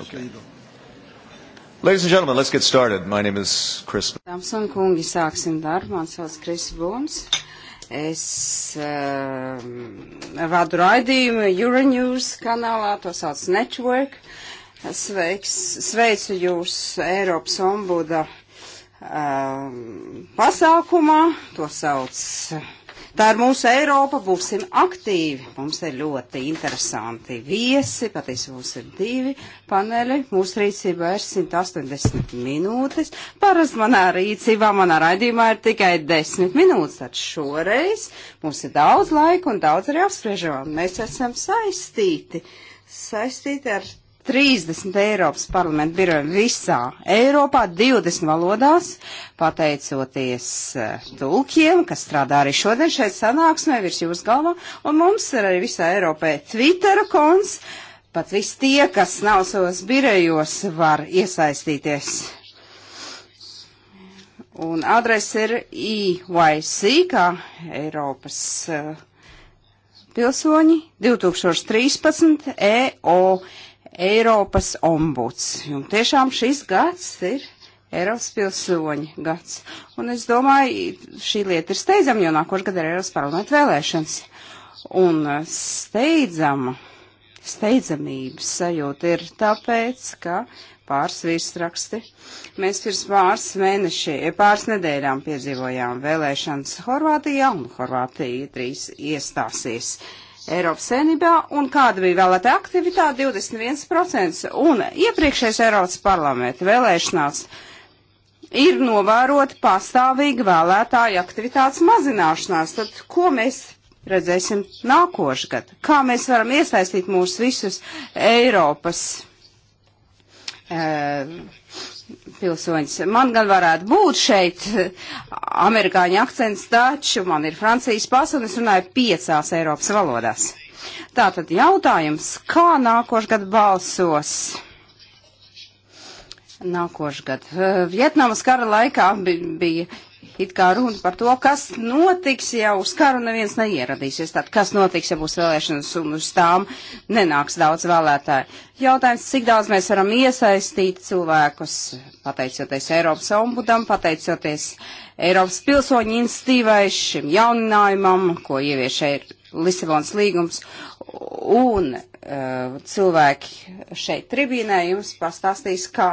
Okay. Ladies and gentlemen, let's get started. My name is Chris. Dāmas un kungi, sāksim darbu. Man sauc Kris Būns. Es uh, um, vadu raidījumu Euronews kanālā, to sauc Network. Sveiks, sveicu jūs Eiropas ombuda uh, pasākumā, to sauc. Uh, Tā ir mūsu Eiropa, būsim aktīvi. Mums ir ļoti interesanti viesi, patiesībā mums ir divi paneļi. Mūsu rīcībā ir 180 minūtes. Parasti manā rīcībā, manā raidījumā ir tikai 10 minūtes, tad šoreiz mums ir daudz laika un daudz arī apspriežam. Mēs esam saistīti. Saistīti ar 30 Eiropas parlamenta biroja visā Eiropā, 20 valodās, pateicoties uh, tulkiem, kas strādā arī šodien šeit sanāksmē virs jūsu galva, un mums ir arī visā Eiropē Twitter konts, pat visi tie, kas nav savos birojos, var iesaistīties. Un adrese ir EYC, kā Eiropas uh, pilsoņi, 2013 EO. Eiropas ombuds. Un tiešām šis gads ir Eiropas pilsoņu gads. Un es domāju, šī lieta ir steidzama, jo nākošais gada ir Eiropas parlamenta vēlēšanas. Un eh, steidzama, steidzamības sajūta ir tāpēc, ka pāris virsraksti. Mēs pirms pāris mēneši, eh, pāris nedēļām piedzīvojām vēlēšanas Horvātijā, un Horvātija trīs iestāsies Eiropas Savienībā, un kāda bija vēlētā aktivitāte - 21%. Un iepriekšējais Eiropas parlamenta vēlēšanās ir novērota pastāvīga vēlētāja aktivitātes mazināšanās. Tad ko mēs redzēsim nākošgad? Kā mēs varam iesaistīt mūs visus Eiropas? E, pilsoņus. Man gan varētu būt šeit amerikāņu akcents, taču man ir Francijas pasaules un runāju piecās Eiropas valodās. Tātad jautājums, kā nākošais gadu balsos? Nākošais gads. Vietnamas kara laikā bija it kā runa par to, kas notiks, ja uz karu neviens neieradīsies. Tad, kas notiks, ja būs vēlēšanas un uz tām nenāks daudz vēlētāju? Jautājums, cik daudz mēs varam iesaistīt cilvēkus, pateicoties Eiropas ombudam, pateicoties Eiropas pilsoņu institīvai, šim jauninājumam, ko ievieš Lisabons līgums. Un uh, cilvēki šeit tribīnē jums pastāstīs, kā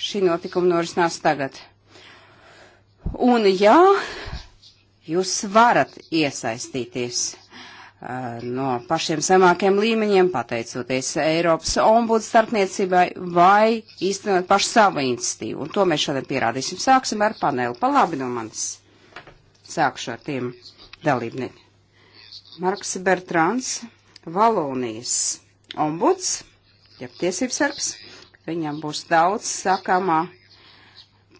šī notikuma norisinās tagad. Un jā, jūs varat iesaistīties uh, no pašiem zemākiem līmeņiem, pateicoties Eiropas ombudu starpniecībai vai īstenot pašu savu institīvu. Un to mēs šodien pierādīsim. Sāksim ar paneli. Pa labi no manis. Sākšu ar tiem dalībniekiem. Marks Bertrāns, Valonijas ombuds, jeb tiesības sargs. Viņam būs daudz sakāmā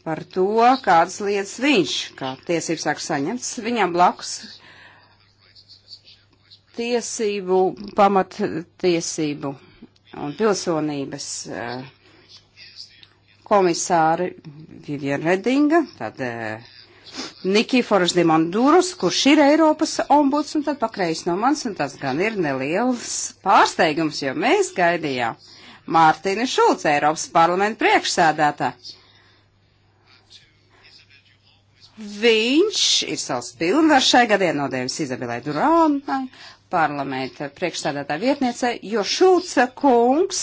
par to, kādas lietas viņš, kā tiesības sāk saņemts, viņam blakus tiesību, pamattiesību un pilsonības eh, komisāri Vivian Redinga, tad eh, Nikiforas Dimandurus, kurš ir Eiropas ombuds, un tad pakreis no mans, un tas gan ir neliels pārsteigums, jo mēs gaidījām Mārtiņu Šulcu, Eiropas parlamenta priekšsēdētāju Viņš ir savs pilnvars šai gadienodējums Izabelai Durānai, parlamenta priekšstādātā vietniece, jo Šulca kungs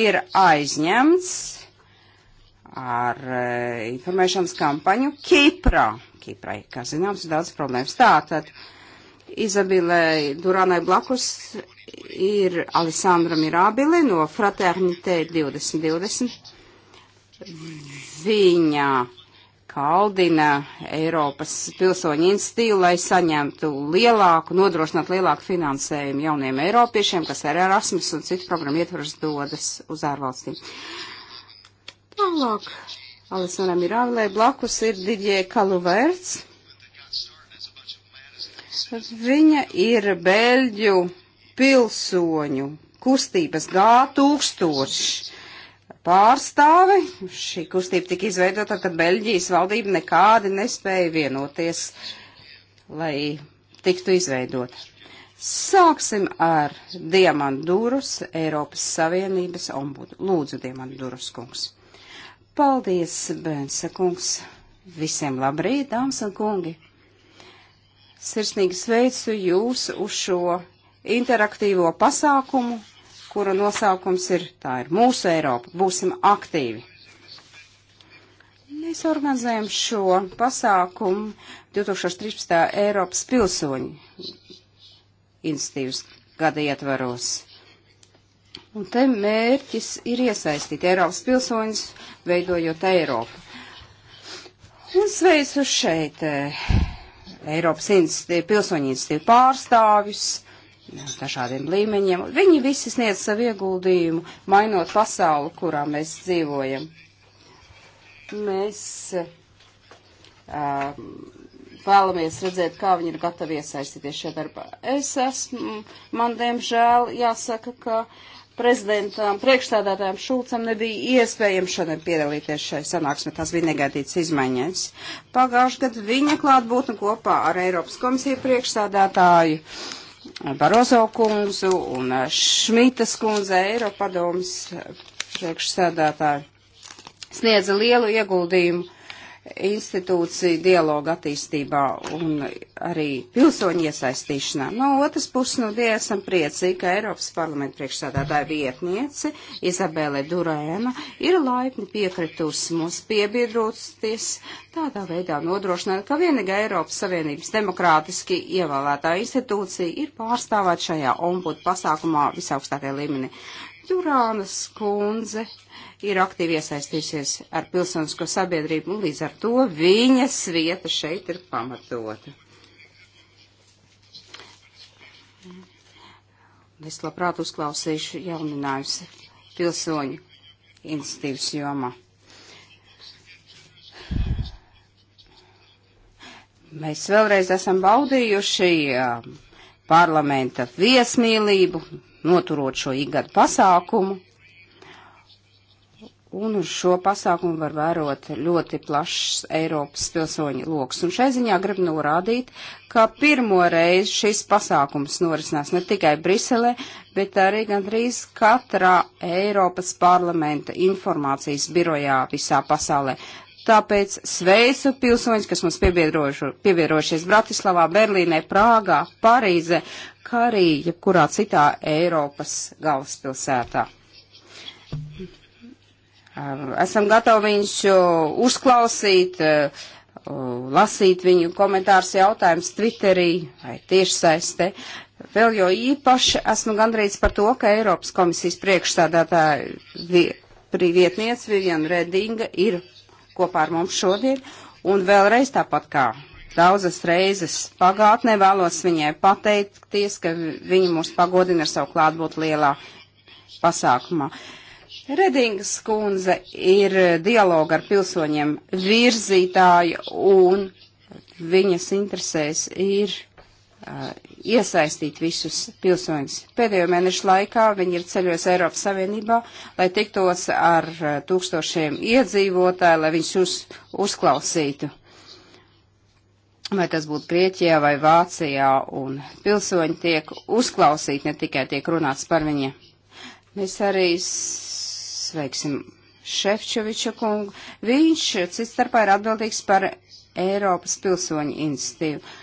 ir aizņemts ar uh, informēšanas kampaņu Kiprā. Kiprai, kā zināms, ir daudz problēmas. Tātad Izabelai Durānai blakus ir Alessandra Mirabili no Fraternitē 2020. Viņa kaldina Eiropas pilsoņu institīvu, lai saņemtu lielāku, nodrošināt lielāku finansējumu jauniem eiropiešiem, kas ar Erasmus un citu programmu ietvaros dodas uz ārvalstīm. Tālāk, Alisonam ir ārlē, blakus ir Didie Kaluverts. Viņa ir Beļģu pilsoņu kustības G tūkstoši pārstāvi. Šī kustība tika izveidota, kad Beļģijas valdība nekādi nespēja vienoties, lai tiktu izveidota. Sāksim ar Diamantūrus, Eiropas Savienības ombudu. Lūdzu, Diamantūrus kungs. Paldies, Bensa kungs. Visiem labrīt, dāmas un kungi. Sirsnīgi sveicu jūs uz šo interaktīvo pasākumu, kura nosaukums ir tā ir mūsu Eiropa, būsim aktīvi. Mēs organizējam šo pasākumu 2013. Eiropas pilsoņu institīvas gada ietvaros. Un te mērķis ir iesaistīt Eiropas pilsoņus, veidojot Eiropu. Un sveicu šeit eh, Eiropas institīva, pilsoņu institīva pārstāvjus, dažādiem līmeņiem. Viņi visi sniedz savu ieguldījumu, mainot pasauli, kurā mēs dzīvojam. Mēs uh, vēlamies redzēt, kā viņi ir gatavi iesaistīties šajā darbā. Es esmu, man diemžēl jāsaka, ka prezidentam, priekšstādātājam Šulcam nebija iespējams šodien piedalīties šai sanāksmē, tas bija negaidīts izmaiņas. Pagājuši gadu viņa klātbūtne kopā ar Eiropas komisiju priekšstādātāju uh, Barozo kungu un uh, Šmitas kundze Eiropadomas uh, priekšsēdētāju sniedza lielu ieguldījumu institūciju dialogu attīstībā un arī pilsoņu iesaistīšanā. No otras puses, nu, die esam priecīgi, ka Eiropas parlamenta priekšsādātāja vietniece Izabele Durēna ir laipni piekritusi mums piebiedroties tādā veidā nodrošināt, ka vienīgā Eiropas Savienības demokrātiski ievēlētā institūcija ir pārstāvēt šajā ombudu pasākumā visaugstākajā līmenī. Jurānas kundze ir aktīvi iesaistījusies ar pilsonisko sabiedrību, un līdz ar to viņas vieta šeit ir pamatota. Es labprāt uzklausīšu jauninājusi pilsoņu institīvas jomā. Mēs vēlreiz esam baudījuši um, parlamenta viesmīlību, noturot šo ikgadu pasākumu. Un uz šo pasākumu var vērot ļoti plašs Eiropas pilsoņu lokus. Un šai ziņā gribu norādīt, ka pirmo reizi šis pasākums norisinās ne tikai Briselē, bet arī gandrīz katrā Eiropas parlamenta informācijas birojā visā pasaulē. Tāpēc sveicu pilsoņus, kas mums pievienojušies Bratislavā, Berlīnē, Prāgā, Parīze, kā arī jebkurā citā Eiropas galvaspilsētā. Esam gatavi viņus uzklausīt, lasīt viņu komentārus, jautājumus Twitterī vai tiešsaistē. Vēl jo īpaši esmu gandrīz par to, ka Eiropas komisijas priekšstādātāja vietniece Viviana Redinga ir kopā ar mums šodien. Un vēlreiz tāpat kā daudzas reizes pagātnē vēlos viņai pateikties, ka viņa mūs pagodina ar savu klātbūtu lielā pasākumā. Redingas kundze ir dialoga ar pilsoņiem virzītāja un viņas interesēs ir Uh, iesaistīt visus pilsoņus. Pēdējo mēnešu laikā viņi ir ceļos Eiropas Savienībā, lai tiktos ar uh, tūkstošiem iedzīvotāju, lai viņus uz, uzklausītu. Vai tas būtu Grieķijā vai Vācijā, un pilsoņi tiek uzklausīti, ne tikai tiek runāts par viņiem. Mēs arī sveiksim Šefčoviča kungu. Viņš cits starpā ir atbildīgs par Eiropas pilsoņu institīvu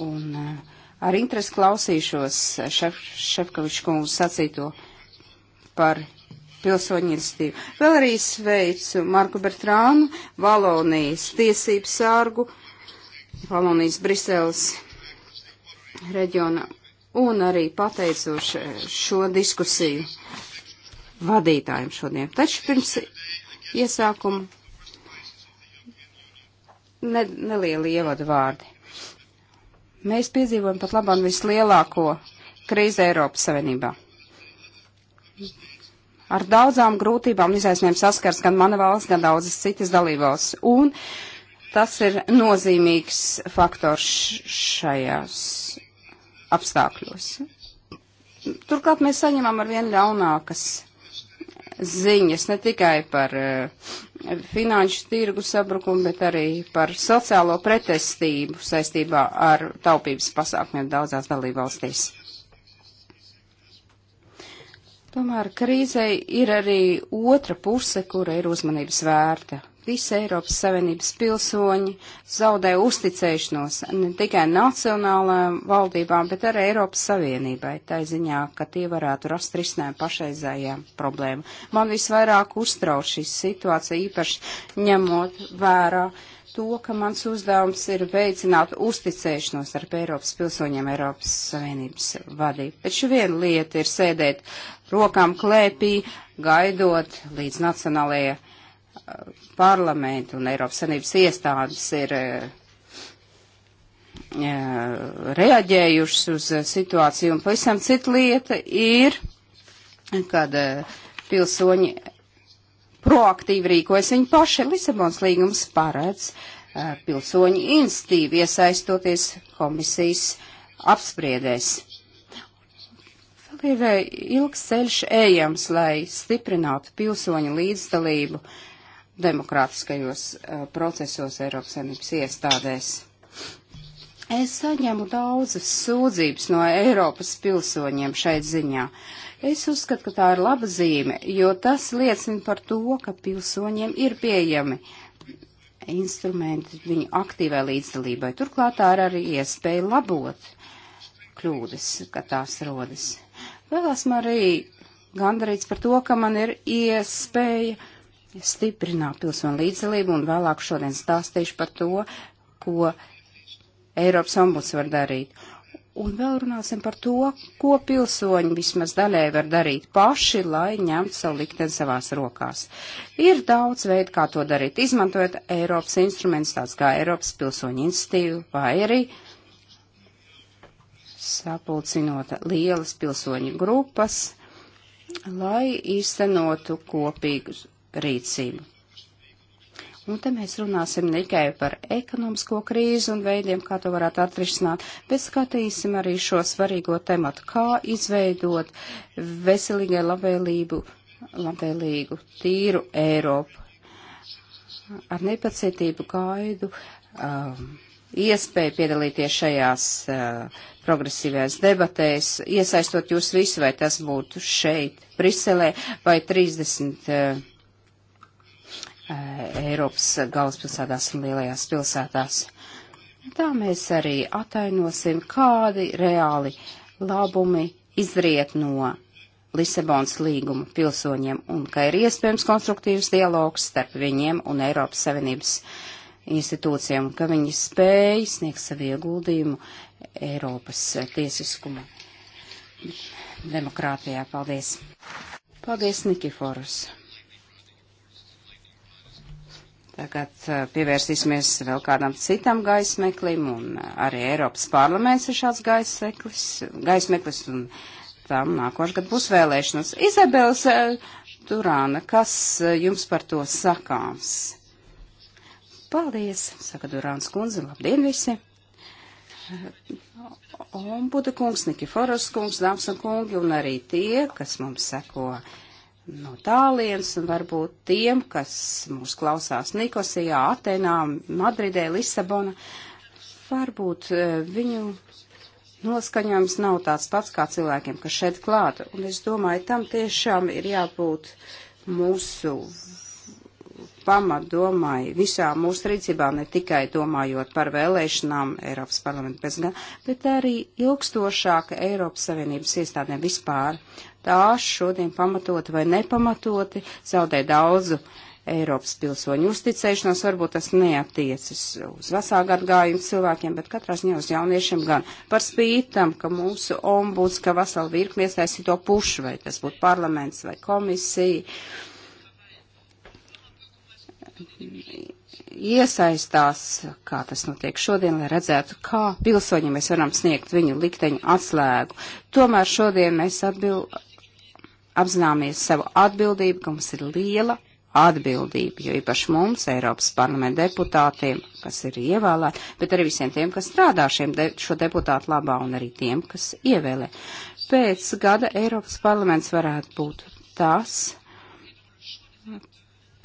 Un eh, ar interesi klausīšos šef, Šefkoviča kungu sacīto par pilsoņu institīvu. Vēl arī sveicu Marku Bertrānu, Valonijas tiesības sārgu, Valonijas Briseles reģiona un arī pateicoši šo diskusiju vadītājiem šodien. Taču pirms iesākuma ne, nelieli ievadu vārdi. Mēs piedzīvojam pat labāk vislielāko krīzi Eiropas Savienībā. Ar daudzām grūtībām un izaicinājumiem saskars gan mana valsts, gan daudzas citas dalībvalsts. Un tas ir nozīmīgs faktors šajās apstākļos. Turklāt mēs saņemam ar vien ļaunākas ziņas ne tikai par eh, finanšu tirgu sabrukumu, bet arī par sociālo pretestību saistībā ar taupības pasākumiem daudzās dalībvalstīs. Tomēr krīzei ir arī otra puse, kura ir uzmanības vērta. Visi Eiropas Savienības pilsoņi zaudē uzticēšanos ne tikai nacionālajām valdībām, bet arī Eiropas Savienībai, tai ziņā, ka tie varētu rast risinājumu pašreizējām problēmām. Man visvairāk uztrauc šī situācija, īpaši ņemot vērā to, ka mans uzdevums ir veicināt uzticēšanos ar Eiropas pilsoņiem Eiropas Savienības vadību. Taču viena lieta ir sēdēt rokām klēpī, gaidot līdz nacionālajie uh, parlamenti un Eiropas Sanības iestādes ir uh, uh, reaģējušas uz situāciju. Un pavisam cita lieta ir, kad pilsoņi proaktīvi rīkojas viņi paši. Lisabons līgums paredz pilsoņu institīvi iesaistoties komisijas apspriedēs ir ilgs ceļš ejams, lai stiprinātu pilsoņu līdzdalību demokrātiskajos uh, procesos Eiropas Savienības iestādēs. Es saņemu daudzas sūdzības no Eiropas pilsoņiem šeit ziņā. Es uzskatu, ka tā ir laba zīme, jo tas liecina par to, ka pilsoņiem ir pieejami instrumenti viņu aktīvai līdzdalībai. Turklāt tā ir arī iespēja labot kļūdas, kad tās rodas. Vēl esmu arī gandarīts par to, ka man ir iespēja stiprināt pilsonu līdzdalību un vēlāk šodien stāstīšu par to, ko Eiropas ombuds var darīt. Un vēl runāsim par to, ko pilsoņi vismaz daļai var darīt paši, lai ņemtu savu likteni savās rokās. Ir daudz veidu, kā to darīt, izmantojot Eiropas instrumentus, tāds kā Eiropas pilsoņu institīvu vai arī uh, sapulcinot lielas pilsoņu grupas, lai īstenotu kopīgu rīcību. Un te mēs runāsim ne tikai par ekonomisko krīzi un veidiem, kā to varētu atrisināt, bet skatīsim arī šo svarīgo tematu, kā izveidot veselīgai labvēlību, labvēlīgu, tīru Eiropu. Ar nepacietību gaidu um, iespēju piedalīties šajās uh, progresīvajās debatēs, iesaistot jūs visu, vai tas būtu šeit, Briselē, vai 30 uh, eh, eh, Eiropas galvaspilsētās un lielajās pilsētās. Tā mēs arī atainosim, kādi reāli labumi izriet no Lisabonas līguma pilsoņiem un ka ir iespējams konstruktīvs dialogs starp viņiem un Eiropas Savienības institūcijām, ka viņi spēj sniegt savu ieguldījumu Eiropas tiesiskuma demokrātijā. Paldies! Paldies, Nikiforus! Tagad eh, pievērsīsimies vēl kādam citam gaismeklim, un eh, arī Eiropas parlaments ir šāds gaismeklis, gaismeklis un tam nākošais gadu būs vēlēšanas. Izabels Durāna, eh, kas jums par to sakāms? Paldies, saka Durāns kundze, labdien visi! Ombuda kungs, Nikiforas kungs, dāmas un kungi, un arī tie, kas mums seko no tālienes, un varbūt tiem, kas mūs klausās Nikosijā, Atenā, Madridē, Lisabona, varbūt e, viņu noskaņojums nav tāds pats kā cilvēkiem, kas šeit klāta. Un es domāju, tam tiešām ir jābūt mūsu pamatdomai visām mūsu rīcībām, ne tikai domājot par vēlēšanām Eiropas parlamentu pēc gan, bet arī ilgstošāka Eiropas Savienības iestādēm vispār. Tās šodien pamatoti vai nepamatoti zaudē daudzu Eiropas pilsoņu uzticēšanos. Varbūt tas neatiecas uz vecāku atgājumu cilvēkiem, bet katrā ziņā uz jauniešiem gan. Par spītam, ka mūsu ombuds, ka vesela virkni iesaistīto pušu, vai tas būtu parlaments vai komisija iesaistās, kā tas notiek šodien, lai redzētu, kā pilsoņi mēs varam sniegt viņu likteņu atslēgu. Tomēr šodien mēs atbil, apzināmies savu atbildību, ka mums ir liela atbildība, jo īpaši mums, Eiropas parlamenta deputātiem, kas ir ievēlēti, bet arī visiem tiem, kas strādā šiem de šo deputātu labā un arī tiem, kas ievēlē. Pēc gada Eiropas parlaments varētu būt tas,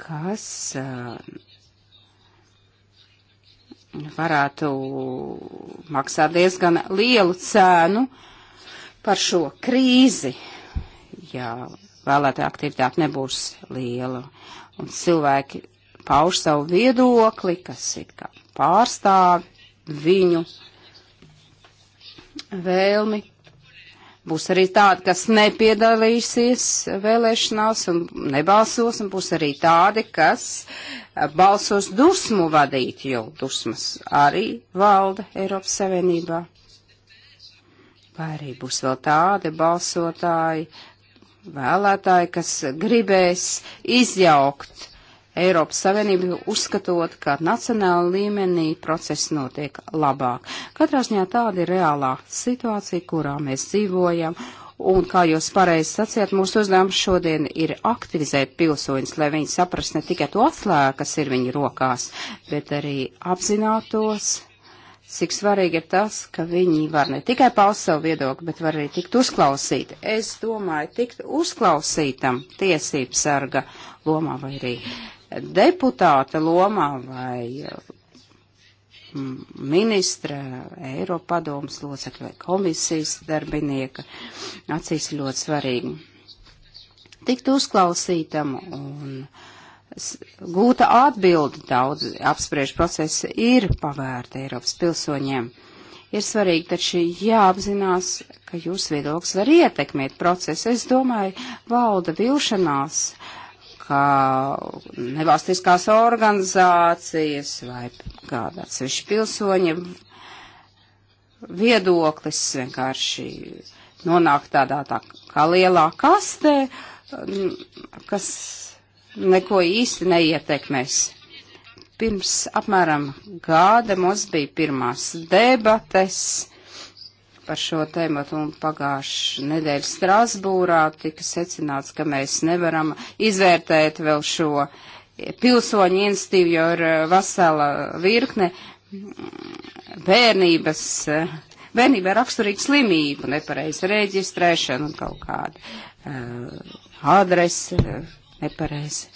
kas varētu maksāt diezgan lielu cēnu par šo krīzi, ja vēlētā aktivitāte nebūs liela. Un cilvēki pauž savu viedokli, kas ir kā pārstāv viņu vēlmi Būs arī tādi, kas nepiedalīsies vēlēšanās un nebalsos, un būs arī tādi, kas eh, balsos dusmu vadīt, jo dusmas arī valda Eiropas Savienībā. Vai arī būs vēl tādi balsotāji, vēlētāji, kas gribēs izjaukt Eiropas Savienību, uzskatot, ka nacionāla līmenī procesi notiek labāk. Katrā ziņā tāda ir reālā situācija, kurā mēs dzīvojam. Un, kā jūs pareizi sacījāt, mūsu uzdevums šodien ir aktivizēt pilsoņus, lai viņi saprast ne tikai to atslēgu, kas ir viņu rokās, bet arī apzinātos, cik svarīgi ir tas, ka viņi var ne tikai paust savu viedokli, bet var arī tikt uzklausīti. Es domāju, tikt uzklausītam tiesības sarga lomā vai arī deputāta lomā vai mm, ministra, Eiropadomas locekļa vai komisijas darbinieka. Acīs ļoti svarīgi tikt uzklausītam un gūta atbildi daudz apspriež procesi ir pavērta Eiropas pilsoņiem. Ir svarīgi taču jāapzinās, ka jūs viedoklis var ietekmēt procesu. Es domāju, valda vilšanās uh, kā nevalstiskās organizācijas vai kāda atsevišķa pilsoņa viedoklis vienkārši nonāk tādā tā kā lielā kastē, kas neko īsti neietekmēs. Pirms apmēram gada mums bija pirmās debates par šo tēmatu un pagājušā nedēļa Strasbūrā tika secināts, ka mēs nevaram izvērtēt vēl šo pilsoņu institīvu, jo ir eh, vesela virkne bērnības, eh, bērnībā raksturīga slimība, nepareiz reģistrēšana un kaut kāda uh, eh, adrese nepareizi.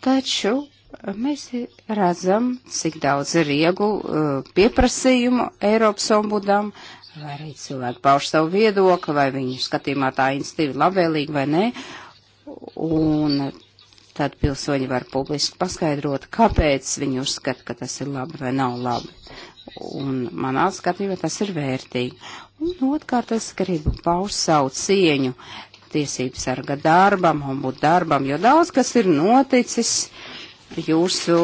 Taču mēs redzam, cik daudz ir iegu eh, pieprasījumu Eiropas ombudam, vai arī cilvēki pauž savu viedokli, vai viņu skatījumā tā institīva labvēlīga vai nē. Un tad pilsoņi var publiski paskaidrot, kāpēc viņi uzskata, ka tas ir labi vai nav labi. Un manā skatījumā tas ir vērtīgi. Un otrkārt es gribu paust savu cieņu tiesības sarga darbam un būt darbam, jo daudz kas ir noticis jūsu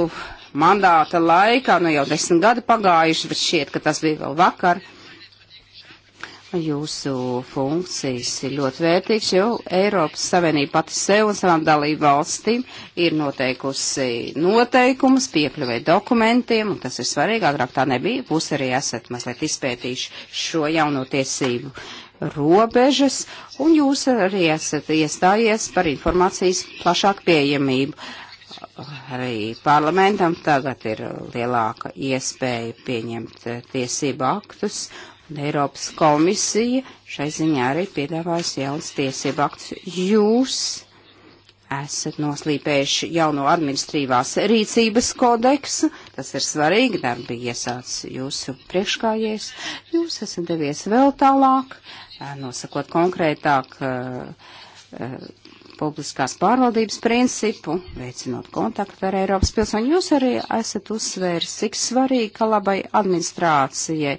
mandāta laikā, nu jau desmit gadi pagājuši, bet šķiet, ka tas bija vēl vakar. Jūsu funkcijas ir ļoti vērtīgas, jo Eiropas Savienība pati sev un savām dalību valstīm ir noteikusi noteikumus, piekļuvē dokumentiem, un tas ir svarīgi, agrāk tā nebija, būs arī esat mazliet izpētījuši šo jauno tiesību robežas, un jūs arī esat iestājies par informācijas plašāku pieejamību. Uh, arī parlamentam tagad ir lielāka iespēja pieņemt eh, tiesību aktus, un Eiropas komisija šai ziņā arī piedāvās jaunas tiesību aktus. Jūs esat noslīpējuši jauno administrīvās rīcības kodeksu, tas ir svarīgi, darbi iesāc jūsu priekškājies, jūs esat devies vēl tālāk, eh, nosakot konkrētāk. Uh, uh, publiskās pārvaldības principu, veicinot kontaktu ar Eiropas pilsoņu. Jūs arī esat uzsvērs, cik svarīgi, ka labai administrācijai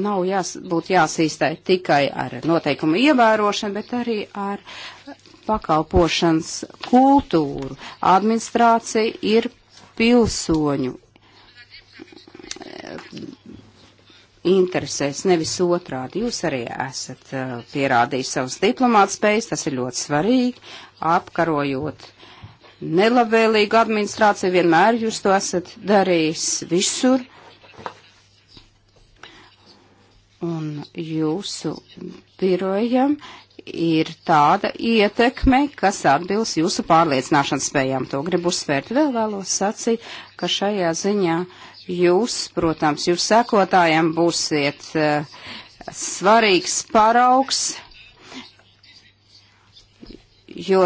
nav jās, būt jāsīstai tikai ar noteikumu ievērošanu, bet arī ar pakalpošanas kultūru. Administrācija ir pilsoņu interesēs, nevis otrādi. Jūs arī esat uh, pierādījis savus diplomāta spējas, tas ir ļoti svarīgi, apkarojot nelabvēlīgu administrāciju, vienmēr jūs to esat darījis visur. Un jūsu birojam ir tāda ietekme, kas atbilst jūsu pārliecināšanas spējām. To gribu uzsvērt. Vēl vēlos sacīt, ka šajā ziņā uh, Jūs, protams, jūs sekotājiem būsiet uh, svarīgs paraugs, jo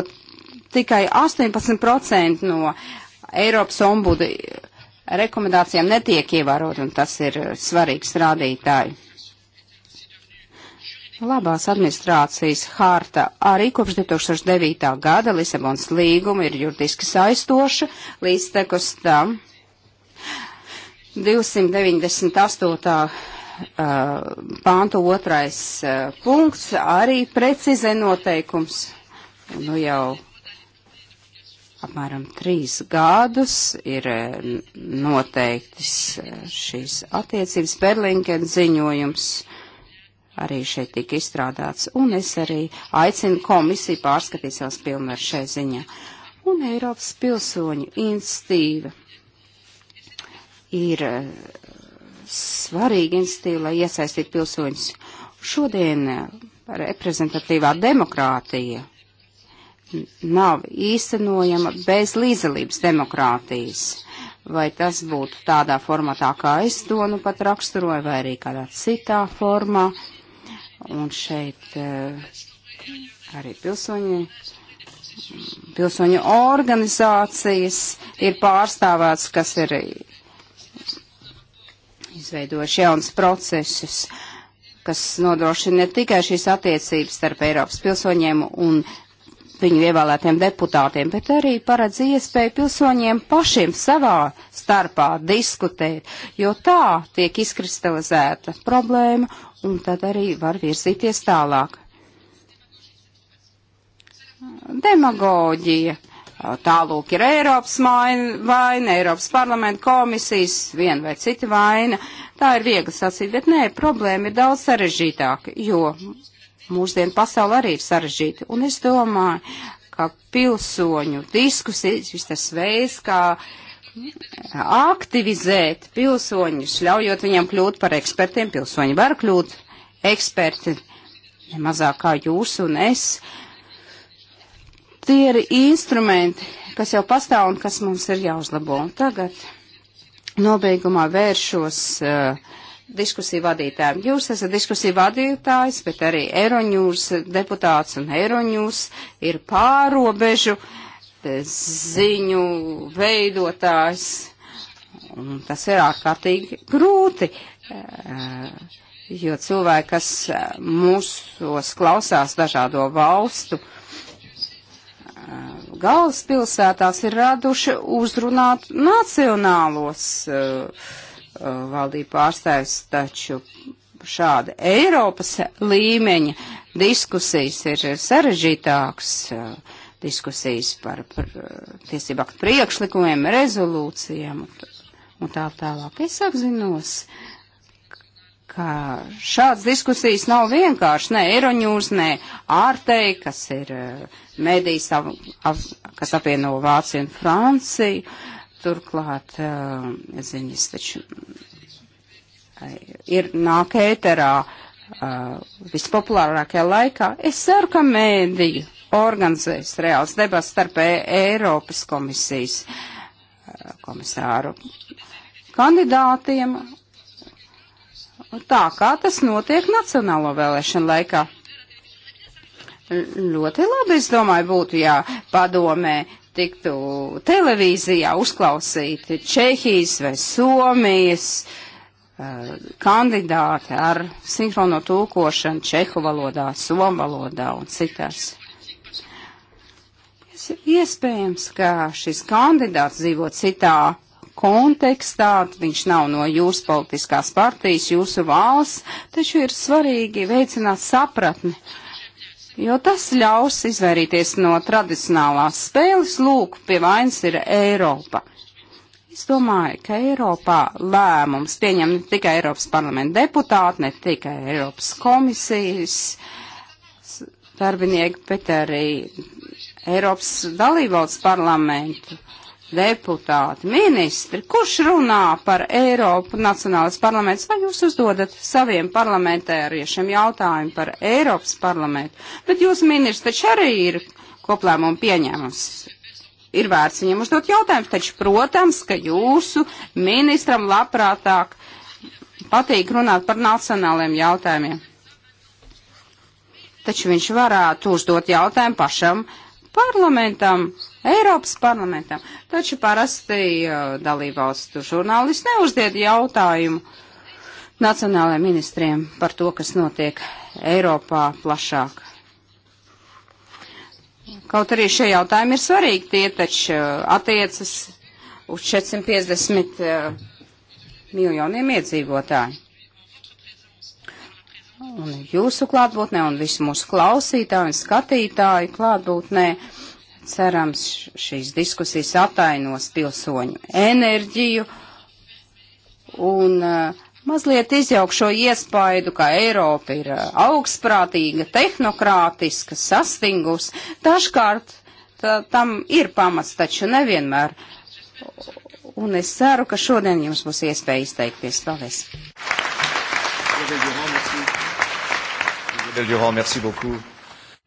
tikai 18% no Eiropas ombudu rekomendācijām netiek ievērot, un tas ir svarīgs rādītāji. Labās administrācijas harta arī kopš 2009. gada Lisabonas līguma ir juridiski saistoša, līdz tekus tam 298. pānta otrais punkts arī precizē noteikums. Nu jau apmēram trīs gadus ir noteiktas šīs attiecības Berlingena ziņojums. Arī šeit tika izstrādāts, un es arī aicinu komisiju pārskatīt savas pilnvaru šai ziņā. Un Eiropas pilsoņu institīva ir eh, svarīga institīva, lai iesaistītu pilsoņus. Šodien eh, reprezentatīvā demokrātija nav īstenojama bez līdzdalības demokrātijas. Vai tas būtu tādā formatā, kā es to nu pat raksturoju, vai arī kādā citā formā. Un šeit eh, arī pilsoņi, pilsoņu organizācijas ir pārstāvēts, kas ir izveidojuši jauns procesus, kas nodrošina ne tikai šīs attiecības starp Eiropas pilsoņiem un viņu ievēlētiem deputātiem, bet arī paredz iespēju pilsoņiem pašiem savā starpā diskutēt, jo tā tiek izkristalizēta problēma un tad arī var virzīties tālāk. Demagoģija Tālūk ir Eiropas vaina, Eiropas parlamenta komisijas, viena vai cita vaina. Tā ir viegli sacīt, bet nē, problēma ir daudz sarežģītāka, jo mūsdienu pasauli arī ir sarežģīta. Un es domāju, ka pilsoņu diskusijas, viss tas veids, kā aktivizēt pilsoņus, ļaujot viņiem kļūt par ekspertiem, pilsoņi var kļūt eksperti, nemazāk kā jūs un es. Uh, Tie ir instrumenti, kas jau pastāv un kas mums ir jāuzlabo. Un tagad nobeigumā vēršos uh, diskusiju vadītājiem. Jūs esat diskusiju vadītājs, bet arī Eiroņūs deputāts un Eiroņūs ir pārobežu eh, ziņu veidotājs. Un tas ir ārkārtīgi grūti, eh, jo cilvēki, kas mūsos klausās dažādo valstu Eh, galvaspilsētās ir raduši uzrunāt nacionālos uh, valdību pārstāvis, taču šāda Eiropas līmeņa diskusijas ir sarežģītāks, diskusijas par, par tiesību aktu priekšlikumiem, rezolūcijām un tā tālāk. Es apzinos, ka šāds diskusijas nav vienkārši, ne Eiroņūs, ne ārtei, kas ir eh, medijas, ap, ap, kas apvieno Vāciju un Franciju. Turklāt eh, ziņas taču eh, ir nāk ēterā vispopulārākajā laikā. Es ceru, ka mēdīju organizēs reāls debats starp e, Eiropas komisijas komisāru kandidātiem Nu, tā kā tas notiek nacionālo vēlēšanu laikā. Ļoti labi, es domāju, būtu, ja padomē tiktu televīzijā uzklausīti Čehijas vai Somijas uh, kandidāti ar sinhrono tulkošanu čehu valodā, somu valodā un citās. Iespējams, ka šis kandidāts dzīvo citā kontekstā, viņš nav no jūsu politiskās partijas, jūsu valsts, taču ir svarīgi veicināt sapratni, jo tas ļaus izvairīties no tradicionālās spēles, lūk, pie vainas ir Eiropa. Es domāju, ka Eiropā lēmums pieņem ne tikai Eiropas parlamenta deputāti, ne tikai Eiropas komisijas darbinieki, bet arī Eiropas dalībvalsts parlamentu deputāti, ministri, kurš runā par Eiropu Nacionālas parlaments, vai jūs uzdodat saviem parlamentāriešiem jautājumu par Eiropas parlamentu, bet jūs ministrs taču arī ir koplēmumu pieņēmums. Ir vērts viņam uzdot jautājumu, taču, protams, ka jūsu ministram labprātāk patīk runāt par nacionāliem jautājumiem. Taču viņš varētu uzdot jautājumu pašam parlamentam Eiropas parlamentam. Taču parasti dalībvalstu žurnālisti neuzdied jautājumu nacionālajiem ministriem par to, kas notiek Eiropā plašāk. Kaut arī šie jautājumi ir svarīgi, tie taču attiecas uz 450 miljoniem iedzīvotāju. Un jūsu klātbūtnē un visu mūsu klausītāju un skatītāju klātbūtnē Cerams, šīs diskusijas atainos pilsoņu enerģiju un uh, mazliet izjauk šo iespaidu, ka Eiropa ir eh, augstprātīga, tehnokrātiska, sastingus. Dažkārt tā, tam ir pamats, taču nevienmēr. Un es ceru, ka šodien jums būs iespēja izteikties. Paldies! Merci beaucoup.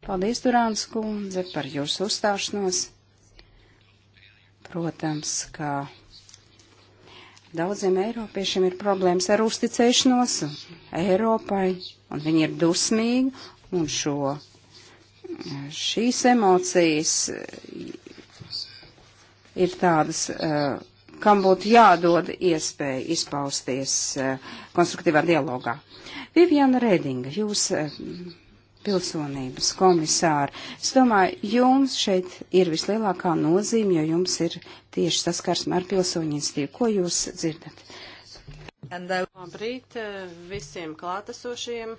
Paldies, Durāns kundze, par jūsu uzstāšanos. Protams, ka daudziem eiropiešiem ir problēmas ar uzticēšanos Eiropai, un viņi ir dusmīgi, un šo, šīs emocijas ir tādas, eh, kam būtu jādod iespēja izpausties eh, konstruktīvā dialogā. Viviana Redinga, jūs eh, pilsonības komisāri. Es domāju, jums šeit ir vislielākā nozīme, jo jums ir tieši saskarsme ar pilsoņu institīvu. Ko jūs dzirdat? Labrīt eh, visiem klātesošiem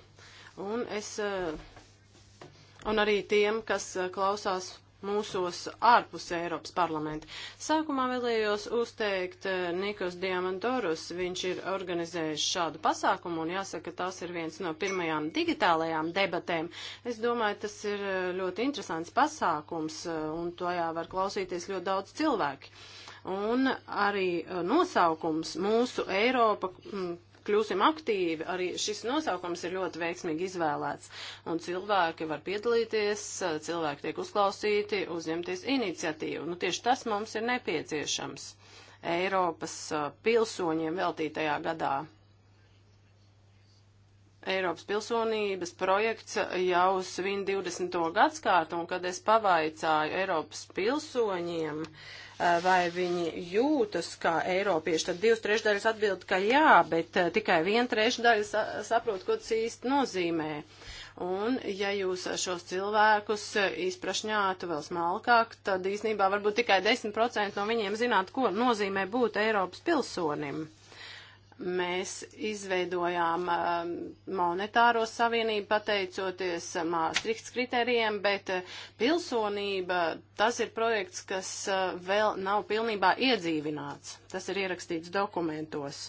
un, es, eh, un arī tiem, kas eh, klausās mūsos ārpus Eiropas parlamenta. Sākumā vēlējos uzteikt eh, Nikos Diamandorus. Viņš ir organizējis šādu pasākumu un jāsaka, ka tas ir viens no pirmajām digitālajām debatēm. Es domāju, tas ir eh, ļoti interesants pasākums eh, un tojā var klausīties ļoti daudz cilvēki. Un arī nosaukums mūsu Eiropa kļūsim aktīvi. Arī šis nosaukums ir ļoti veiksmīgi izvēlēts, un cilvēki var piedalīties, cilvēki tiek uzklausīti, uzņemties iniciatīvu. Nu, tieši tas mums ir nepieciešams Eiropas pilsoņiem veltītajā gadā. Eiropas pilsonības projekts jau svin 20. gadskārtu, un kad es pavaicāju Eiropas pilsoņiem, uh, Eh, vai viņi jūtas kā Eiropieši, tad divas trešdaļas atbild, ka jā, bet eh, tikai viena trešdaļa saprot, ko tas īsti nozīmē. Un, ja jūs šos cilvēkus eh, izprašņātu vēl smalkāk, tad īsnībā varbūt tikai 10% no viņiem zinātu, ko nozīmē būt Eiropas pilsonim mēs izveidojām um, monetāro savienību pateicoties Maastrichts kritērijiem, bet uh, pilsonība tas ir projekts, kas uh, vēl nav pilnībā iedzīvināts. Tas ir ierakstīts dokumentos.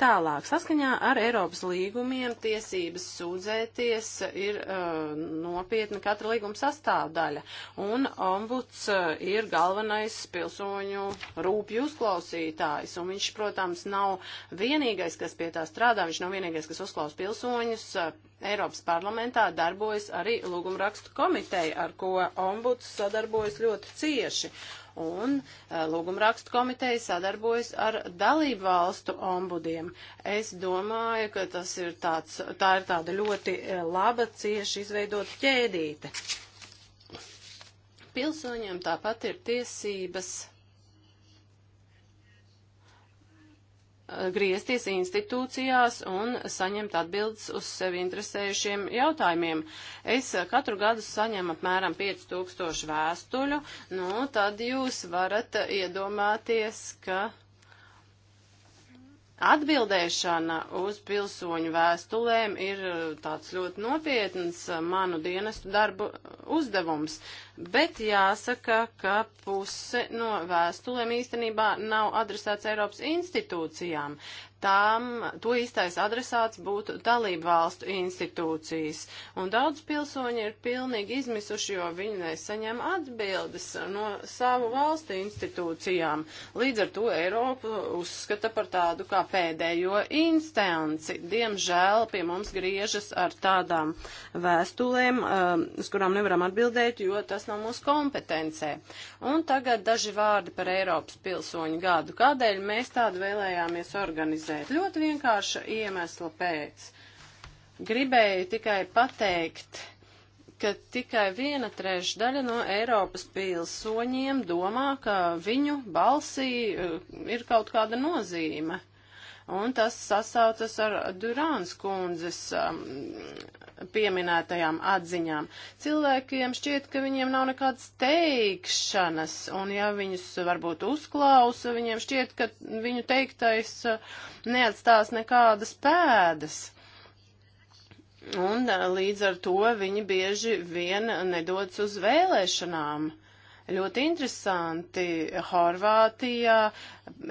Tālāk, saskaņā ar Eiropas līgumiem tiesības sūdzēties ir uh, nopietna katra līguma sastāvdaļa, un ombuds uh, ir galvenais pilsoņu rūpju uzklausītājs, un viņš, protams, nav vienīgais, kas pie tā strādā, viņš nav vienīgais, kas uzklaus pilsoņus. Uh, Eiropas parlamentā darbojas arī lūgumrakstu komiteja, ar ko ombuds sadarbojas ļoti cieši un eh, lūgumrakstu komiteja sadarbojas ar dalību valstu ombudiem. Es domāju, ka tas ir tāds, tā ir tāda ļoti eh, laba, cieši izveidot ķēdīte. Pilsoņiem tāpat ir tiesības griezties institūcijās un saņemt atbildes uz sevi interesējušiem jautājumiem. Es eh, katru gadu saņemu apmēram 5000 vēstuļu, nu tad jūs varat eh, iedomāties, ka Atbildēšana uz pilsoņu vēstulēm ir e, tāds ļoti nopietns e, manu dienestu darbu e, uzdevums, bet jāsaka, ka puse no vēstulēm īstenībā nav adresēts Eiropas institūcijām tām, to īstais adresāts būtu dalību valstu institūcijas. Un daudz pilsoņi ir pilnīgi izmisuši, jo viņi nesaņem atbildes no savu valstu institūcijām. Līdz ar to Eiropu uzskata par tādu kā pēdējo instanci. Diemžēl pie mums griežas ar tādām vēstulēm, um, uz kurām nevaram atbildēt, jo tas nav mūsu kompetencē. Un tagad daži vārdi par Eiropas pilsoņu gadu. Kādēļ mēs tādu vēlējāmies organizēt? kritizēt. Ļoti vienkārša iemesla pēc. Gribēju tikai pateikt, ka tikai viena trešdaļa no Eiropas pilsoņiem domā, ka viņu balsī uh, ir kaut kāda nozīme. Uh, un tas sasaucas ar Durāns kundzes um, pieminētajām atziņām. Cilvēkiem šķiet, ka viņiem nav nekādas teikšanas, un ja viņus varbūt uzklausa, viņiem šķiet, ka viņu teiktais uh, neatstās nekādas pēdas. Un uh, līdz ar to viņi bieži vien nedodas uz vēlēšanām. Uh, Ļoti interesanti, Horvātijā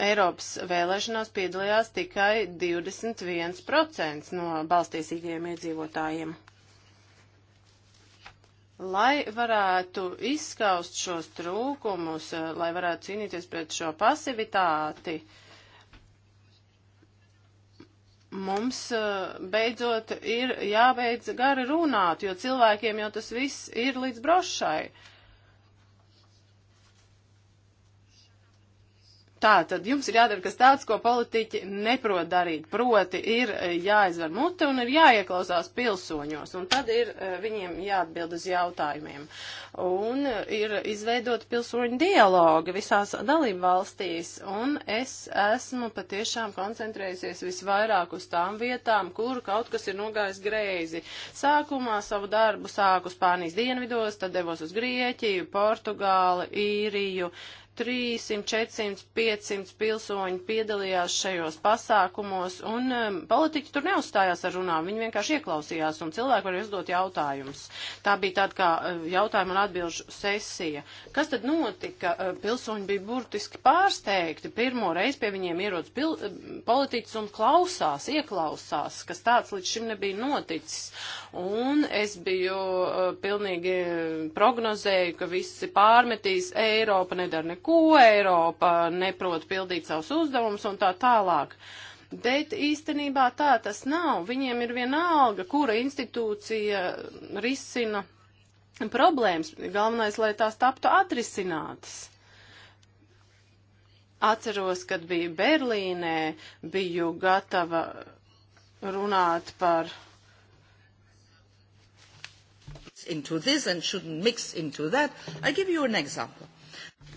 Eiropas vēlēšanās piedalījās tikai 21% no balstīsīgajiem iedzīvotājiem. Lai varētu izskaust šos trūkumus, lai varētu cīnīties pret šo pasivitāti, mums eh, beidzot ir jābeidz gari runāt, jo cilvēkiem jau tas viss ir līdz brošai. Uh, Tā tad jums ir jādara kas tāds, ko politiķi neprot darīt. Proti ir e, jāizver mute un ir jāieklausās pilsoņos. Un tad ir e, viņiem jāatbild uz jautājumiem. Un e, ir izveidot pilsoņu dialogu visās dalību valstīs. Un es esmu patiešām koncentrējusies visvairāk uz tām vietām, kur kaut kas ir nogājis greizi. Sākumā savu darbu sāku Spānijas dienvidos, tad devos uz Grieķiju, Portugāli, Īriju. Uh, 300, 400, 500 pilsoņi piedalījās šajos pasākumos, un um, politiķi tur neuzstājās ar runām, viņi vienkārši ieklausījās, un cilvēki varēja uzdot jautājumus. Tā bija tāda kā uh, jautājumu un atbilžu sesija. Kas tad notika? Uh, pilsoņi bija burtiski pārsteigti. Pirmo reizi pie viņiem ierodas pil, uh, politiķis un klausās, ieklausās, kas tāds līdz šim nebija noticis. Un es biju uh, pilnīgi prognozēju, ka visi pārmetīs, Eiropa nedara neko neko Eiropā, neprot pildīt savus uzdevumus un tā tālāk. Bet īstenībā tā tas nav. Viņiem ir vienalga, kura institūcija risina problēmas. Galvenais, lai tās taptu atrisinātas. Atceros, kad biju Berlīnē, biju gatava runāt par into this and shouldn't mix into that. I give you an example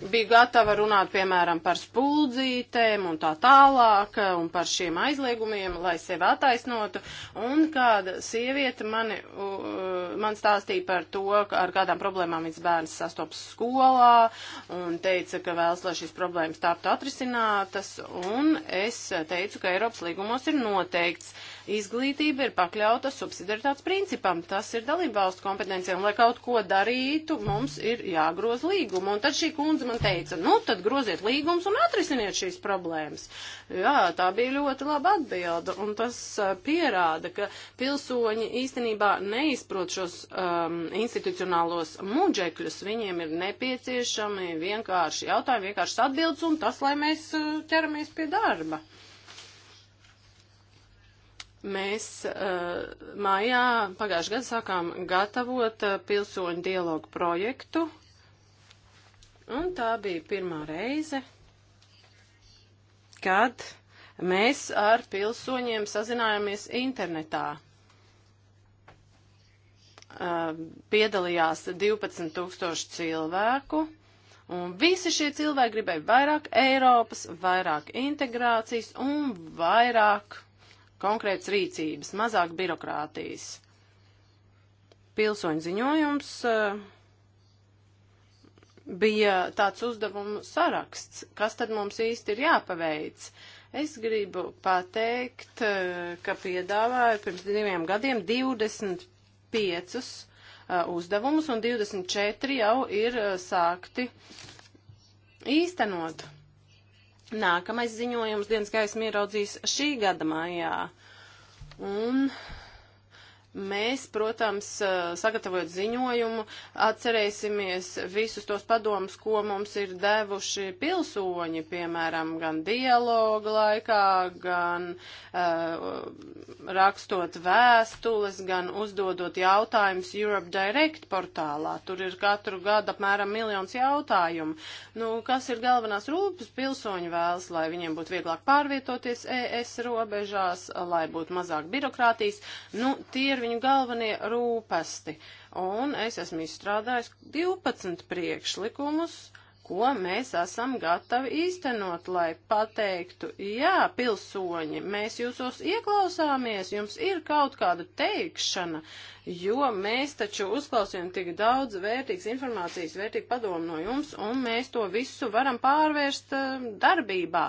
bija gatava runāt, piemēram, par spuldzītēm un tā tālāk, un par šiem aizliegumiem, lai sevi attaisnotu. Un kāda sieviete mani, uh, man stāstīja par to, ka ar kādām problēmām viņas bērns sastopas skolā, un teica, ka vēlas, lai šīs problēmas tāptu atrisinātas, un es teicu, ka Eiropas līgumos ir noteikts, uh, izglītība ir pakļauta subsidiaritātes principam. Tas ir dalībvalstu kompetencija, un lai kaut ko darītu, mums ir jāgroz līguma. Un tad šī kundze man teica, nu tad groziet līgumus un atrisiniet šīs problēmas. Jā, tā bija ļoti laba atbilda, un tas uh, pierāda, ka pilsoņi īstenībā neizprot šos um, institucionālos muģekļus. Viņiem ir nepieciešami vienkārši jautājumi, vienkārši atbildes, un tas, lai mēs uh, ķeramies pie darba. Mēs uh, mājā pagājušajā gadā sākām gatavot uh, pilsoņu dialogu projektu, un tā bija pirmā reize, kad mēs ar pilsoņiem sazinājāmies internetā. Uh, piedalījās 12 tūkstoši cilvēku, un visi šie cilvēki gribēja vairāk Eiropas, vairāk integrācijas un vairāk konkrētas rīcības, mazāk birokrātijas. Pilsoņu ziņojums eh, bija tāds uzdevumu saraksts, kas tad mums īsti ir jāpaveic. Es gribu pateikt, eh, ka piedāvāju pirms diviem gadiem 25 eh, uzdevumus, un 24 jau ir sākti īstenot. Nākamais ziņojums dienas gaismu ieraudzīs šī gada maijā. Un Mēs, protams, sagatavojot ziņojumu, atcerēsimies visus tos padomus, ko mums ir devuši pilsoņi, piemēram, gan dialogu laikā, gan uh, rakstot vēstules, gan uzdodot jautājumus Europe Direct portālā. Tur ir katru gadu apmēram miljons jautājumu. Nu, kas ir galvenās rūpes pilsoņu vēlas, lai viņiem būtu vieglāk pārvietoties ES robežās, lai būtu mazāk birokrātijas? Nu, tie ir viņu galvenie rūpesti. Un es esmu izstrādājis 12 priekšlikumus, ko mēs esam gatavi īstenot, lai pateiktu, jā, pilsoņi, mēs jūsos ieklausāmies, jums ir kaut kāda teikšana, jo mēs taču uzklausījām tik daudz vērtīgas informācijas, vērtīgu padomu no jums, un mēs to visu varam pārvērst eh, darbībā.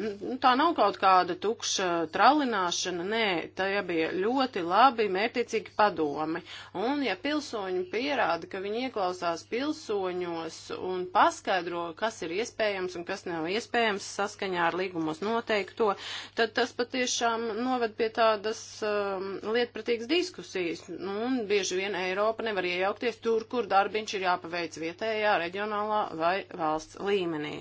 Nu, tā nav kaut kāda tukša tralināšana, nē, tajā bija ļoti labi mērķiecīgi padomi. Un ja pilsoņi pierāda, ka viņi ieklausās pilsoņos un paskaidro, kas ir iespējams un kas nav iespējams saskaņā ar līgumos noteikto, tad tas patiešām noved pie tādas um, lietpratīgas diskusijas. Nu, un bieži vien Eiropa nevar iejaukties tur, kur darbiņš ir jāpaveic vietējā, reģionālā vai valsts līmenī.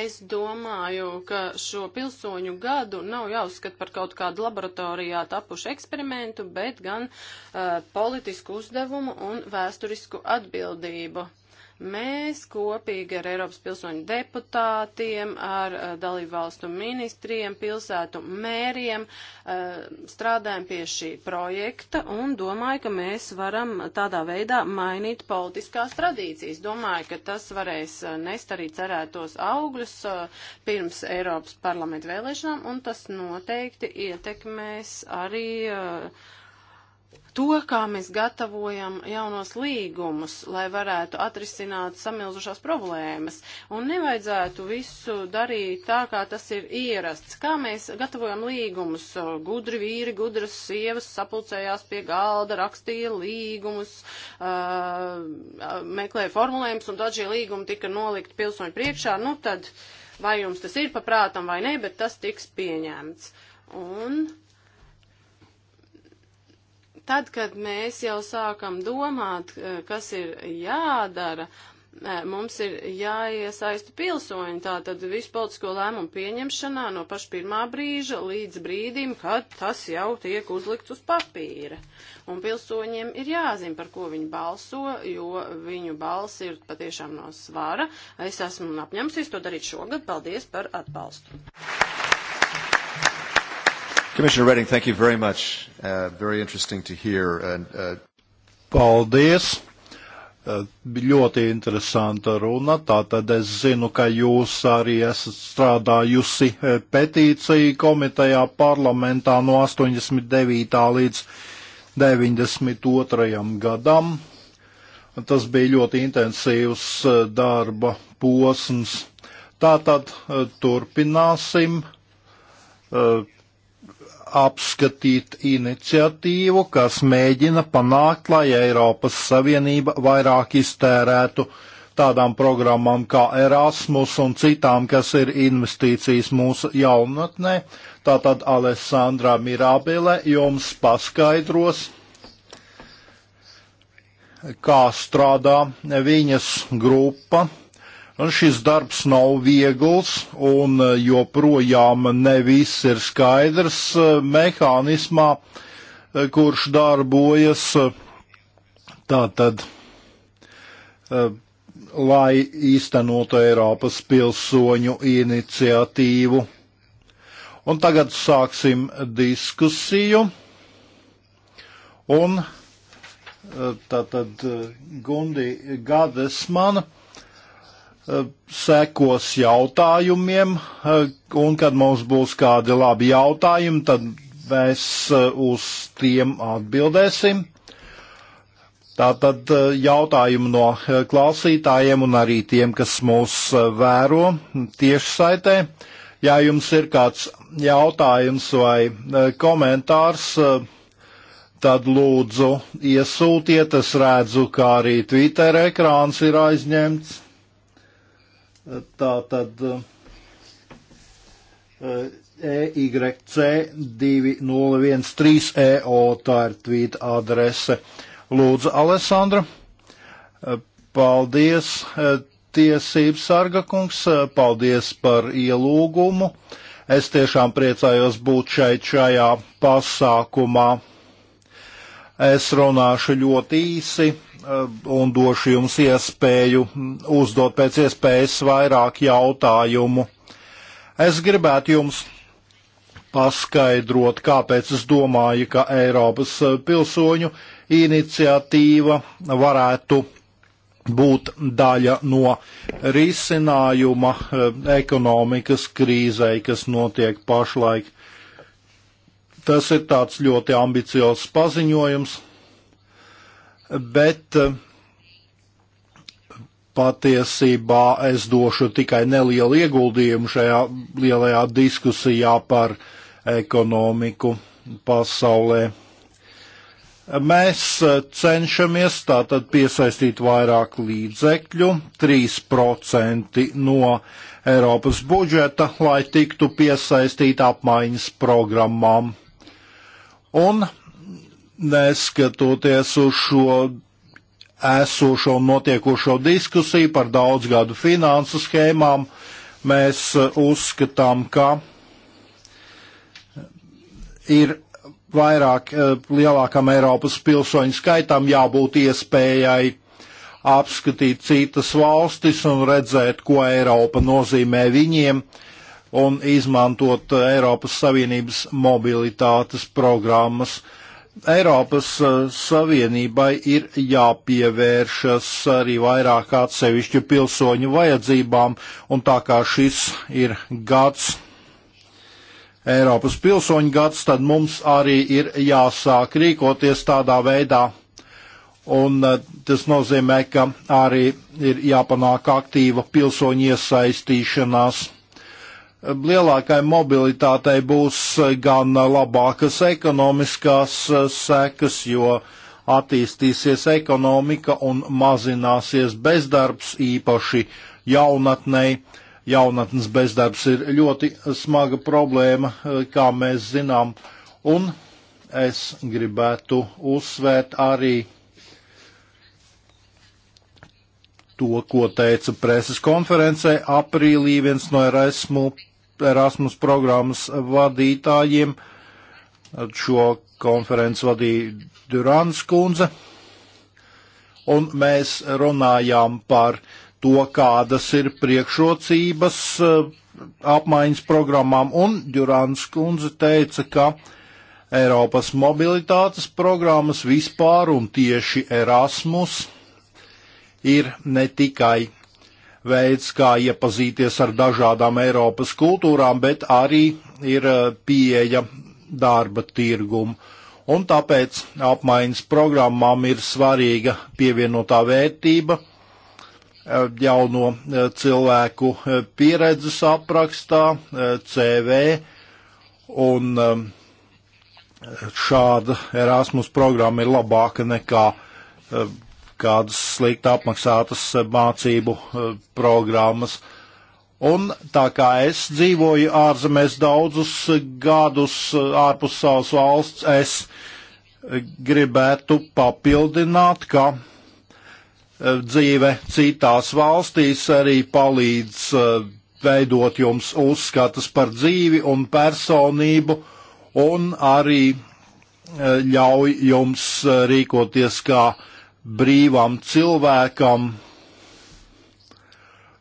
Es domāju, ka šo pilsoņu gadu nav jāuzskata par kaut kādu laboratorijā tapušu eksperimentu, bet gan uh, politisku uzdevumu un vēsturisku atbildību. Mēs kopīgi ar Eiropas pilsoņu deputātiem, ar eh, dalībvalstu ministriem, pilsētu mēriem eh, strādājam pie šī projekta un domāju, ka mēs varam tādā veidā mainīt politiskās tradīcijas. Domāju, ka tas varēs eh, nest arī cerētos augļus pirms Eiropas parlamenta vēlēšanām un tas noteikti ietekmēs arī uh, to, kā mēs gatavojam jaunos līgumus, lai varētu atrisināt samilzušās problēmas. Un nevajadzētu visu darīt tā, kā tas ir ierasts. Kā mēs gatavojam līgumus? Gudri vīri, gudras sievas sapulcējās pie galda, rakstīja līgumus, uh, meklēja formulējumus, un tad šie līgumi tika nolikt pilsoņu priekšā. Nu tad, vai jums tas ir paprātam vai ne, bet tas tiks pieņemts. Un Tad, kad mēs jau sākam domāt, eh, kas ir jādara, eh, mums ir jāiesaista pilsoņi tātad visu politisko lēmumu pieņemšanā no paša pirmā brīža līdz brīdim, kad tas jau tiek uzlikts uz papīra. Un pilsoņiem ir jāzina, par ko viņi balso, jo viņu balss ir patiešām no svara. Es esmu apņemsies to darīt šogad. Paldies par atbalstu! Commissioner Redding, thank you very much. Uh, very interesting to hear. And, uh... Paldies! Uh, ļoti interesanta runa. Tātad es zinu, ka jūs arī esat strādājusi uh, petīciju komitejā parlamentā no 89. līdz 92. gadam. Tas bija ļoti intensīvs uh, darba posms. Tātad turpināsim apskatīt iniciatīvu, kas mēģina panākt, lai Eiropas Savienība vairāk iztērētu tādām programmām kā Erasmus un citām, kas ir investīcijas mūsu jaunatnē. Tātad Alessandra Mirabile jums paskaidros, kā strādā viņas grupa Šis darbs nav viegls, un eh, joprojām ne viss ir skaidrs eh, mehānismā, eh, kurš darbojas. Tātad, lai īstenotu Eiropas pilsoņu iniciatīvu. Un tagad sāksim diskusiju. Un tātad Gundi Gadesmana Eh, sekos jautājumiem, eh, un kad mums būs kādi labi jautājumi, tad mēs eh, uz tiem atbildēsim. Tātad jautājumu no klausītājiem un arī tiem, kas mūs vēro tiešsaitē. Ja jums ir kāds jautājums vai komentārs, tad lūdzu iesūtiet. Es redzu, kā arī Twitter ekrāns ir aizņemts. Tā tad EYC2013EO, tā ir tvīta adrese. Lūdzu, Alessandra, eh, paldies, eh, tiesības sargakungs, eh, paldies par ielūgumu. Es tiešām priecājos būt šeit šajā pasākumā. Es runāšu ļoti īsi eh, un došu jums iespēju mm, uzdot pēc iespējas vairāk jautājumu. Es gribētu jums paskaidrot, kāpēc es domāju, ka Eiropas eh, pilsoņu iniciatīva varētu būt daļa no risinājuma eh, ekonomikas krīzei, kas notiek pašlaik. Tas ir tāds ļoti ambiciozs paziņojums, bet eh, patiesībā es došu tikai nelielu ieguldījumu šajā lielajā diskusijā par ekonomiku pasaulē. Mēs eh, cenšamies tātad piesaistīt vairāk līdzekļu, 3% no Eiropas budžeta, lai tiktu piesaistīt apmaiņas programmām. Un neskatoties uz šo esošo un notiekošo diskusiju par daudzgadu finansu schēmām, mēs uh, uzskatām, ka ir vairāk uh, lielākam Eiropas pilsoņu skaitam jābūt iespējai apskatīt citas valstis un redzēt, ko Eiropa nozīmē viņiem, un izmantot eh, Eiropas Savienības mobilitātes programmas. Eiropas eh, Savienībai ir jāpievēršas arī vairāk atsevišķu pilsoņu vajadzībām, un tā kā šis ir gads, Eiropas pilsoņu gads, tad mums arī ir jāsāk rīkoties tādā veidā, un eh, tas nozīmē, ka arī ir jāpanāk aktīva pilsoņu iesaistīšanās lielākai mobilitātei būs gan labākas ekonomiskās e, sekas, jo attīstīsies ekonomika un mazināsies bezdarbs īpaši jaunatnei. Jaunatnes bezdarbs ir ļoti smaga problēma, e, kā mēs zinām, un es gribētu uzsvērt arī to, ko teica preses konferencē aprīlī viens no RSMU Erasmus programmas vadītājiem. Šo konferenci vadīja Durāns kundze. Un mēs runājām par to, kādas ir priekšrocības eh, apmaiņas programmām, un Durāns kundze teica, ka Eiropas mobilitātes programmas vispār un tieši Erasmus ir ne tikai veids, kā iepazīties ar dažādām Eiropas kultūrām, bet arī ir eh, pieeja darba tirgumu. Un tāpēc apmaiņas programmām ir svarīga pievienotā vērtība eh, jauno eh, cilvēku pieredzes aprakstā, CV, un šāda Erasmus programma ir labāka nekā kādas slikti apmaksātas eh, mācību eh, programmas. Un tā kā es dzīvoju ārzemēs daudzus eh, gadus ārpus savas valsts, es gribētu papildināt, ka dzīve citās valstīs arī palīdz veidot jums uzskatas par dzīvi un personību un arī ļauj jums rīkoties kā uh, brīvam cilvēkam,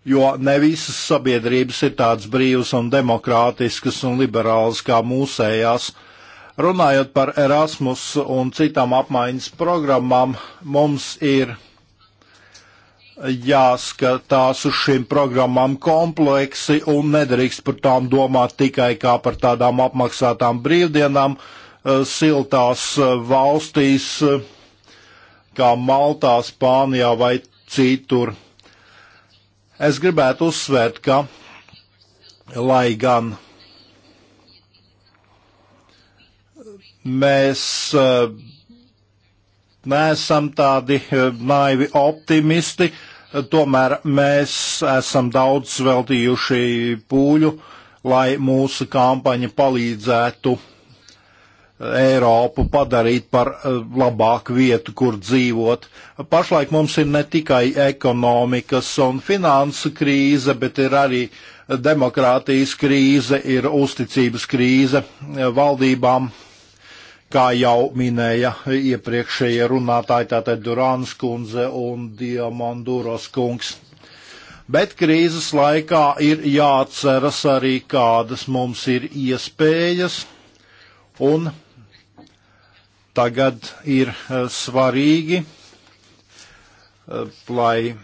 jo ne visas sabiedrības ir tādas brīvas un demokrātiskas un liberālas kā mūsējās. Runājot par Erasmus un citām apmaiņas programmām, mums ir jāskatās uz šīm programmām kompleksi un nedrīkst par tām domāt tikai kā par tādām apmaksātām brīvdienām eh, siltās eh, valstīs eh, kā Maltā, Spānijā vai citur. Es gribētu uzsvērt, ka lai gan mēs eh, neesam tādi eh, naivi optimisti, tomēr mēs esam daudz veltījuši pūļu, lai mūsu kampaņa palīdzētu Eiropu padarīt par eh, labāku vietu, kur dzīvot. Pašlaik mums ir ne tikai ekonomikas un finansu krīze, bet ir arī demokrātijas krīze, ir uzticības krīze eh, valdībām, kā jau minēja iepriekšējie runātāji, tātad Durāns kundze un Diamanduros kungs. Bet krīzes laikā ir jāatceras arī, kādas mums ir iespējas, un tagad ir eh, svarīgi, eh, lai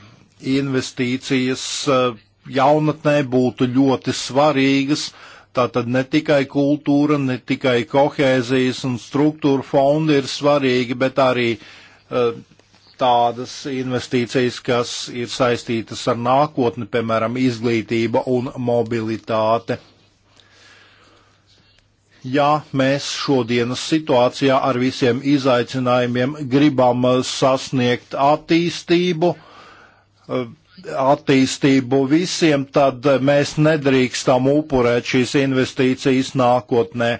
investīcijas eh, jaunatnē būtu ļoti svarīgas. Tātad ne tikai kultūra, ne tikai kohēzijas un struktūra fondi ir svarīgi, bet arī tādas investīcijas, kas ir saistītas ar nākotni, piemēram, izglītība un mobilitāte ja mēs šodienas situācijā ar visiem izaicinājumiem gribam eh, sasniegt attīstību, eh, attīstību visiem, tad eh, mēs nedrīkstam upurēt šīs investīcijas nākotnē.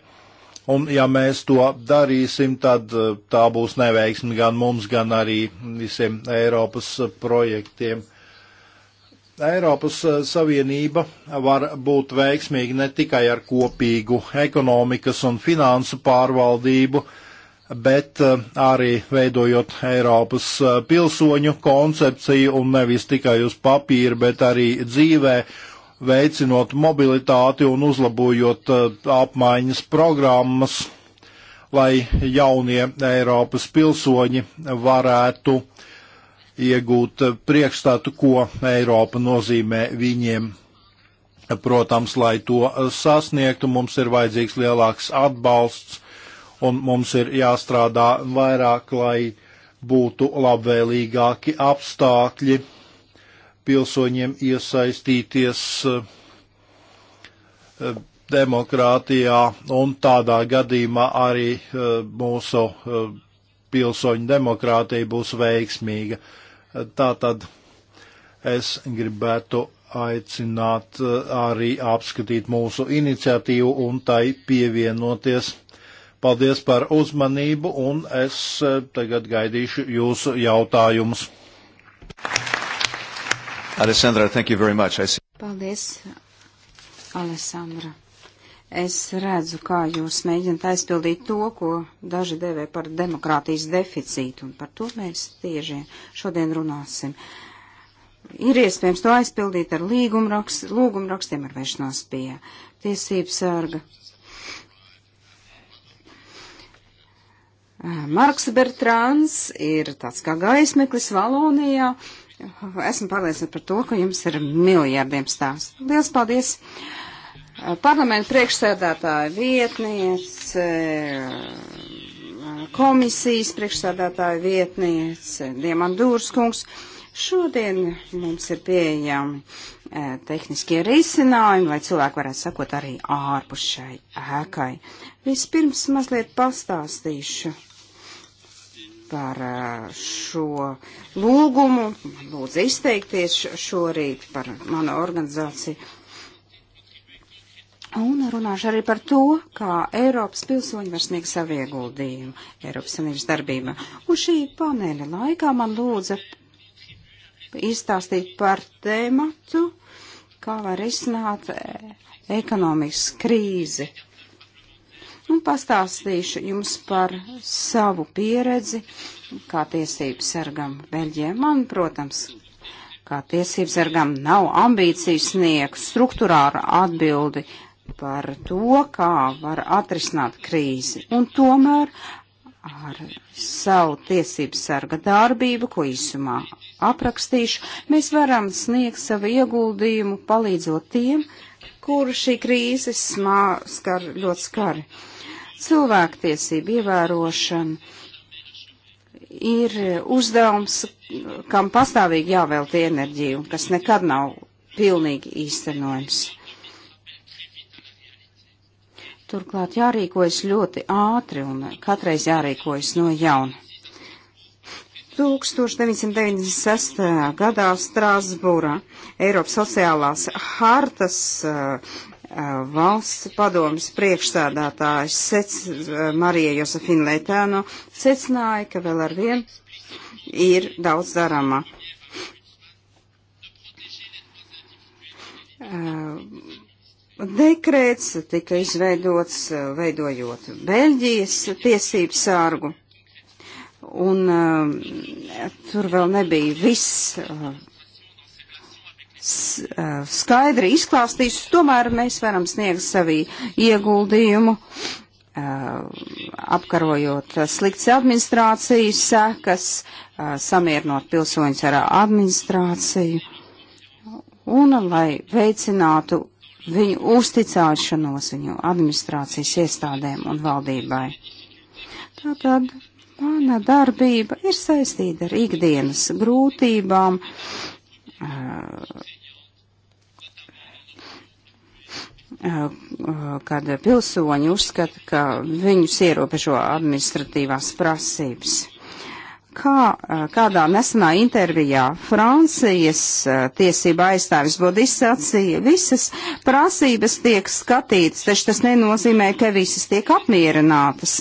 Un ja mēs to darīsim, tad tā būs neveiksme gan mums, gan arī visiem Eiropas projektiem. Eiropas eh, Savienība var būt veiksmīga ne tikai ar kopīgu ekonomikas un finansu pārvaldību, bet eh, arī veidojot Eiropas eh, pilsoņu koncepciju un nevis tikai uz papīra, bet arī dzīvē, veicinot mobilitāti un uzlabojot apmaiņas programmas, lai jaunie Eiropas pilsoņi varētu uh, iegūt priekšstatu, ko Eiropa nozīmē viņiem. Protams, lai to sasniegtu, mums ir vajadzīgs lielāks atbalsts un mums ir jāstrādā vairāk, lai būtu labvēlīgāki apstākļi pilsoņiem iesaistīties eh, demokrātijā, un tādā gadījumā arī eh, mūsu eh, pilsoņu demokrātija būs veiksmīga. Tātad es gribētu aicināt eh, arī apskatīt mūsu iniciatīvu un tai pievienoties. Paldies par uzmanību un es eh, tagad gaidīšu jūsu jautājumus. Alessandra, thank you very much. Paldies, Alessandra. Es redzu, kā jūs mēģināt aizpildīt to, ko daži devē par demokrātijas deficītu, un par to mēs tieši šodien runāsim. Ir iespējams to aizpildīt ar līgumrakst, lūgumrakstiem, ar vēršanos pie tiesības sarga. Marks Bertrāns ir tāds kā gaismeklis Valonijā. Esmu pārliecināta par to, ka jums ir miljardiem stāstu. Lielas paldies! Uh, parlamentu priekšsēdētāja vietniece, komisijas priekšsēdētāja vietniece, Diemandūras kungs. Šodien mums ir pieejami eh, tehniskie risinājumi, lai cilvēki varētu sakot arī ārpus šai ēkai. Vispirms mazliet pastāstīšu par e, šo lūgumu, lūdzu izteikties šorīt par manu organizāciju. Un runāšu arī par to, kā Eiropas pilsoņi var sniegt savu ieguldījumu Eiropas Savienības darbībā. Un šī paneļa laikā man lūdza izstāstīt par tēmatu, kā var izsnāt eh, ekonomikas krīzi. Un pastāstīšu jums par savu pieredzi, kā tiesību sargam Beļģijai. Man, protams, kā tiesību sargam nav ambīcijas sniegt struktūrāru atbildi par to, kā var atrisināt krīzi. Un tomēr ar savu tiesību sarga darbību, ko īsumā aprakstīšu, mēs varam sniegt savu ieguldījumu, palīdzot tiem, kuru šī krīze smā, skar ļoti skari. Cilvēktiesība ievērošana ir uzdevums, kam pastāvīgi jāvēlta enerģija, kas nekad nav pilnīgi īstenojams. Turklāt jārīkojas ļoti ātri un katreiz jārīkojas no jauna. 1996. gadā Strasbūrā Eiropas sociālās hartas uh, valsts padomas priekšstādātājs sec, eh, Marija Josefina Leitēno secināja, ka vēl ar vien ir daudz darāmā. Uh, dekrēts tika izveidots, eh, veidojot Beļģijas tiesību sārgu. Un uh, tur vēl nebija viss uh, s, uh, skaidri izklāstīts, tomēr mēs varam sniegt savī ieguldījumu, apkarojot slikts administrācijas sekas, samierinot pilsoņus ar administrāciju un lai veicinātu viņu uzticēšanos viņu administrācijas iestādēm un valdībai. Tātad mana darbība ir saistīta ar ikdienas grūtībām, kad pilsoņi uzskata, ka viņus ierobežo administratīvās prasības kā, kādā nesenā intervijā Francijas tiesība aizstāvis Bodis sacīja, visas prasības tiek skatītas, taču tas nenozīmē, ka visas tiek apmierinātas.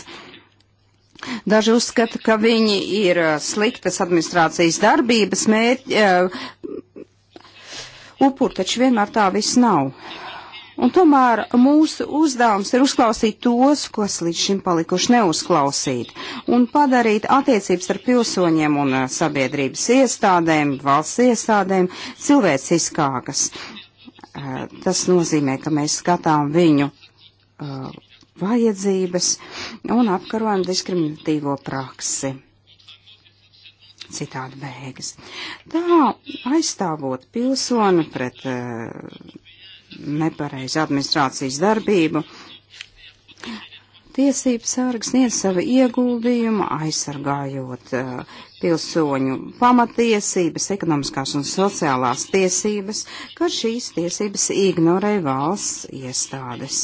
Daži uzskata, ka viņi ir sliktas administrācijas darbības mērķi, uh, upur taču vienmēr tā viss nav. Uh, Un tomēr mūsu uzdevums ir uzklausīt tos, kas līdz šim palikuši neuzklausīt, un padarīt attiecības ar pilsoņiem un eh, sabiedrības iestādēm, valsts iestādēm cilvēciskākas. Eh, tas nozīmē, ka mēs skatām viņu eh, vajadzības un apkarojam diskriminatīvo praksi. Citādi beigas. Tā aizstāvot pilsoni pret uh, nepareizu administrācijas darbību. Tiesības sargs sniedz savu ieguldījumu, aizsargājot uh, pilsoņu pamatiesības, ekonomiskās un sociālās tiesības, ka šīs tiesības ignorē valsts iestādes.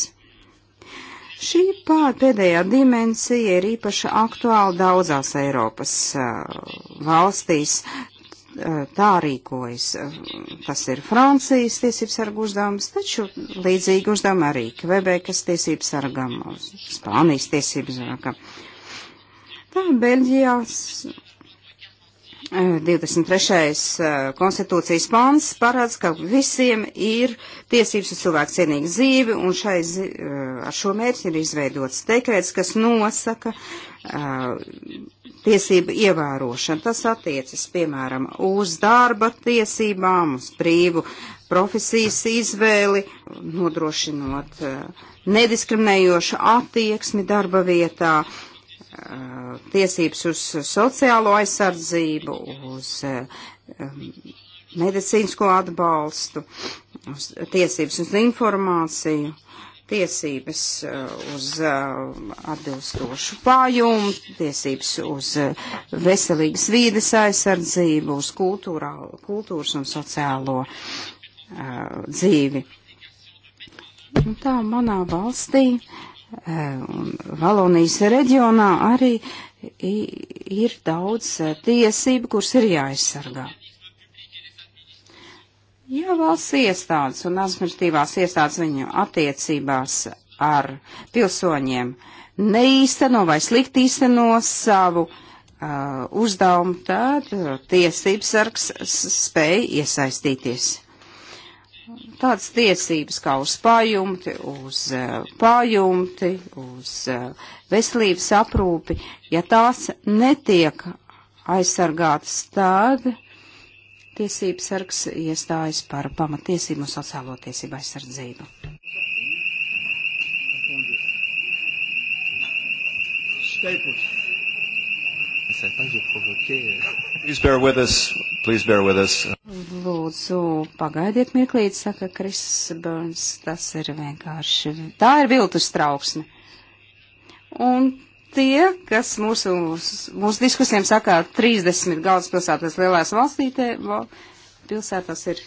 Šī pārpēdējā dimensija ir īpaši aktuāla daudzās Eiropas uh, valstīs, Eh, tā rīkojas. Eh, tas ir Francijas tiesības sargu uzdevums, taču līdzīgi uzdevumi arī Kvebekas tiesības sargam, Spānijas tiesības sargam. Tā Beļģijā 23. Eh, konstitūcijas pāns parāds, ka visiem ir tiesības uz cilvēku cienīgu dzīvi, un šai, ar šo mērķi ir izveidots dekrets, kas nosaka uh, tiesību ievērošana. Tas attiecas, piemēram, uz darba tiesībām, uz brīvu profesijas izvēli, nodrošinot eh, nediskriminējošu attieksmi darba vietā, eh, tiesības uz sociālo aizsardzību, uz eh, um, medicīnisko atbalstu, uz tiesības uz informāciju tiesības uh, uz uh, atbilstošu pājumu, tiesības uz uh, veselīgas vīdes aizsardzību, uz kultūrā, kultūras un sociālo uh, dzīvi. Un tā manā valstī un Valonijas reģionā arī ir daudz tiesību, kuras ir jāaizsargā. Ja valsts iestādes un administratīvās iestādes viņu attiecībās ar pilsoņiem neīsteno vai slikti īsteno savu uh, uzdevumu, tad uh, tiesības sargs spēja iesaistīties. Tādas tiesības kā uz pājumti, uz uh, pājumti, uz uh, veselības aprūpi, ja tās netiek aizsargātas, tad uh, tiesības sargs iestājas par pamatiesību un sociālo tiesību aizsardzību. Euh. Lūdzu, pagaidiet mirklīt, saka Kris Burns, tas ir vienkārši, tā ir viltus trauksme. Un tie, kas mūsu, mūsu diskusijām sakā 30 galvaspilsētas lielās valstītē, pilsētās ir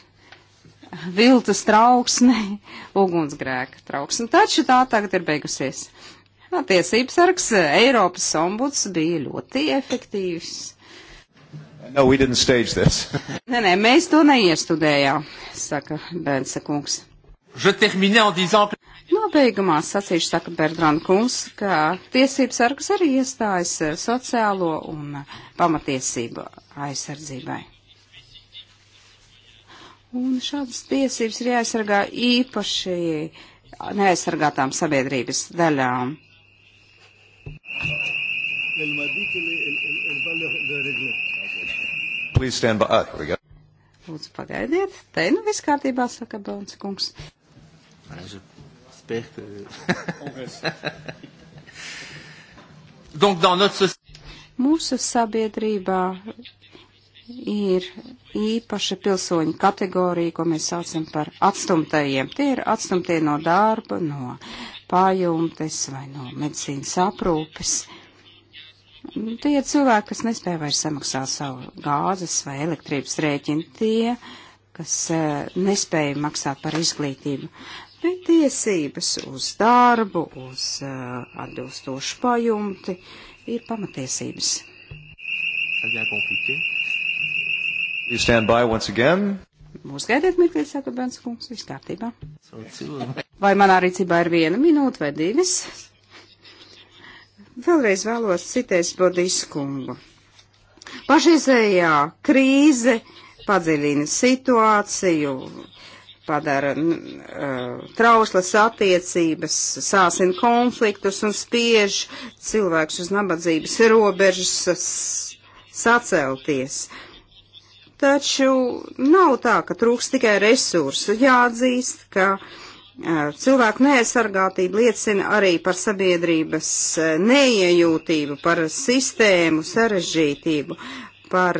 viltus trauksme, ugunsgrēka trauksme, taču tā tagad ir beigusies. Tiesības sargs eh, Eiropas ombuds bija ļoti efektīvs. No, we didn't stage this. nē, nē, mēs to neiestudējām, saka Bērnsa kungs. Je terminais en disant Nobeigumā sacīšu, saka Bertrand Kungs, ka tiesības sargs arī iestājas eh, sociālo un eh, pamatiesību aizsardzībai. Un šādas tiesības ir jāaizsargā īpaši neaizsargātām sabiedrības daļām. Lūdzu, pagaidiet, te nu viss kārtībā, saka Bons kungs. Pareizi experte. On reste. Donc, dans notre... Mūsu sabiedrībā ir īpaša pilsoņu kategorija, ko mēs saucam par atstumtajiem. Tie ir atstumtie no darba, no pājumtes vai no medicīnas aprūpes. Tie ir cilvēki, kas nespēja vairs samaksāt savu gāzes vai elektrības rēķinu. Tie, kas eh, nespēja maksāt par izglītību bet tiesības uz darbu, uz uh, atbilstošu pajumti ir pamatiesības. Mūs gaidiet mirklī, saka Bens kungs, viss kārtībā. Vai manā rīcībā ir viena minūte vai divas? Vēlreiz vēlos citēt Bodiskungu. Pašreizējā krīze padziļina situāciju, padara uh, trauslas attiecības, sāsina konfliktus un spiež cilvēkus uz nabadzības robežas sacelties. Taču nav tā, ka trūks tikai resursu. Jāatzīst, ka uh, cilvēku neaizsargātība liecina arī par sabiedrības uh, neiejūtību, par sistēmu sarežģītību, par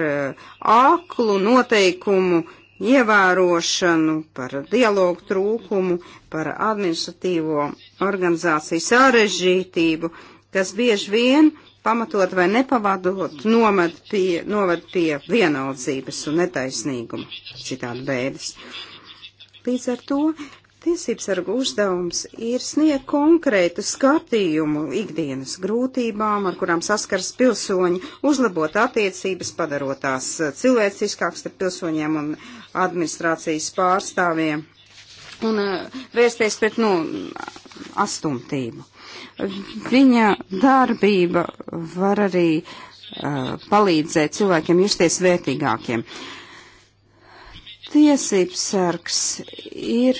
aklu noteikumu ievērošanu, par dialogu trūkumu, par administratīvo organizāciju sarežģītību, kas bieži vien pamatot vai nepavadot nomed pie, noved pie vienaldzības un netaisnīguma citādi bēdas. Līdz ar to tiesības argu uzdevums ir sniegt konkrētu skatījumu ikdienas grūtībām, ar kurām saskars pilsoņi, uzlabot attiecības, padarot tās cilvēciskākas ar pilsoņiem un administrācijas pārstāvjiem un uh, vērsties pret, nu, astumtību. Viņa darbība var arī uh, palīdzēt cilvēkiem justies vērtīgākiem. Tiesības sargs ir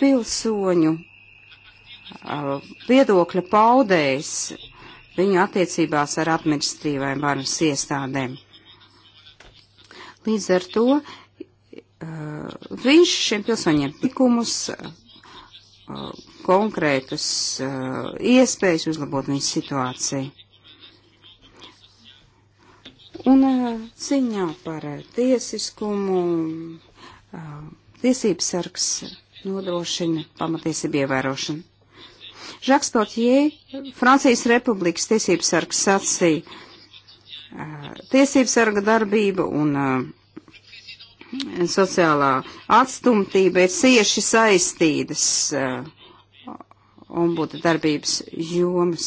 pilsoņu uh, viedokļa paudējs viņu attiecībās ar administrīvajām varas iestādēm. Līdz ar to Eh, viņš šiem pilsoņiem likumus, eh, konkrētus eh, iespējas uzlabot viņu situāciju. Un ziņā par tiesiskumu tiesības sargs nodrošina pamatiesību ievērošanu. Žaks Potjē, Francijas Republikas tiesības sargs sacīja, tiesības sarga darbība un uh, sociālā atstumtība ir cieši saistītas uh, eh, ombuda darbības jomas.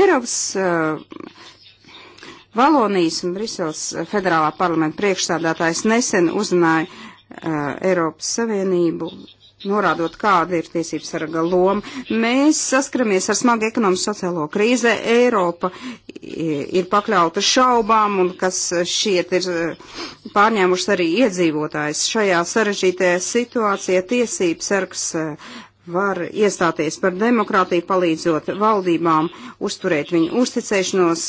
Eiropas uh, Valonijas un Briseles federālā parlamenta priekšstādātājs nesen uzrunāja uh, eh, Eiropas Savienību norādot, kāda ir tiesības sarga loma. Mēs saskaramies ar smagu ekonomisku sociālo krīze. Eiropa ir pakļauta šaubām un kas šiet ir e, pārņēmušas arī iedzīvotājs. Šajā sarežģītajā situācijā tiesības sargs e, var iestāties par demokrātiju, palīdzot valdībām uzturēt viņu uzticēšanos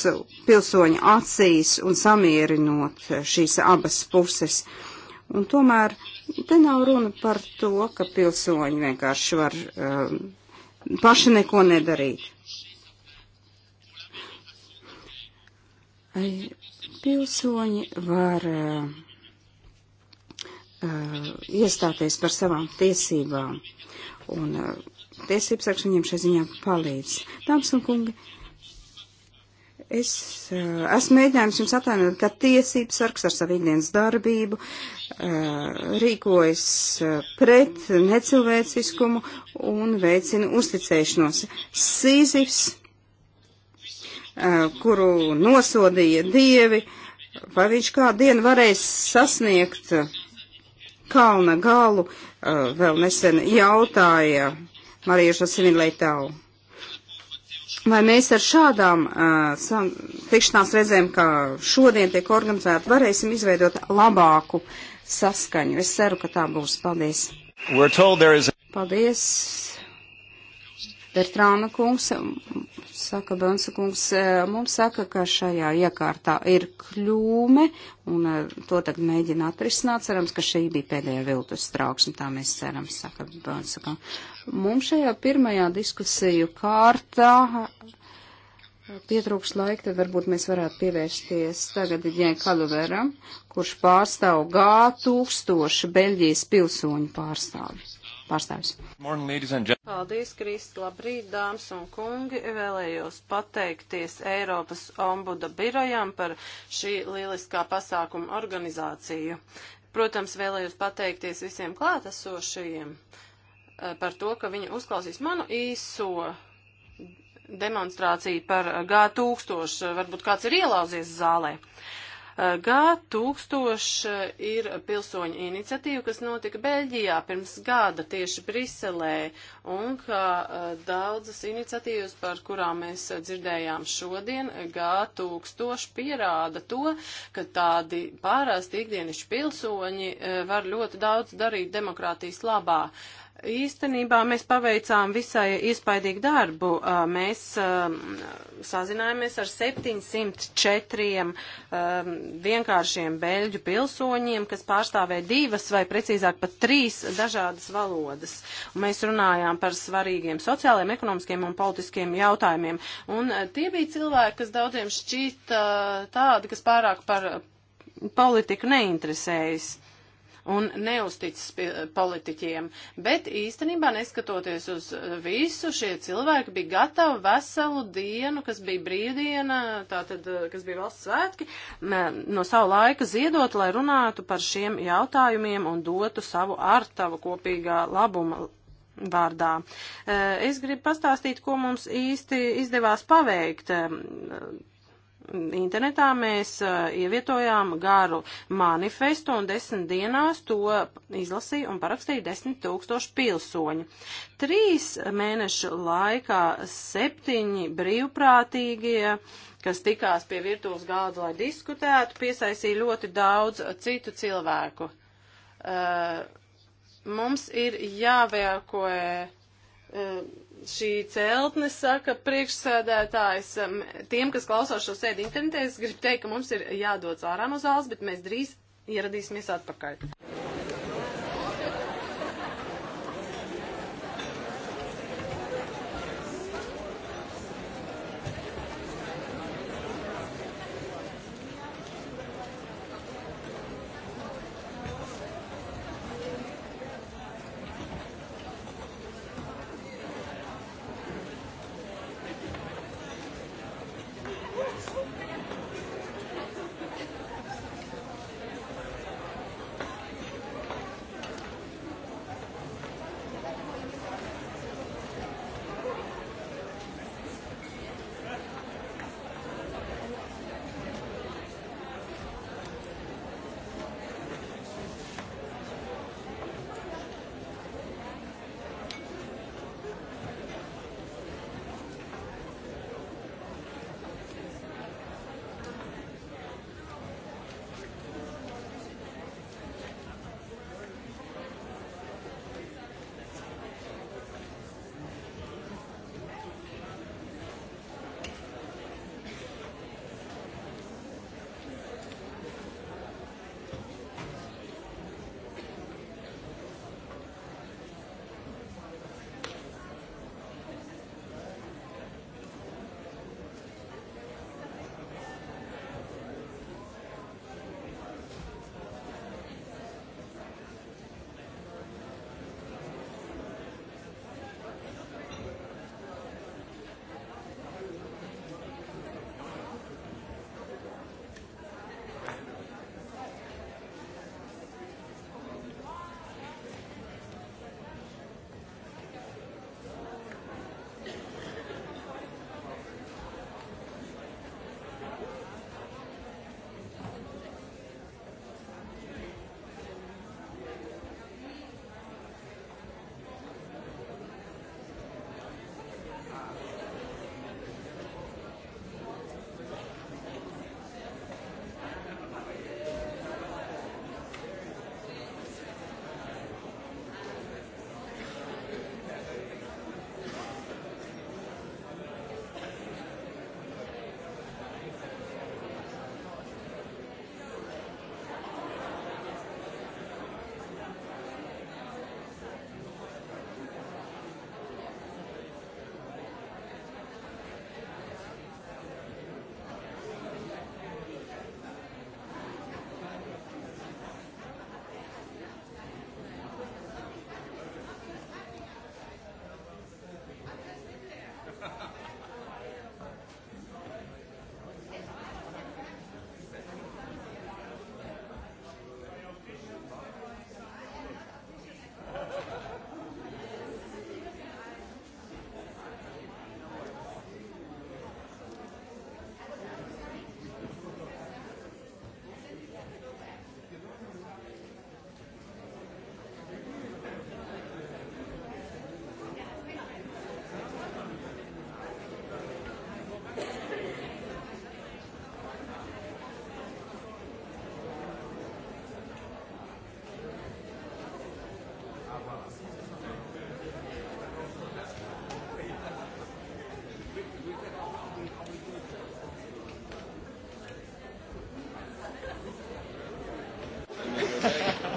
pilsoņu acīs un samierinot šīs abas puses. Un tomēr uh, Te nav runa par to, ka pilsoņi vienkārši var um, paši neko nedarīt. Pilsoņi var uh, uh, iestāties par savām tiesībām, un uh, tiesības sargs viņiem šai ziņā palīdz. Dāmas un kungi, uh, Es uh, esmu mēģinājums jums atvainot, ka tiesības sargs ar savu ikdienas darbību uh, rīkojas uh, pret necilvēciskumu un veicina uzticēšanos. Sīzifs, uh, kuru nosodīja dievi, vai viņš kādu dienu varēs sasniegt kalna galu, uh, vēl nesen jautāja Marieša Svinleitau. Vai mēs ar šādām uh, tikšanās reizēm, kā šodien tiek organizēta, varēsim izveidot labāku saskaņu? Es ceru, ka tā būs. Paldies! Is... Paldies, Bertrāna kungs saka Bansakungs, e, mums saka, ka šajā iekārtā ir kļūme, un e, to tagad mēģina atrisināt. Cerams, ka šī bija pēdējā viltus trauksme, tā mēs ceram, saka Bansakungs. Mums šajā pirmajā diskusiju kārtā pietrūks laika, tad varbūt mēs varētu pievērsties tagad Dņēn Kaluveram, kurš pārstāv G tūkstoši Beļģijas pilsoņu pārstāvi pārstāvis. Paldies, Kristi, labrīt, dāmas un kungi. Vēlējos pateikties Eiropas ombuda birojām par šī lieliskā pasākuma organizāciju. Protams, vēlējos pateikties visiem klātesošajiem eh, par to, ka viņi uzklausīs manu īso demonstrāciju par G1000. Varbūt kāds ir ielauzies zālē. Uh, G1000 ir pilsoņu iniciatīva, kas notika Beļģijā pirms gada tieši Briselē, un kā e, daudzas iniciatīvas, par kurām mēs dzirdējām šodien, G1000 pierāda to, ka tādi pārāsti ikdienišķi pilsoņi e, var ļoti daudz darīt demokrātijas labā. Uh, Īstenībā mēs paveicām visai iespaidīgu darbu. Uh, mēs um, sazinājāmies ar 704 um, vienkāršiem beļģu pilsoņiem, kas pārstāvēja divas vai precīzāk pat trīs dažādas valodas. Un mēs runājām par svarīgiem sociālajiem, ekonomiskiem un politiskiem jautājumiem. Un uh, tie bija cilvēki, kas daudziem šķita uh, tādi, kas pārāk par politiku neinteresējas un neusticas eh, politiķiem. Bet īstenībā, neskatoties uz eh, visu, šie cilvēki bija gatavi veselu dienu, kas bija brīvdiena, tātad, eh, kas bija valsts svētki, no savu laiku ziedot, lai runātu par šiem jautājumiem un dotu savu artavu kopīgā labuma vārdā. Es gribu pastāstīt, ko mums īsti izdevās paveikt Internetā mēs uh, ievietojām garu manifestu un desmit dienās to izlasīja un parakstīja desmit tūkstoši pilsoņi. Trīs mēnešu laikā septiņi brīvprātīgie, kas tikās pie virtuves galda, lai diskutētu, piesaistīja ļoti daudz citu cilvēku. Uh, mums ir jāvēkoja. Uh, eh, šī celtne saka priekšsēdētājs, um, tiem, kas klausās šo sēdi internetē, es gribu teikt, ka mums ir jādodas ārā no zāles, bet mēs drīz ieradīsimies atpakaļ.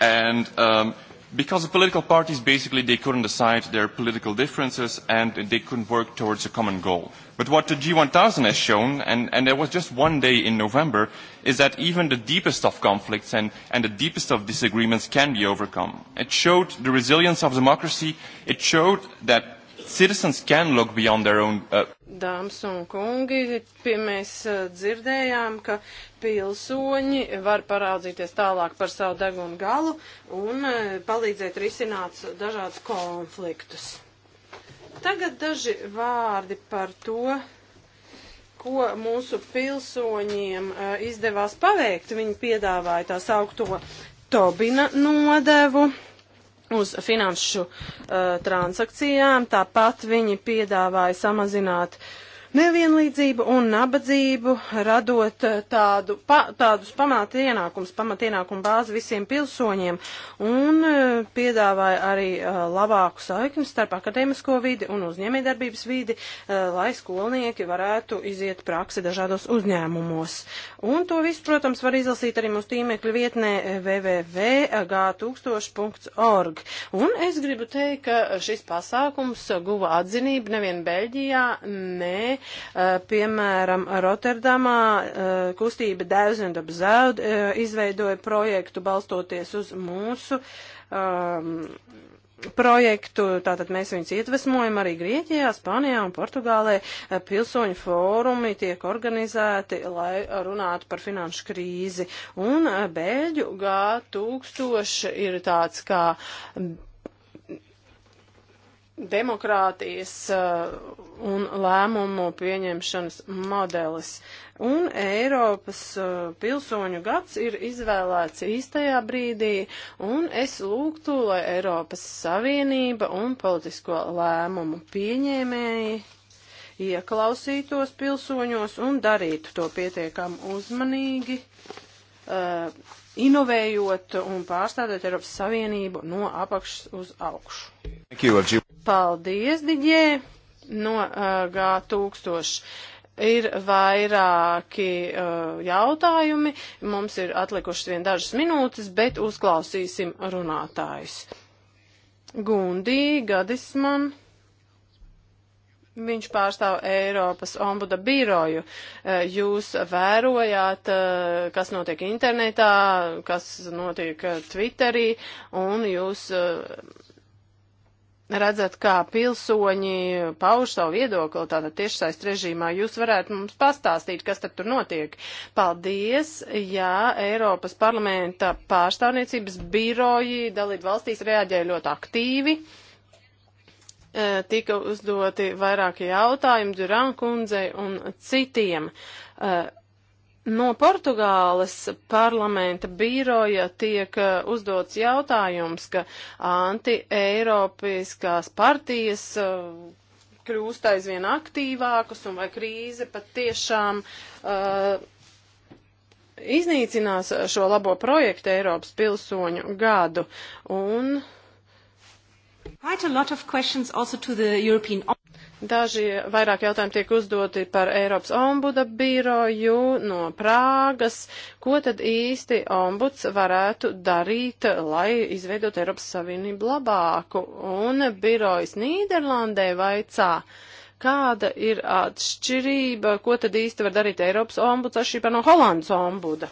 And um, because the political parties basically they couldn't decide their political differences and they couldn't work towards a common goal. But what the G1000 has shown, and, and there was just one day in November, is that even the deepest of conflicts and, and the deepest of disagreements can be overcome. It showed the resilience of democracy. It showed that citizens can look beyond their own. Uh... Dāmas un kungi, mēs uh, dzirdējām, ka pilsoņi var paraudzīties tālāk par savu degunu galu un uh, palīdzēt risināt dažādus konfliktus. Tagad daži vārdi par to, ko mūsu pilsoņiem uh, izdevās paveikt. Viņi piedāvāja tā saukto Tobina nodevu uz finanšu uh, transakcijām. Tāpat viņi piedāvāja samazināt uh, nevienlīdzību un nabadzību, radot tādu, pa, tādus pamata ienākums, pamata ienākumu bāzi visiem pilsoņiem un e, piedāvāja arī e, labāku saikni starp akadēmisko vidi un uzņēmējdarbības vidi, e, lai skolnieki varētu iziet praksi dažādos uzņēmumos. Un to visu, protams, var izlasīt arī mūsu tīmekļa vietnē www.g1000.org. Un es gribu teikt, ka šis pasākums guva atzinību nevien Beļģijā, nē, Eh, piemēram, Rotterdamā eh, kustība Dēvs un Dabas zaud eh, izveidoja projektu balstoties uz mūsu um, projektu, tātad mēs viņus iedvesmojam arī Grieķijā, Spānijā un Portugālē. Pilsoņu fórumi tiek organizēti, lai runātu par finanšu krīzi. Un Bēļu G1000 ir tāds kā demokrātijas uh, un lēmumu pieņemšanas modelis. Un Eiropas uh, pilsoņu gads ir izvēlēts īstajā brīdī, un es lūgtu, lai Eiropas Savienība un politisko lēmumu pieņēmēji ieklausītos pilsoņos un darītu to pietiekam uzmanīgi. Uh, inovējot un pārstādot Eiropas Savienību no apakšas uz augšu. Paldies, Diģē, no uh, G1000. Ir vairāki uh, jautājumi, mums ir atlikušas vien dažas minūtes, bet uzklausīsim runātājus. Gundī, gadis man. Viņš pārstāv Eiropas ombuda biroju. E, jūs vērojāt, e, kas notiek internetā, kas notiek e, Twitterī, un jūs redzat, kā pilsoņi pauž savu viedokli, tātad tiešsaist režīmā, jūs varētu mums pastāstīt, kas tad tur notiek. Paldies, jā, Eiropas parlamenta pārstāvniecības biroji dalību valstīs reaģēja ļoti aktīvi. Uh, tika uzdoti vairāki jautājumi Duran kundzei un citiem. No Portugāles parlamenta bīroja tiek uzdots jautājums, ka anti-eiropiskās partijas kļūst aizvien aktīvākas un vai krīze pat tiešām uh, iznīcinās šo labo projektu Eiropas pilsoņu gadu. Un uh, European... Daži vairāk jautājumi tiek uzdoti par Eiropas ombuda biroju no Prāgas. Ko tad īsti ombuds varētu darīt, lai izveidot Eiropas Savienību labāku? Un birojas Nīderlandē vaicā, kāda ir atšķirība, ko tad īsti var darīt Eiropas ombuds atšķirībā no Holandas ombuda?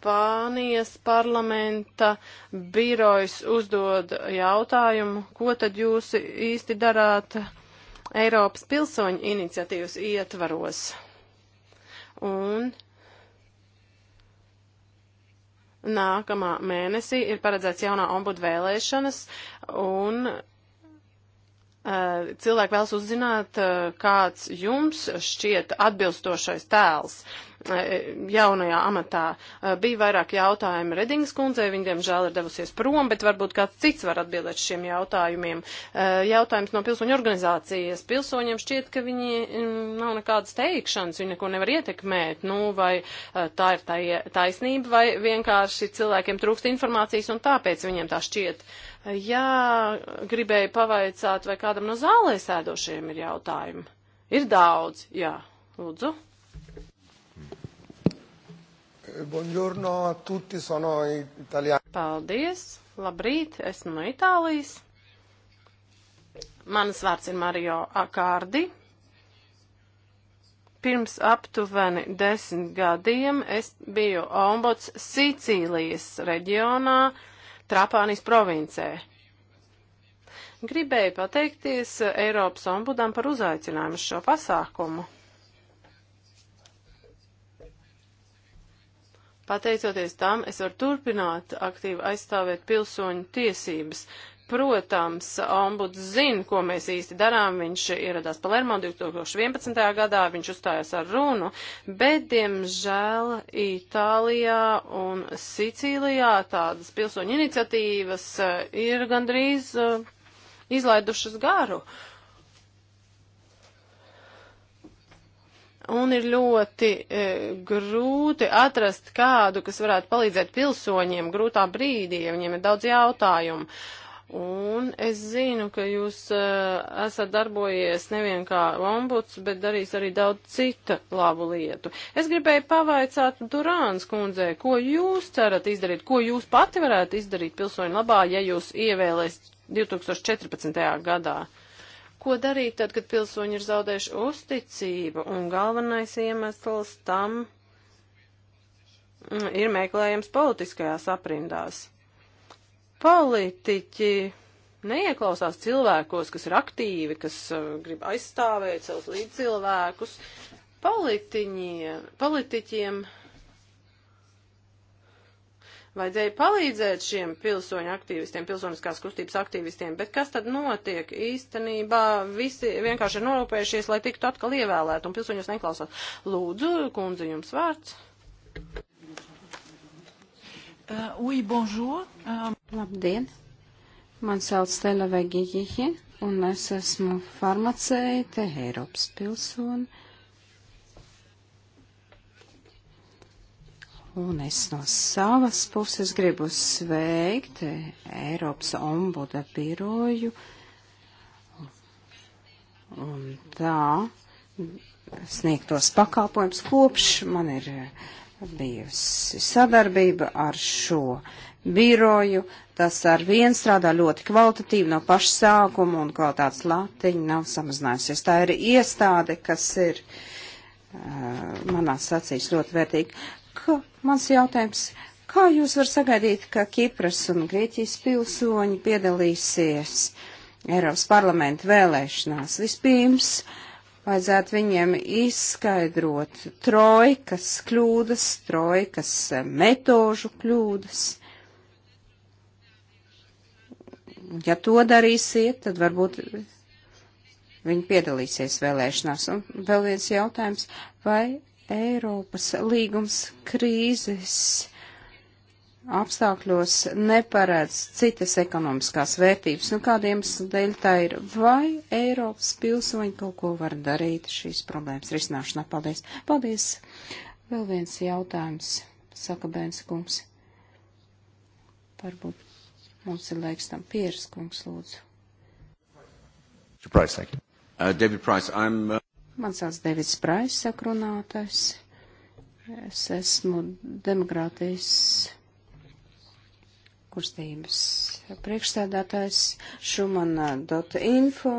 Spānijas parlamenta birojs uzdod jautājumu, ko tad jūs īsti darāt Eiropas pilsoņu iniciatīvas ietvaros. Un nākamā mēnesī ir paredzēts jaunā ombudu vēlēšanas, un Eh, cilvēki vēlas uzzināt, eh, kāds jums šķiet atbilstošais tēls eh, jaunajā amatā. Bija vairāk jautājumu Redingas kundzei, viņa diemžēl ir devusies prom, bet varbūt kāds cits var atbildēt šiem jautājumiem. Jautājums no pilsoņu organizācijas. Pilsoņiem šķiet, ka viņi mm, nav nekādas teikšanas, viņi neko nevar ietekmēt, nu vai tā ir taisnība, vai vienkārši cilvēkiem trūkst informācijas un tāpēc viņiem tā šķiet. Uh, Jā, gribēju pavaicāt, vai kādam no zālē sēdošiem ir jautājumi. Ir daudz, jā. Lūdzu. Buongiorno a tutti, sono italiano. Paldies, labrīt, esmu no Itālijas. Manas vārds ir Mario Akārdi. Pirms aptuveni desmit gadiem es biju ombuds Sīcīlijas reģionā. Uh, Trapānijas provincē. Gribēju pateikties Eiropas ombudam par uzaicinājumu uz šo pasākumu. Pateicoties tam, es varu turpināt aktīvi aizstāvēt pilsoņu tiesības. Protams, ombuds zina, ko mēs īsti darām. Viņš ieradās Palermo 2011. gadā, viņš uzstājās ar runu, bet, diemžēl, Itālijā un Sicīlijā tādas pilsoņu iniciatīvas eh, ir gandrīz eh, izlaidušas garu. un ir ļoti e, grūti atrast kādu, kas varētu palīdzēt pilsoņiem grūtā brīdī, ja viņiem ir daudz jautājumu. Un es zinu, ka jūs uh, esat darbojies nevien kā ombuds, bet darījis arī daudz cita labu lietu. Es gribēju pavaicāt Durāns kundzē, ko jūs cerat izdarīt, ko jūs pati varētu izdarīt pilsoņu labā, ja jūs ievēlēs 2014. gadā. Ko darīt tad, kad pilsoņi ir zaudējuši uzticību? Un galvenais iemesls tam mm, ir meklējams politiskajās aprindās. Politiķi neieklausās cilvēkos, kas ir aktīvi, kas uh, grib aizstāvēt savus līdzcilvēkus. Politiķiem vajadzēja palīdzēt šiem pilsoņu aktīvistiem, pilsoniskās kustības aktīvistiem, bet kas tad notiek? Īstenībā visi vienkārši ir norūpējušies, lai tiktu atkal ievēlēt, un pilsoņus neklausās. Lūdzu, kundze, jums vārds. Uh, oui, bonjour. Um... Labdien! Man sauc Stela Vegihihi, un es esmu farmaceite, Eiropas pilsoni. Un es no savas puses gribu sveikt Eiropas ombuda biroju. Un tā sniegtos pakalpojums kopš man ir uh, bijusi sadarbība ar šo biroju. Tas ar vienu strādā ļoti kvalitatīvi no paša sākuma un kvalitātes latiņa nav samazinājusies. Tā ir iestāde, kas ir uh, manā sacīs ļoti vērtīga. Ka, mans jautājums, kā jūs var sagaidīt, ka Kipras un Grieķijas pilsoņi piedalīsies Eiropas parlamenta vēlēšanās? Vispirms, uh, vajadzētu viņiem izskaidrot trojkas kļūdas, trojkas eh, metožu kļūdas. Ja to darīsiet, tad varbūt viņi piedalīsies vēlēšanās. Un vēl viens jautājums, vai Eiropas līgums krīzes apstākļos neparedz citas ekonomiskās vērtības, un nu, kādiem dēļ tā ir, vai Eiropas pilsoņi kaut ko var darīt šīs problēmas risināšanā. Paldies! Paldies! Vēl viens jautājums, saka Bēns kungs. Varbūt mums ir laiks tam pieras kungs, lūdzu. Price, uh, David Price, I'm, uh... Man sauc Davids Price, saka runātājs. Es esmu demokrātijas kustības priekšstādātājs šumana.info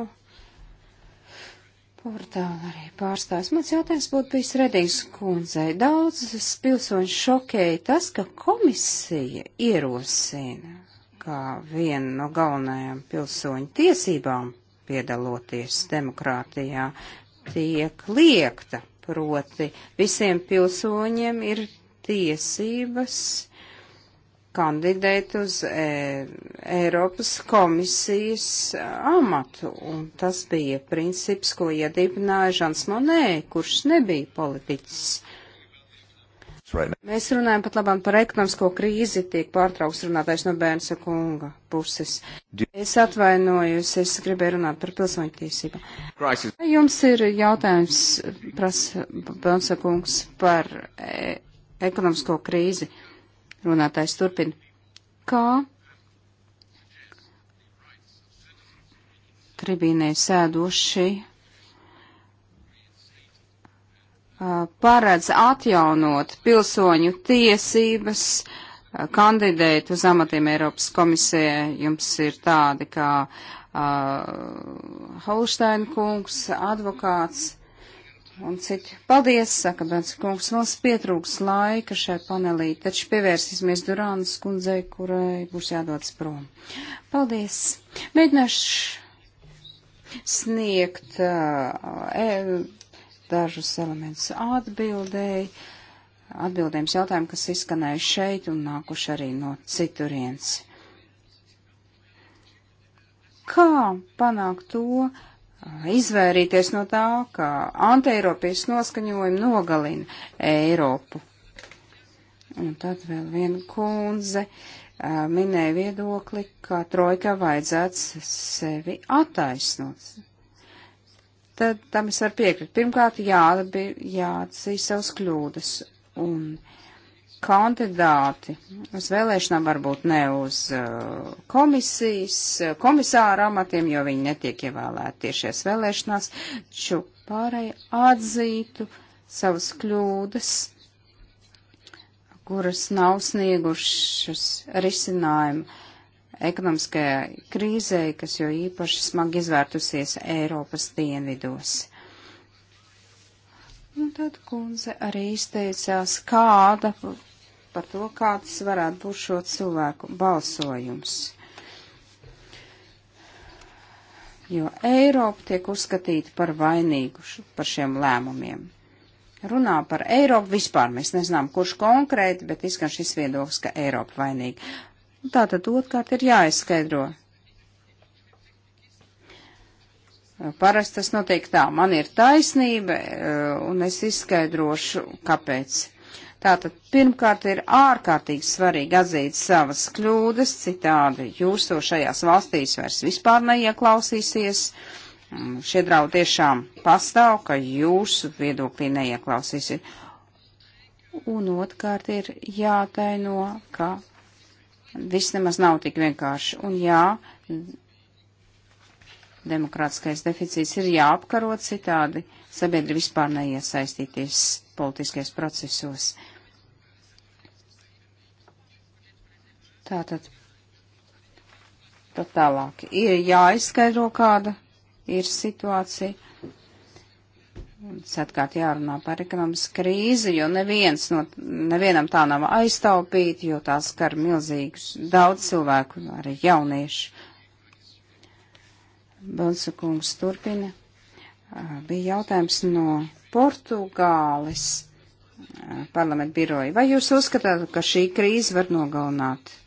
portāli arī pārstāvis. Mans jautājums būtu bijis Redings kundzei. Daudzas pilsoņu šokēja tas, ka komisija ierosina kā vienu no galvenajām pilsoņu tiesībām piedaloties demokrātijā tiek liekta, proti visiem pilsoņiem ir tiesības kandidēt uz e, Eiropas komisijas e, amatu, un tas bija princips, ko iedibināja Žans Monē, kurš nebija politiķis. Right. Mēs runājam pat labāk par ekonomisko krīzi, tiek pārtrauks runātais no bērna kunga puses. Es atvainojos, es gribēju runāt par pilsoņu tiesību. Jums ir jautājums, prasa Bērna kungs, par e, ekonomisko krīzi. Uh, Runātājs turpina. Kā tribīnē sēdoši paredz atjaunot pilsoņu tiesības kandidēt uz amatiem Eiropas komisijā. Jums ir tādi kā uh, Holsteina kungs, advokāts un citi. Paldies, saka Bens kungs, mums pietrūks laika šai panelī, taču pievērsīsimies Durānas kundzei, kurai būs jādodas prom. Paldies. Mēģināšu sniegt uh, e, dažus elementus atbildēji, atbildējums jautājumu, kas izskanēja šeit un nākuši arī no citurienes. Kā panākt to, uh, izvairīties no tā, ka antieiropiešu noskaņojumi nogalina Eiropu. Un tad vēl viena kundze minēja viedokli, ka trojkā vajadzētu sevi attaisnot. Tad tam es varu piekrist. Pirmkārt, jā, jāatzīst savas kļūdas. Un kandidāti uz vēlēšanām, varbūt ne uz uh, komisijas, uh, komisāra amatiem, jo viņi netiek ievēlēti tiešies vēlēšanās, taču pārēji atzītu savas kļūdas, kuras nav sniegušas risinājumu ekonomiskajai krīzē, kas jo īpaši smagi izvērtusies Eiropas dienvidos. Un tad kundze arī izteicās, kāda par to, kāds varētu būt šo cilvēku balsojums. Jo Eiropa tiek uzskatīta par vainīgu par šiem lēmumiem. Runā par Eiropu vispār, mēs nezinām, kurš konkrēti, bet izskan šis viedoklis, ka Eiropa vainīga. Tātad otrkārt ir jāizskaidro, Parasti tas notiek tā, man ir taisnība, eh, un es izskaidrošu, kāpēc. Tātad pirmkārt ir ārkārtīgi svarīgi atzīt savas kļūdas, citādi jūs to šajās valstīs vairs vispār neieklausīsies. Mm, šie draudi tiešām pastāv, ka jūsu viedoklī neieklausīsiet. Un otrkārt ir jātaino, ka viss nemaz nav tik vienkārši. Un jā, demokrātiskais deficīts ir jāapkarot citādi, sabiedri vispār neiesaistīties politiskais procesos. Tātad, tad tālāk ir jāizskaidro, kāda ir situācija. Satkārt jārunā par ekonomisku krīzi, jo neviens no, nevienam tā nav aiztaupīt, jo tā skar milzīgus daudz cilvēku, arī jaunieši. Bonsakungs turpina. Bija jautājums no Portugāles parlamentu biroja. Vai jūs uzskatāt, ka šī krīze var nogalināt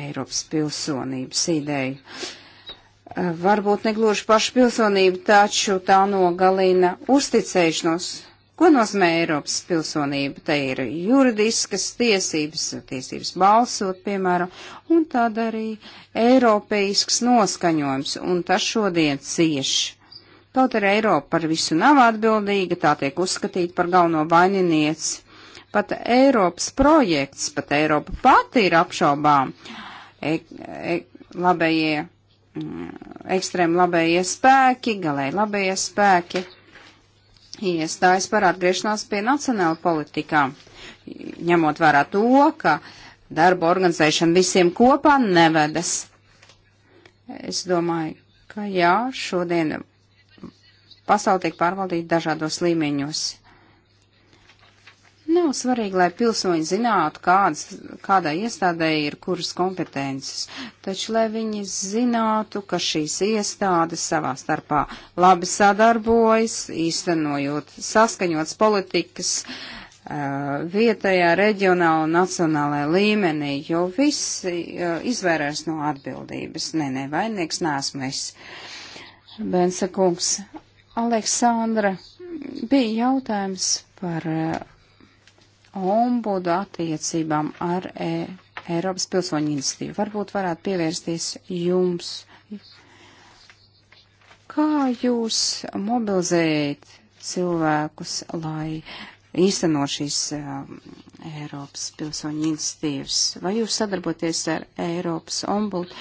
Eiropas pilsonības ideju. Eh, varbūt negluži pašu pilsonību, taču tā nogalina uzticēšanos. Ko nozīmē Eiropas pilsonība? Te ir juridiskas tiesības, tiesības balsot, piemēram, un tāda arī eiropeisks noskaņojums, un tas šodien cieši. Kaut arī Eiropa par visu nav atbildīga, tā tiek uzskatīta par galveno vaininieci pat Eiropas projekts, pat Eiropa pati ir apšaubām e e labējie, mm, ekstrēm labējie spēki, galēji labējie spēki iestājas par atgriešanās pie nacionāla politikām, ņemot vērā to, ka darba organizēšana visiem kopā nevedas. Es domāju, ka jā, šodien pasauli tiek pārvaldīta dažādos līmeņos. Nav svarīgi, lai pilsoņi zinātu, kādas, kādai iestādē ir kuras kompetences, taču lai viņi zinātu, ka šīs iestādes savā starpā labi sadarbojas, īstenojot saskaņots politikas uh, vietējā, reģionāla un nacionālajā līmenī, jo visi uh, izvairās no atbildības. Nē, nē, vainīgs neesmu es. Bensa kungs, Aleksandra, bija jautājums par uh, ombudu attiecībām ar e Eiropas pilsoņu iniciatīvu. Varbūt varētu pievērsties jums. Kā jūs mobilizējat cilvēkus, lai īsteno šīs um, Eiropas pilsoņu iniciatīvas? Vai jūs sadarboties ar Eiropas ombudu?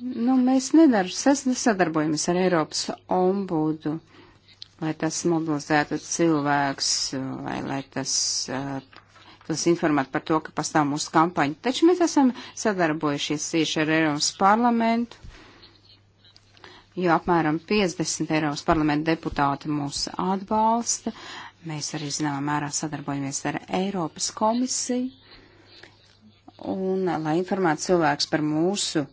Nu, mēs nedar, sadarbojamies ar Eiropas ombudu lai tas mobilizētu cilvēks, vai lai tas, eh, tas informētu par to, ka pastāv mūsu kampaņa. Taču mēs esam sadarbojušies cieši ar Eiropas parlamentu, jo apmēram 50 Eiropas parlamenta deputāti mūs atbalsta. Mēs arī zināmā mērā sadarbojamies ar Eiropas komisiju. Un, lai informētu cilvēks par mūsu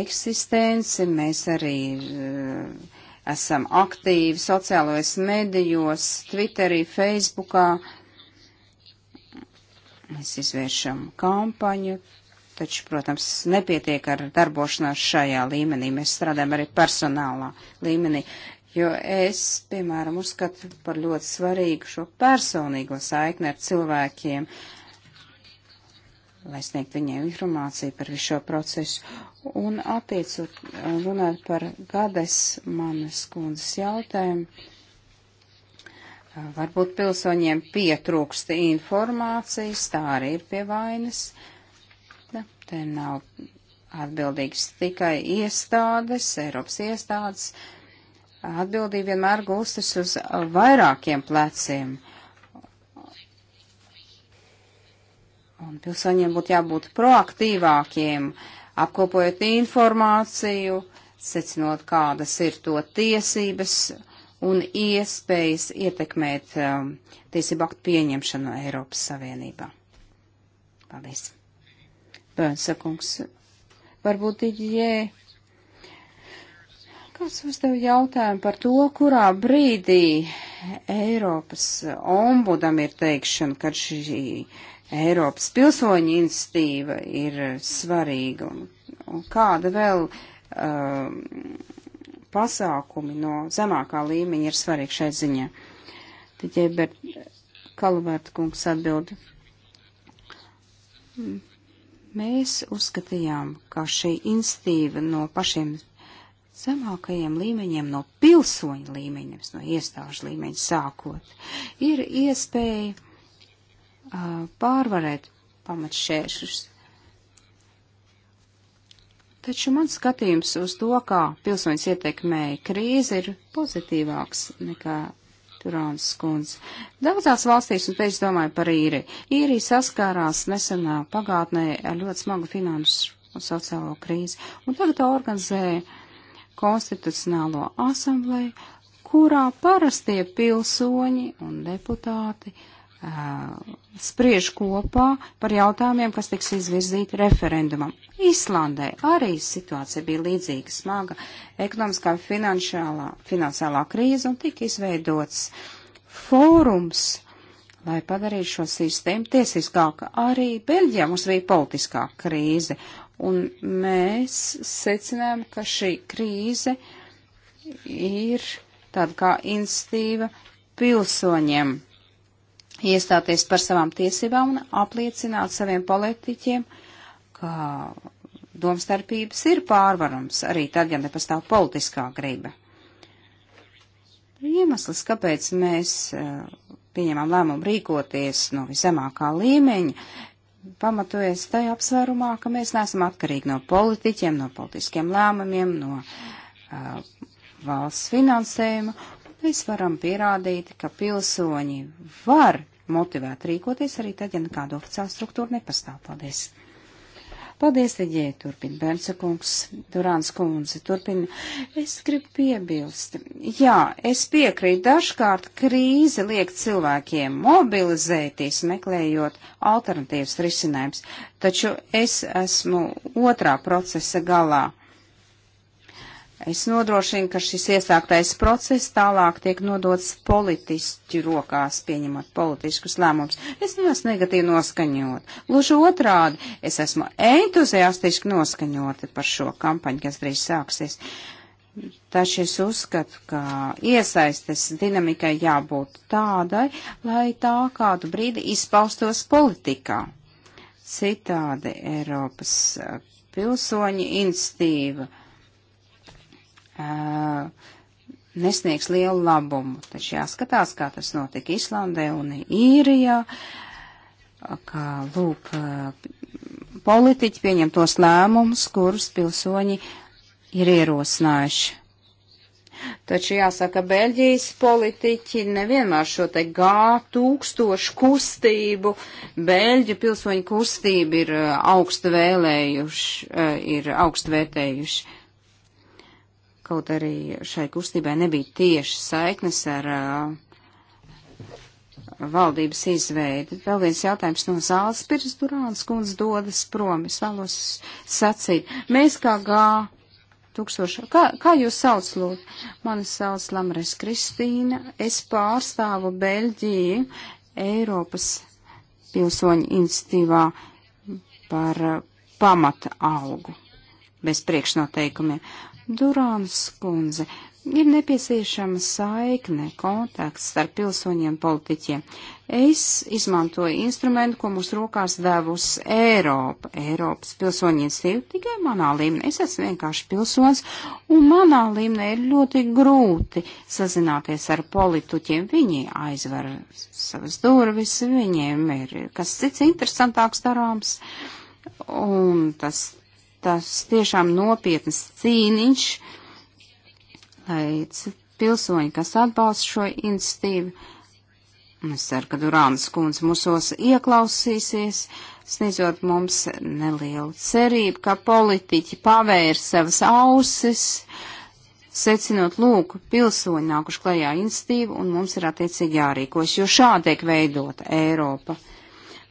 eksistenci, mēs arī uh, esam aktīvi sociālajos medijos, Twitterī, Facebookā. Mēs izvēršam kampaņu, taču, protams, nepietiek ar darbošanās šajā līmenī. Mēs strādājam arī personālā līmenī, jo es, piemēram, uzskatu par ļoti svarīgu šo personīgo saikni ar cilvēkiem. Uh, lai sniegt viņiem informāciju par visu šo procesu. Un attiecot runāt par gades manas kundzes jautājumu, varbūt pilsoņiem pietrūkst informācijas, tā arī ir pie vainas. Te nav atbildīgs tikai iestādes, Eiropas iestādes. Atbildība vienmēr gulstas uz vairākiem pleciem. Uh, Un pilsoņiem būtu jābūt proaktīvākiem, apkopojot informāciju, secinot, kādas ir to tiesības un iespējas ietekmēt um, tiesību aktu pieņemšanu Eiropas Savienībā. Paldies. Bērnsakungs, varbūt Diģijē. Kāds uzdev jautājumu par to, kurā brīdī Eiropas ombudam ir teikšana, kad šī. Šī Eiropas pilsoņu institīva ir svarīga. Un, un kāda vēl um, pasākumi no zemākā līmeņa ir svarīgi šai ziņā? Tad Jebert Kalvērta kungs atbild. Mēs uzskatījām, ka šī institīva no pašiem zemākajiem līmeņiem, no pilsoņa līmeņa, no iestāžu līmeņa sākot, ir iespēja pārvarēt pamatšķēršļus. Taču mans skatījums uz to, kā pilsoņus ietekmēja krīze, ir pozitīvāks nekā Turāns skundze. Daudzās valstīs, un te es domāju par īri, īri saskārās nesenā pagātnē ar ļoti smagu finansu un sociālo krīzi, un tagad organizēja konstitucionālo asambleju, kurā parastie pilsoņi un deputāti uh, spriež kopā par jautājumiem, kas tiks izvirzīti referendumam. Īslandē arī situācija bija līdzīga smaga ekonomiskā finansiālā, finansiālā krīze un tika izveidots fórums, lai padarītu šo sistēmu tiesiskāku. Arī Beļģijā mums bija politiskā krīze un mēs secinām, ka šī krīze ir tāda kā institīva pilsoņiem iestāties par savām tiesībām un apliecināt saviem politiķiem, ka domstarpības ir pārvarams arī tad, ja nepastāv politiskā griba. Iemesls, kāpēc mēs eh, pieņemam lēmumu rīkoties no viszemākā līmeņa, pamatojas tajā apsvērumā, ka mēs neesam atkarīgi no politiķiem, no politiskiem lēmumiem, no uh, valsts finansējuma, mēs varam pierādīt, ka pilsoņi var motivēt rīkoties arī tad, ja nekāda oficiāla struktūra nepastāv. Paldies! Paldies, Reģē, turpina Bērnsa kungs, Durāns kundze, turpina. Es gribu piebilst. Jā, es piekrītu, dažkārt krīze liek cilvēkiem mobilizēties, meklējot alternatīvas risinājums, taču es esmu otrā procesa galā. Es nodrošinu, ka šis iesāktais process tālāk tiek nodots politiķu rokās, pieņemot politiskus lēmumus. Es neesmu negatīvi noskaņot. Gluži otrādi, es esmu entuziastiski noskaņota par šo kampaņu, kas drīz sāksies. Taču es uzskatu, ka iesaistes dinamikai jābūt tādai, lai tā kādu brīdi izpaustos politikā. Citādi Eiropas eh, pilsoņi institīva uh, nesniegs lielu labumu. Taču jāskatās, kā tas notika Islandē un Īrijā, kā lūk, politiķi pieņem tos lēmumus, kurus pilsoņi ir ierosinājuši. Taču jāsaka, Beļģijas politiķi nevienmēr šo te gā tūkstošu kustību, Beļģu pilsoņu kustību ir augstu vēlējuši, ir augstu vērtējuši. Kaut arī šai kustībai nebija tieši saiknes ar uh, valdības izveidi. Vēl viens jautājums no zāles pirms Durāns kundz dodas prom. Es vēlos sacīt. Mēs kā gā tūkstoši. Kā, kā jūs sauc, lūdzu? Mani sauc Lamres Kristīna. Es pārstāvu Beļģiju Eiropas pilsoņu institīvā par pamata augu bez priekšnoteikumiem. Durāns kundze, ir nepieciešama saikne, kontakts starp pilsoņiem politiķiem. Es izmantoju instrumentu, ko mūsu rokās devusi Eiropa, Eiropas pilsoņu institīva, tikai manā līmenī. Es esmu vienkārši pilsonis, un manā līmenī ir ļoti grūti sazināties ar politiķiem. Viņi aizver savas durvis, viņiem ir kas cits interesantāks darāms, un tas tas tiešām nopietnas cīniņš, lai pilsoņi, kas atbalsta šo institīvu, es ceru, ka Durānas kundze mūsos ieklausīsies, sniedzot mums nelielu cerību, ka politiķi pavērs savas ausis, secinot, lūk, pilsoņi nākuši klajā institīvu un mums ir attiecīgi jārīkojas, jo šādi tiek veidota Eiropa.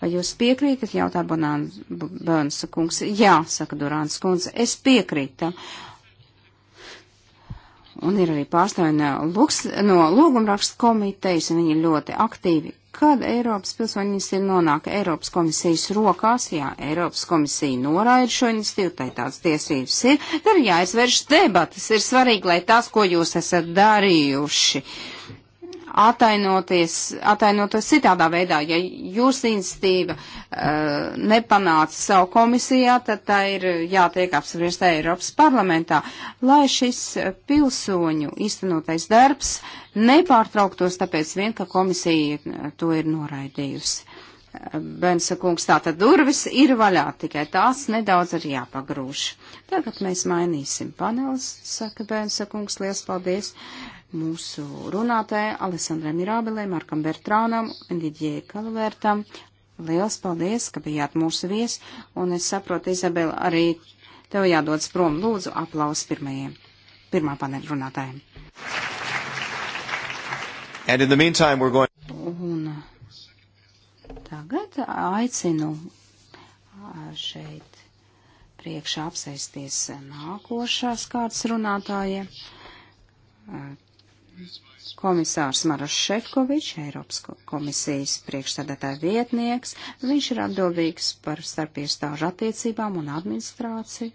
Vai jūs piekrītat, jautā Bonansa kungs? Jā, saka Durāns kundze, es piekrītu. Un ir arī pārstāvi no, luks, no lūgumrakstu komitejas, un viņi ir ļoti aktīvi. Kad Eiropas pilsoņas ir nonāka Eiropas komisijas rokās, jā, Eiropas komisija noraida šo iniciatīvu, tai tāds tiesības ir, tad jāizvērš debatas. Ir svarīgi, lai tas, ko jūs esat darījuši. Uh, atainoties, atainoties citādā veidā. Ja jūsu institīva uh, nepanāca savu komisijā, tad tā ir jātiek apspriestā Eiropas parlamentā, lai šis pilsoņu īstenotais darbs nepārtrauktos tāpēc vien, ka komisija eh, to ir noraidījusi. Bensa kungs, tātad durvis ir vaļā, tikai tās nedaudz ir jāpagrūž. Tagad mēs mainīsim panelis, saka Bensa kungs, liels paldies. Uh, mūsu runātāja Alessandra Mirābelē, Markam Bertrānam un Didijai Kalvērtam. Liels paldies, ka bijāt mūsu vies, un es saprotu, Izabela, arī tev jādodas prom. Lūdzu, aplaus pirmajiem, pirmā paneļa runātājiem. Meantime, going... Un tagad aicinu šeit priekšā apsēsties nākošās kārtas runātājiem komisārs Maras Šefkovičs, Eiropas komisijas priekšstādātāja vietnieks. Viņš ir atbildīgs par starpiestāžu attiecībām un administrāciju.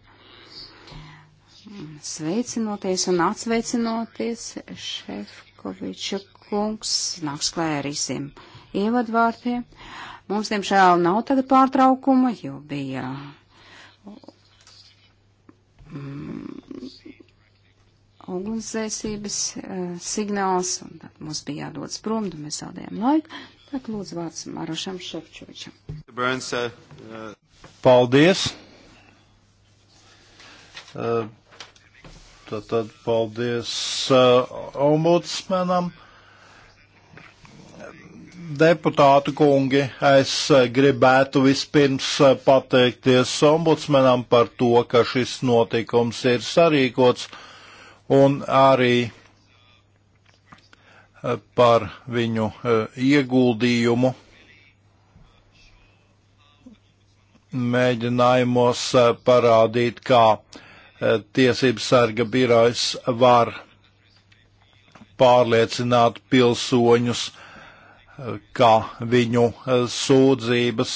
Sveicinoties un atsveicinoties, Šefkoviča kungs nāks klē ar īsiem ievadvārtiem. Mums, diemžēl, nav tāda pārtraukuma, jo bija mm, ugunsdzēsības uh, signāls, un tad mums bija jādodas prom, un mēs zaudējām laiku. Tad lūdzu vārds Marošam Šefčovičam. Uh, uh, paldies! Eh, tad, tad paldies eh, ombudsmenam. Deputāti kungi, es gribētu vispirms pateikties ombudsmenam par to, ka šis notikums ir sarīkots un arī eh, par viņu eh, ieguldījumu mēģinājumos eh, parādīt, kā tiesības sarga birojas var pārliecināt pilsoņus, ka viņu sūdzības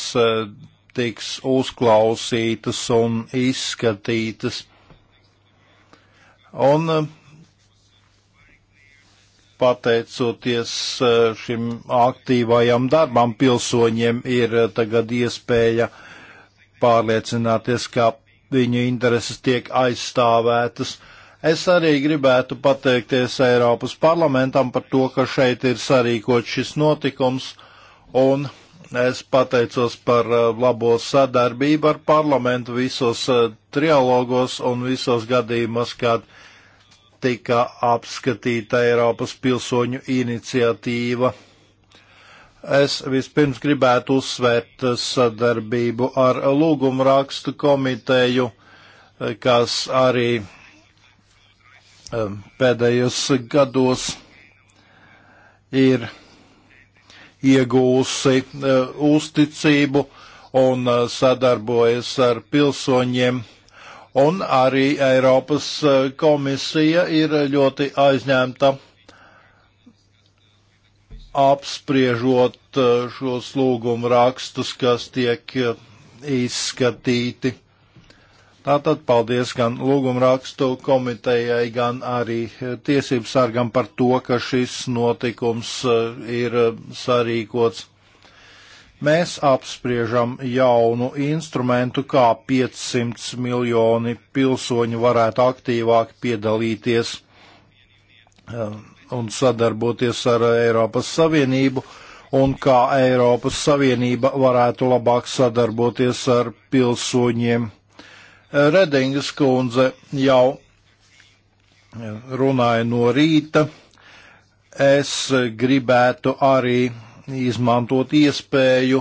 tiks uzklausītas un izskatītas. Un eh, pateicoties eh, šim aktīvajam darbam, pilsoņiem ir eh, tagad iespēja pārliecināties, ka viņu intereses tiek aizstāvētas. Es arī gribētu pateikties Eiropas parlamentam par to, ka šeit ir sarīkot šis notikums, un es pateicos par labo sadarbību ar parlamentu visos trialogos un visos gadījumos, kad uh, tika apskatīta Eiropas pilsoņu iniciatīva. Es vispirms gribētu uzsvērt sadarbību ar lūgumu rakstu komiteju, kas arī um, pēdējos gados ir iegūsi uh, uzticību un uh, sadarbojas ar pilsoņiem Un arī Eiropas e, komisija ir ļoti aizņemta apspriežot e, šos lūgumu rakstus, kas tiek e, izskatīti. Tātad paldies gan lūgumu rakstu komitejai, gan arī tiesību sargam par to, ka šis notikums ir sarīkots. Mēs apspriežam jaunu instrumentu, kā 500 miljoni pilsoņu varētu aktīvāk piedalīties um, un sadarboties ar Eiropas Savienību un kā Eiropas Savienība varētu labāk sadarboties ar pilsoņiem. Redingas kundze jau um, runāja no rīta. Es gribētu arī izmantot iespēju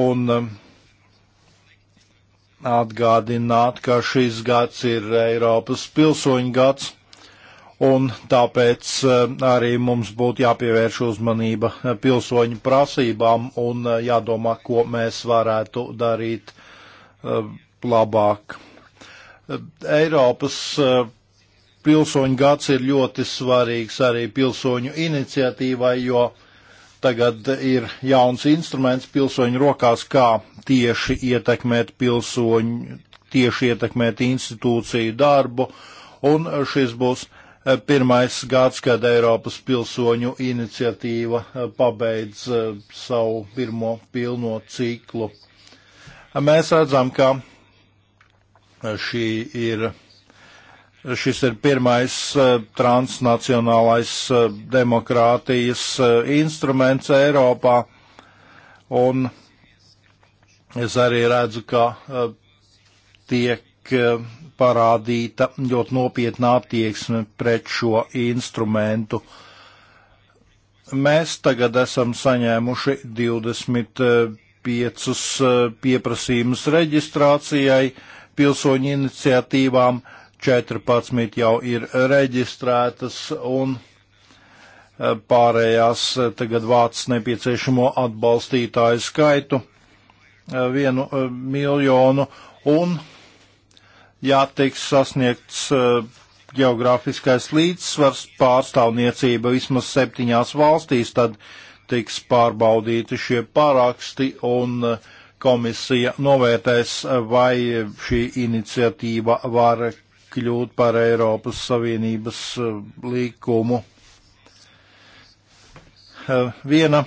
un um, atgādināt, ka šis gads ir Eiropas pilsoņu gads, un tāpēc um, arī mums būtu jāpievērš uzmanība pilsoņu prasībām un uh, jādomā, ko mēs varētu darīt um, labāk. Eiropas uh, pilsoņu gads ir ļoti svarīgs arī pilsoņu iniciatīvai, jo uh, Tagad ir jauns instruments pilsoņu rokās, kā tieši ietekmēt pilsoņu, tieši ietekmēt institūciju darbu, un šis būs eh, pirmais gads, kad Eiropas pilsoņu iniciatīva eh, pabeidz eh, savu pirmo pilno ciklu. Mēs redzam, ka šī ir Šis ir pirmais eh, transnacionālais eh, demokrātijas eh, instruments Eiropā, un es arī redzu, ka tiek parādīta ļoti nopietna attieksme pret šo instrumentu. Mēs tagad esam saņēmuši 25 pieprasījumus reģistrācijai pilsoņu iniciatīvām, 14 jau ir reģistrētas un eh, pārējās eh, tagad vāc nepieciešamo atbalstītāju skaitu eh, vienu miljonu un jātiks sasniegts geogrāfiskais līdzsvars pārstāvniecība vismaz septiņās valstīs, tad tiks pārbaudīti šie pāraksti un komisija novērtēs, vai šī iniciatīva var kļūt par Eiropas Savienības eh, līkumu. Eh, viena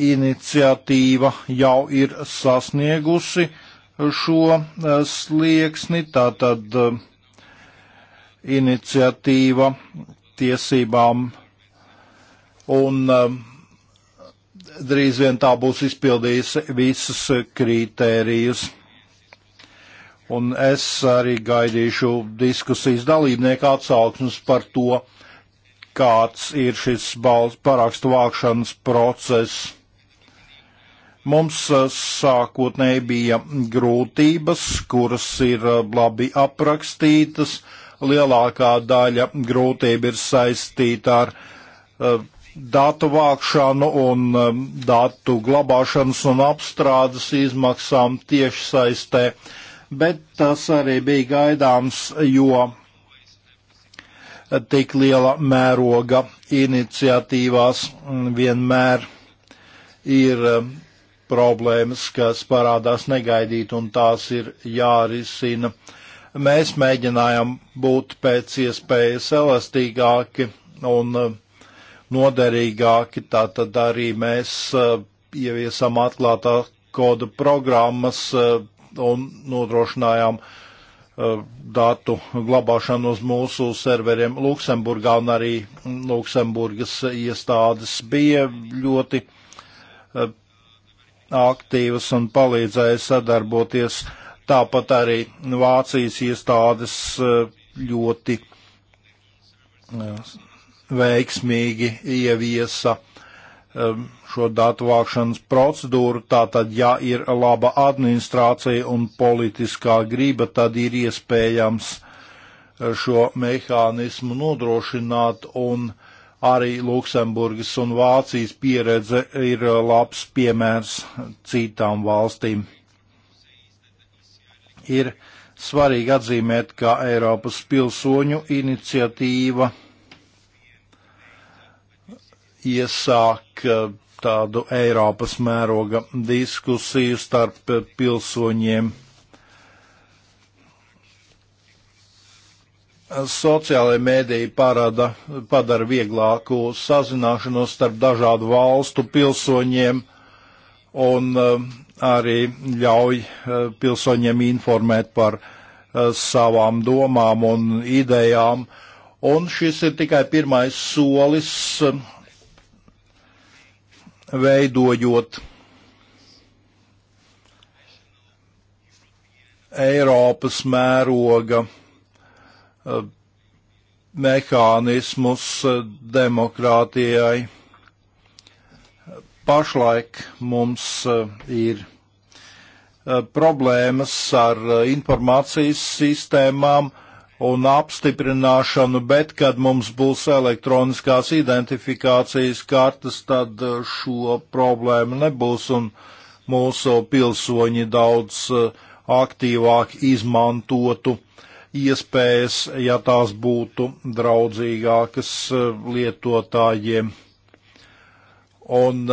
iniciatīva jau ir sasniegusi šo eh, slieksni, tātad iniciatīva tiesībām un drīz vien tā būs izpildījusi visas kritērijas un es arī gaidīšu diskusijas dalībnieku atsauksmes par to, kāds ir šis parakstu vākšanas process. Mums uh, sākotnēji bija grūtības, kuras ir uh, labi aprakstītas. Lielākā daļa grūtība ir saistīta ar uh, datu vākšanu un um, datu glabāšanas un apstrādes izmaksām tieši saistē. Uh, bet tas arī bija gaidāms, jo tik liela mēroga iniciatīvās vienmēr ir um, problēmas, kas parādās negaidīt, un tās ir jārisina. Mēs mēģinājām būt pēc iespējas elastīgāki un um, noderīgāki, tātad arī mēs uh, ieviesam atklātā kodu programmas uh, un nodrošinājām e, datu glabāšanu uz mūsu serveriem Luksemburgā un arī Luksemburgas iestādes bija ļoti e, aktīvas un palīdzēja sadarboties. Tāpat arī Vācijas iestādes e, ļoti veiksmīgi ieviesa uh, Um, šo datu vākšanas procedūru. Tātad, ja ir laba administrācija un politiskā grība, tad ir iespējams uh, šo mehānismu nodrošināt, un arī Luksemburgas un Vācijas pieredze ir uh, labs piemērs citām valstīm. Ir svarīgi atzīmēt, ka Eiropas pilsoņu iniciatīva iesāk tādu Eiropas mēroga diskusiju starp pilsoņiem. Sociālajie mēdīji parada, padara vieglāku sazināšanos starp dažādu valstu pilsoņiem un um, arī ļauj uh, pilsoņiem informēt par uh, savām domām un idejām. Un šis ir tikai pirmais solis um, veidojot Eiropas mēroga eh, mehānismus eh, demokrātijai. Pašlaik mums eh, ir problēmas ar informācijas sistēmām, uh, un apstiprināšanu, bet kad mums būs elektroniskās identifikācijas kartas, tad e, šo problēmu nebūs un mūsu pilsoņi daudz e, aktīvāk izmantotu iespējas, ja tās būtu draudzīgākas e, lietotājiem. Un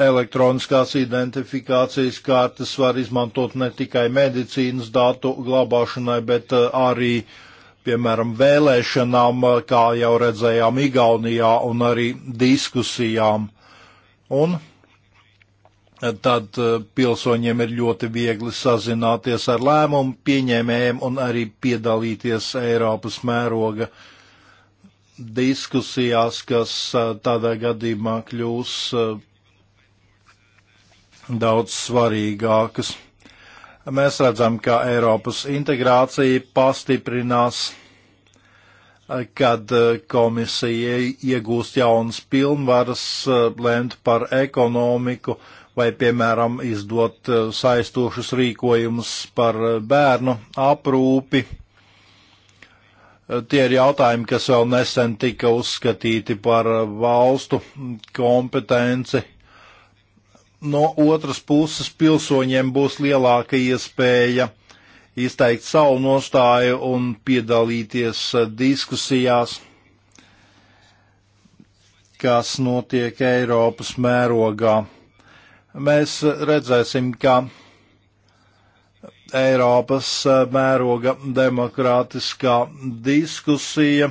elektroniskās identifikācijas kartes var izmantot ne tikai medicīnas datu glabāšanai, bet eh, arī, piemēram, vēlēšanām, eh, kā jau redzējām Igaunijā, un arī diskusijām. Un tad eh, pilsoņiem ir ļoti viegli sazināties ar lēmumu pieņēmējiem un arī piedalīties Eiropas mēroga diskusijās, kas tādā gadījumā kļūs daudz svarīgākas. Mēs redzam, ka Eiropas integrācija pastiprinās, kad eh, komisija iegūst jaunas pilnvaras eh, lemt par ekonomiku vai, piemēram, izdot eh, saistošus rīkojumus par bērnu aprūpi. Tie ir jautājumi, kas vēl nesen tika uzskatīti par valstu kompetenci no otras puses pilsoņiem būs lielāka iespēja izteikt savu nostāju un piedalīties eh, diskusijās, kas notiek Eiropas mērogā. Mēs eh, redzēsim, ka Eiropas eh, mēroga demokrātiskā diskusija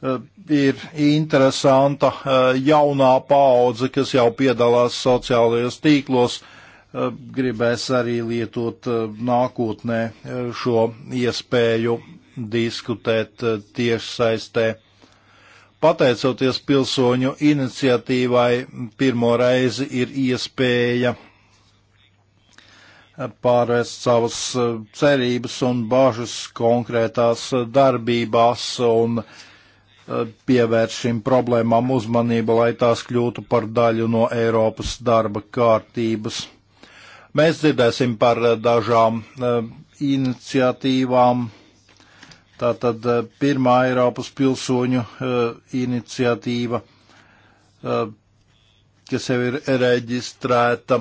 Eh, ir interesanta eh, jaunā paudze, kas jau piedalās sociālajos tīklos, eh, gribēs arī lietot nākotnē šo iespēju diskutēt tiešsaistē. Pateicoties pilsoņu iniciatīvai, pirmo reizi ir iespēja pārvērst savas cerības un bažas konkrētās darbībās un uh, pievērš šīm problēmām uzmanību, lai tās kļūtu par daļu no Eiropas darba kārtības. Mēs dzirdēsim par eh, dažām eh, iniciatīvām. Tātad eh, pirmā Eiropas pilsoņu iniciatīva, kas jau ir reģistrēta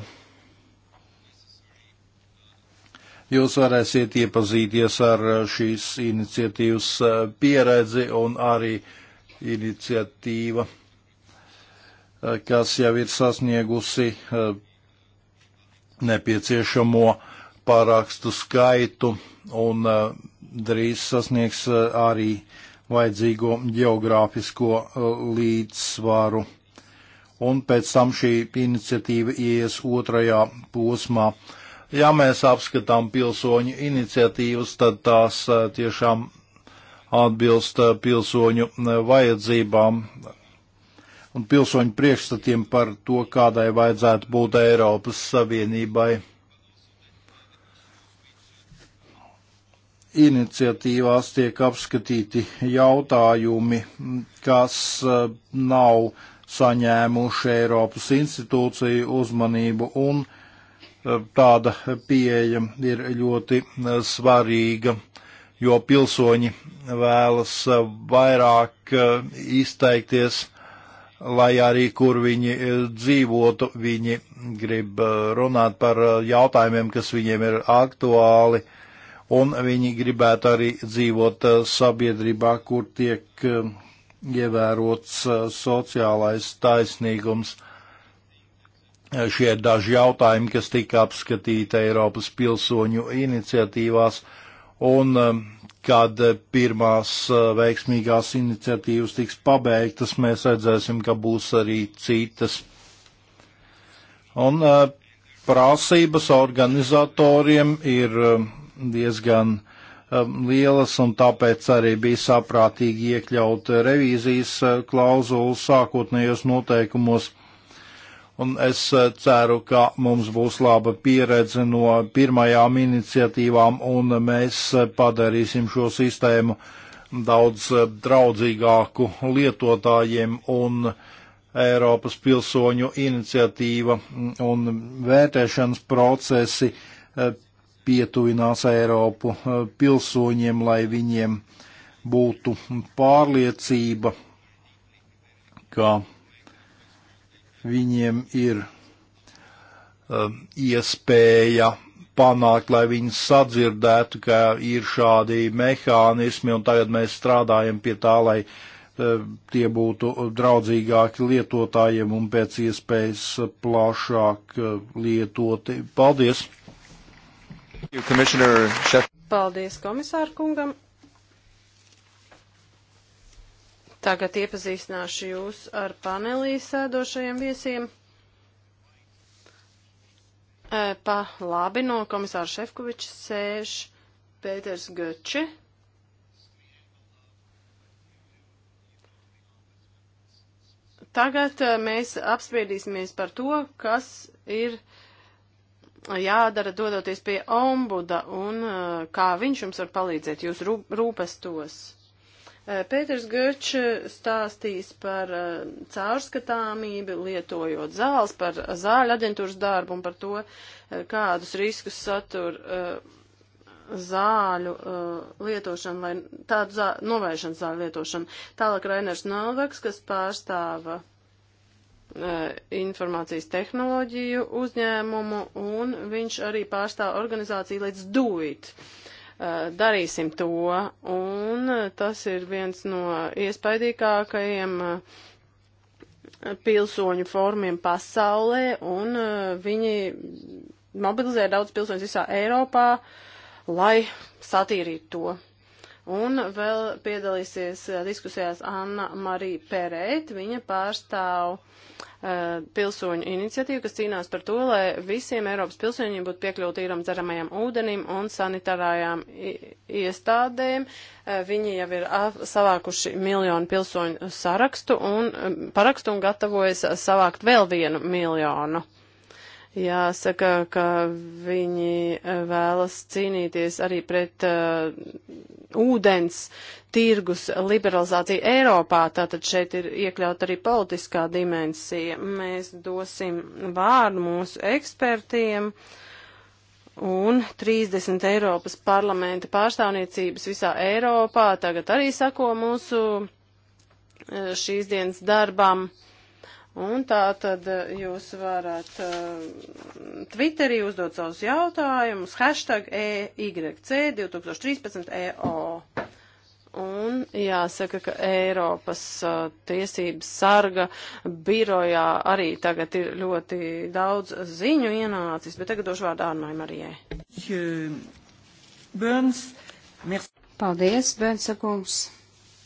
Jūs varēsiet iepazīties ar šīs iniciatīvas eh, pieredzi un arī iniciatīva, eh, kas jau ir sasniegusi eh, nepieciešamo pārākstu skaitu un drīz sasniegs arī vajadzīgo geogrāfisko līdzsvaru. Un pēc tam šī iniciatīva ies otrajā posmā. Ja mēs apskatām pilsoņu iniciatīvas, tad tās eh, tiešām atbilst eh, pilsoņu eh, vajadzībām un pilsoņu priekšstatiem par to, kādai vajadzētu būt Eiropas Savienībai. Iniciatīvās tiek apskatīti jautājumi, kas nav saņēmuši Eiropas institūciju uzmanību un uh, tāda pieeja ir ļoti svarīga, jo pilsoņi vēlas vairāk izteikties, lai arī kur viņi dzīvotu, viņi grib runāt par jautājumiem, kas viņiem ir aktuāli, un viņi gribētu arī dzīvot sabiedrībā, kur tiek ievērots sociālais taisnīgums šie daži jautājumi, kas tika apskatīti Eiropas pilsoņu iniciatīvās, un um, kad pirmās uh, veiksmīgās iniciatīvas tiks pabeigtas, mēs redzēsim, ka būs arī citas. Un uh, prasības organizatoriem ir um, diezgan um, lielas, un tāpēc arī bija saprātīgi iekļaut revīzijas uh, klauzulu sākotnējos noteikumos. Un es eh, ceru, ka mums būs laba pieredze no pirmajām iniciatīvām un mēs eh, padarīsim šo sistēmu daudz eh, draudzīgāku lietotājiem un Eiropas pilsoņu iniciatīva mm, un vērtēšanas procesi pietuvinās Eiropu pilsoņiem, lai viņiem būtu pārliecība, ka viņiem ir um, iespēja panākt, lai viņi sadzirdētu, ka ir šādi mehānismi, un tagad mēs strādājam pie tā, lai um, tie būtu draudzīgāki lietotājiem un pēc iespējas plašāk um, lietoti. Paldies! Paldies komisāru kungam Tagad iepazīstināšu jūs ar panelī sēdošajiem viesiem. E, pa labi no komisāra Šefkoviča sēž Pēters Göči. Tagad e, mēs apspriedīsimies par to, kas ir jādara dodoties pie ombuda un e, kā viņš jums var palīdzēt jūs rūpestos. Eh, Pēters Göčs stāstīs par eh, caurskatāmību, lietojot zāles, par zāļu aģentūras darbu un par to, eh, kādus riskus satur zāļu lietošana vai tādu zā, novēršanu zāļu lietošanu. Tālāk Rainers Novaks, kas pārstāva informācijas tehnoloģiju uzņēmumu, un viņš arī pārstāv organizāciju Let's Do It. Uh, Eh, darīsim to. Un eh, tas ir viens no iespaidīgākajiem eh, pilsoņu formiem pasaulē, un viņi mobilizē daudz pilsoņus visā Eiropā, lai satīrītu to. Un vēl piedalīsies diskusijās Anna Marija Perēt, viņa pārstāv Uh, pilsoņu iniciatīvu, kas cīnās par to, lai visiem Eiropas pilsoņiem būtu piekļūt īram dzeramajam ūdenim un sanitārajām iestādēm. Uh, viņi jau ir savākuši miljonu pilsoņu sarakstu un um, parakstu un gatavojas savākt vēl vienu miljonu. Jāsaka, ka viņi e, vēlas cīnīties arī pret uh, ūdens tirgus liberalizāciju Eiropā, tātad šeit ir iekļaut arī politiskā dimensija. Mēs dosim vārdu mūsu ekspertiem un 30 Eiropas parlamenta pārstāvniecības visā Eiropā tagad arī sako mūsu e, šīs dienas darbam. Un tā tad eh, jūs varat uh, Twitterī uzdot savus jautājumus, hashtag EYC 2013 EO. Un jāsaka, ka Eiropas uh, tiesības sarga birojā arī tagad ir ļoti daudz ziņu ienācis, bet tagad došu vārdu Ārmai Marijai. Paldies, Bērnsakungs.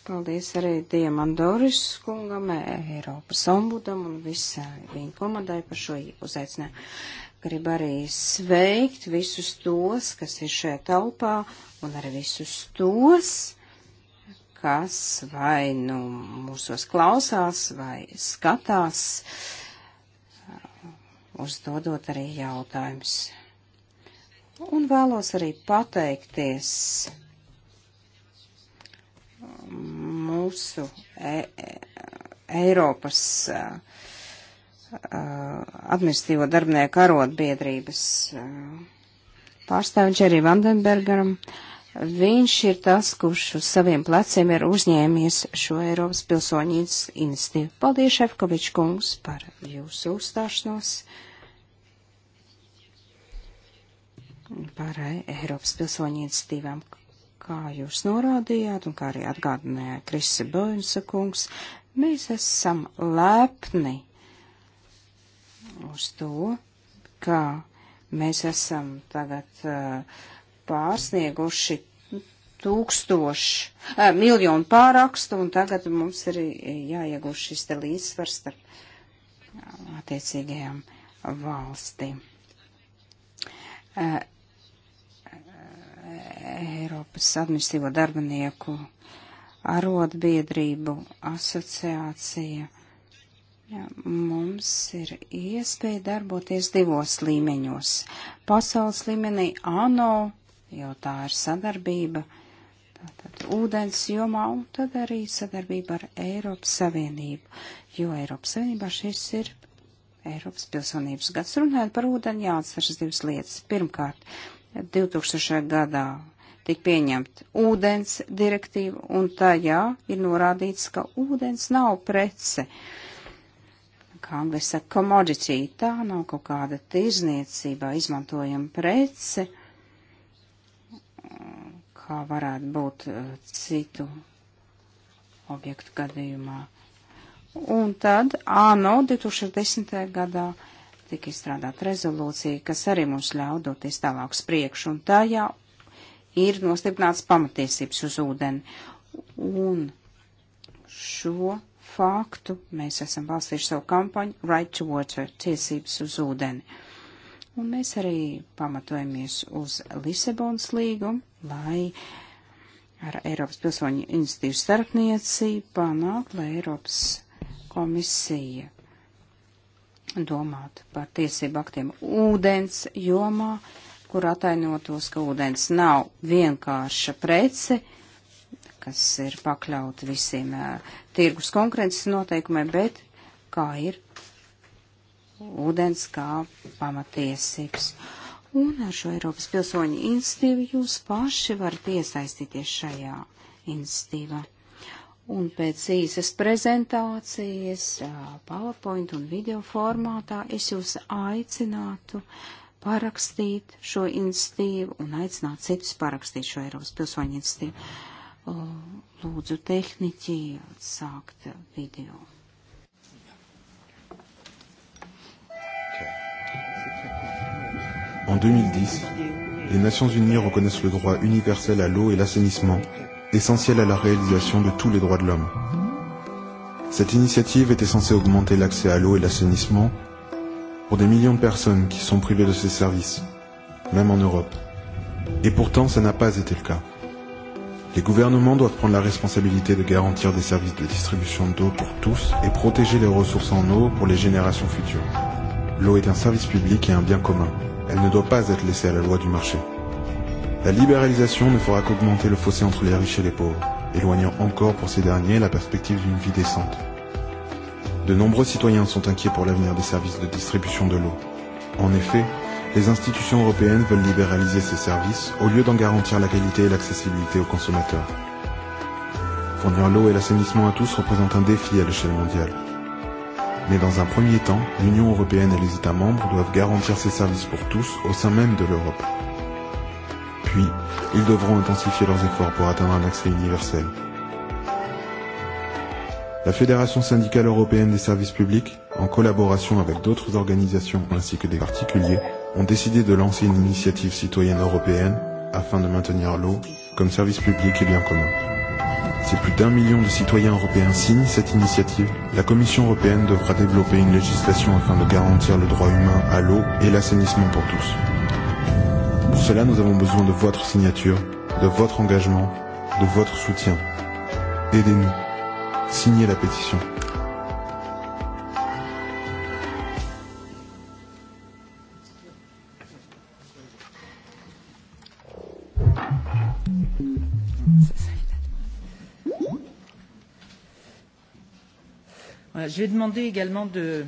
Paldies arī Diemandoris kungam, e, Eiropas ombudam un visai viņa komandai par šo uzaicinājumu. Gribu arī sveikt visus tos, kas ir šajā telpā, un arī visus tos, kas vai nu mūsos klausās, vai skatās, uzdodot arī jautājumus. Un vēlos arī pateikties mūsu e Eiropas e, e, administrīvo darbinieku arotbiedrības e, pārstāvis Džerī Vandenbergaram. Viņš ir tas, kurš uz saviem pleciem ir uzņēmies šo Eiropas pilsoņības iniciatīvu. Paldies, Šefkovič kungs, par jūsu uzstāšanos, par Eiropas pilsoņu iniciatīvām, kā jūs norādījāt un kā arī atgādināja Krisa Boinsa kungs, mēs esam lepni uz to, ka mēs esam tagad uh, pārsnieguši tūkstoši, uh, miljonu pārakstu, un tagad mums ir jāiegūst šis te līdzsvars starp uh, attiecīgajām valstīm. Uh, Eiropas administratīvo darbinieku arotbiedrību asociācija. Jā, mums ir iespēja darboties divos līmeņos. Pasaules līmenī ANO, jo tā ir sadarbība, tātad ūdens jomā, un tad arī sadarbība ar Eiropas Savienību, jo Eiropas Savienībā šis ir Eiropas pilsonības gads. Runājot par ūdeni, jāatceras divas lietas. Pirmkārt, 2000. gadā tika pieņemta ūdens direktīva, un tajā ir norādīts, ka ūdens nav prece. Kā angļu saka, commodity, tā nav kaut kāda tirzniecībā izmantojama prece, kā varētu būt uh, citu objektu gadījumā. Un tad ANO 2010. gadā tika izstrādāt rezolūcija, kas arī mums ļauj doties tālāk spriekšu, un tā jau ir nostiprināts pamatiesības uz ūdeni. Un šo faktu mēs esam balstījuši savu kampaņu Right to Water, tiesības uz ūdeni. Un mēs arī pamatojamies uz Lisabonas līgumu, lai ar Eiropas pilsoņu institīvu starpniecību panākt, lai Eiropas komisija domāt par tiesību aktiem ūdens jomā, kur atainotos, ka ūdens nav vienkārša prece, kas ir pakļaut visiem uh, tirgus konkurences noteikumiem, bet kā ir ūdens kā pamatiesības. Un ar šo Eiropas pilsoņu institīvu jūs paši varat iesaistīties šajā institīvā. Un pēc īsas prezentācijas, PowerPoint un video formātā es jūs aicinātu parakstīt šo institīvu un aicināt citus parakstīt šo Eiropas pilsoņu institīvu. Lūdzu tehniķi sākt video. En 2010, les Nations Unies reconnaissent le droit universel à l'eau et l'assainissement essentiel à la réalisation de tous les droits de l'homme. Cette initiative était censée augmenter l'accès à l'eau et l'assainissement pour des millions de personnes qui sont privées de ces services, même en Europe. Et pourtant, ça n'a pas été le cas. Les gouvernements doivent prendre la responsabilité de garantir des services de distribution d'eau pour tous et protéger les ressources en eau pour les générations futures. L'eau est un service public et un bien commun. Elle ne doit pas être laissée à la loi du marché. La libéralisation ne fera qu'augmenter le fossé entre les riches et les pauvres, éloignant encore pour ces derniers la perspective d'une vie décente. De nombreux citoyens sont inquiets pour l'avenir des services de distribution de l'eau. En effet, les institutions européennes veulent libéraliser ces services au lieu d'en garantir la qualité et l'accessibilité aux consommateurs. Fournir l'eau et l'assainissement à tous représente un défi à l'échelle mondiale. Mais dans un premier temps, l'Union européenne et les États membres doivent garantir ces services pour tous au sein même de l'Europe. Puis, ils devront intensifier leurs efforts pour atteindre un accès universel. La Fédération syndicale européenne des services publics, en collaboration avec d'autres organisations ainsi que des particuliers, ont décidé de lancer une initiative citoyenne européenne afin de maintenir l'eau comme service public et bien commun. Si plus d'un million de citoyens européens signent cette initiative, la Commission européenne devra développer une législation afin de garantir le droit humain à l'eau et l'assainissement pour tous. Pour cela, nous avons besoin de votre signature, de votre engagement, de votre soutien. Aidez-nous. Signez la pétition. Voilà, je vais demander également de.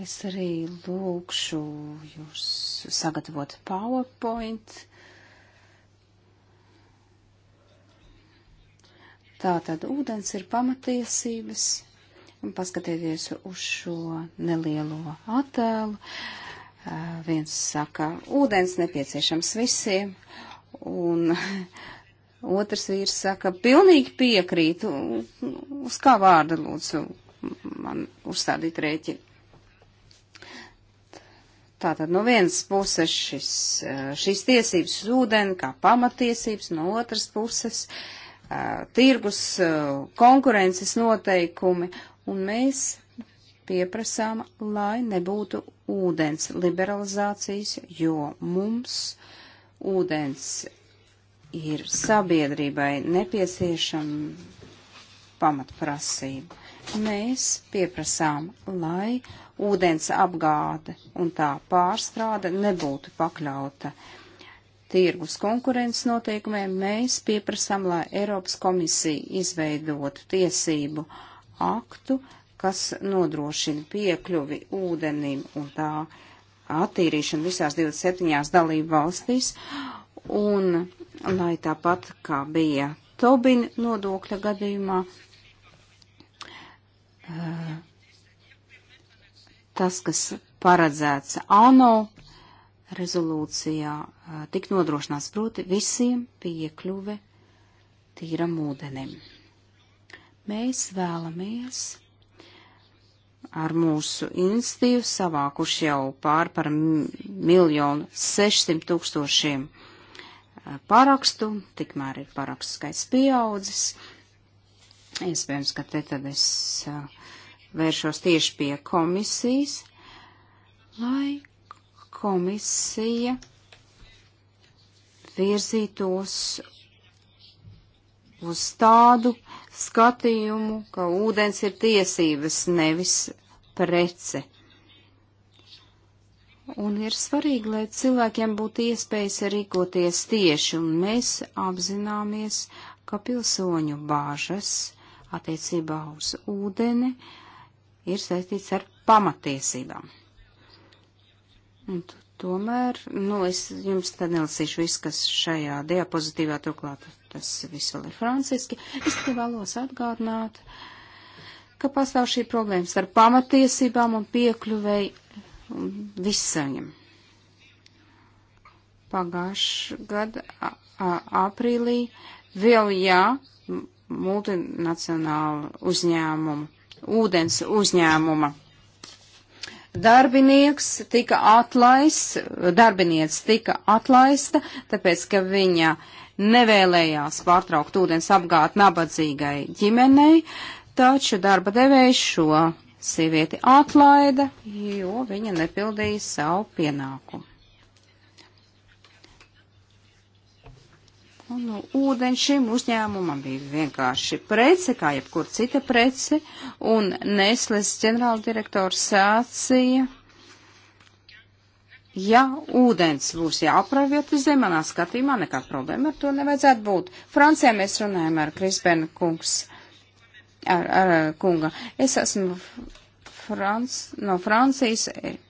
Es arī lūkšu jūs sagatavot PowerPoint. Tātad ūdens ir pamatiesības. Un paskatieties uz šo nelielo attēlu. Viens saka, ūdens nepieciešams visiem. Un otrs vīrs saka, pilnīgi piekrītu. Uz kā vārda lūdzu man uzstādīt rēķinu? Tātad no vienas puses šis, eh, šīs tiesības uz ūdeni kā pamatiesības, no otras puses uh, tirgus uh, konkurences noteikumi, un mēs pieprasām, lai nebūtu ūdens liberalizācijas, jo mums ūdens ir sabiedrībai nepieciešama pamatprasība. Mēs pieprasām, lai ūdens apgāde un tā pārstrāde nebūtu pakļauta tirgus konkurences noteikumiem, mēs pieprasām, lai Eiropas komisija izveidotu tiesību aktu, kas nodrošina piekļuvi ūdenim un tā attīrīšanu visās 27 dalību valstīs, un lai tāpat kā bija Tobin nodokļa gadījumā, uh, tas, kas paredzēts ANO rezolūcijā, tik nodrošinās proti visiem piekļuve tīram ūdenim. Mēs vēlamies ar mūsu institīvu savākuši jau pār par miljonu sešsimt tūkstošiem parakstu, tikmēr ir parakstu skaits pieaudzis. Iespējams, ka te tad es uh, vēršos tieši pie komisijas, lai komisija virzītos uz tādu skatījumu, ka ūdens ir tiesības, nevis prece. Un ir svarīgi, lai cilvēkiem būtu iespējas rīkoties tieši, un mēs apzināmies, ka pilsoņu bāžas attiecībā uz ūdeni uh, ir saistīts ar pamatiesībām. Un tomēr, nu, es jums tad nelasīšu visu, kas šajā diapozitīvā turklāt, tas viss vēl ir franciski. Es tikai vēlos atgādināt, ka pastāv šī problēma starp pamatiesībām un piekļuvēju visaņam. Pagājušā gada aprīlī vēl jā multinacionālu uzņēmumu ūdens uzņēmuma. Darbinieks tika atlaists, darbinieca tika atlaista, tāpēc, ka viņa nevēlējās pārtraukt ūdens apgāt nabadzīgai ģimenei, taču darba devējs šo sievieti atlaida, jo viņa nepildīja savu pienākumu. Un no nu, ūdeņš šim uzņēmumam bija vienkārši prece, kā jebkur cita prece, un Nesles ģenerāldirektors sācīja, ja ūdens būs jāpravietizē, manā skatījumā nekāda problēma ar to nevajadzētu būt. Francijā mēs runājam ar Krisbenu kungs, ar, ar kunga. Es esmu Franc, no Francijas,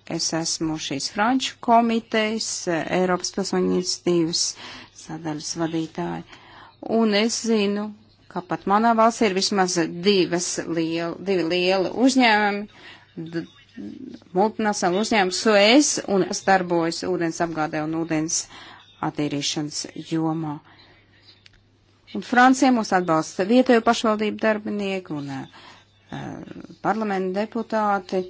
es esmu šīs Franču komitejas, eh, Eiropas pilsoņu iniciatīvas. Uh, sadaļas vadītāji. Un es zinu, ka pat manā valstī ir vismaz divas liela, divi lieli uzņēmumi, multinacionāli uzņēmumi Suez un es darbojos ūdens apgādē un ūdens attīrīšanas jomā. Un Francija mūs atbalsta vietējo pašvaldību darbinieku un uh, parlamentu deputāti.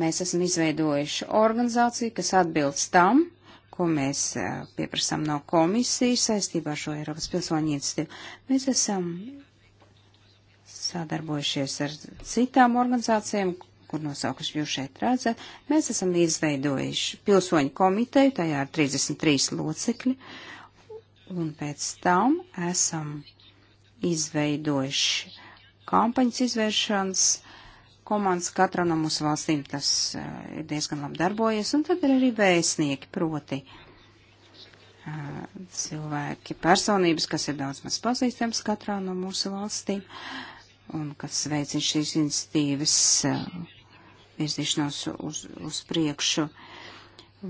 Mēs esam izveidojuši organizāciju, kas atbilst tam, ko mēs pieprasām no komisijas saistībā ar šo Eiropas pilsoņu iniciatīvu. Mēs esam sadarbojušies ar citām organizācijām, kur nosaukuši jūs šeit redzat. Mēs esam izveidojuši pilsoņu komiteju, tajā ir 33 locekļi, un pēc tam esam izveidojuši kampaņas izvēršanas komandas katrā no mūsu valstīm tas eh, ir diezgan labi darbojies, un tad ir arī vēstnieki, proti eh, cilvēki, personības, kas ir daudz maz pazīstams katrā no mūsu valstīm, un kas veicina šīs iniciatīvas eh, virzīšanos uz, uz priekšu.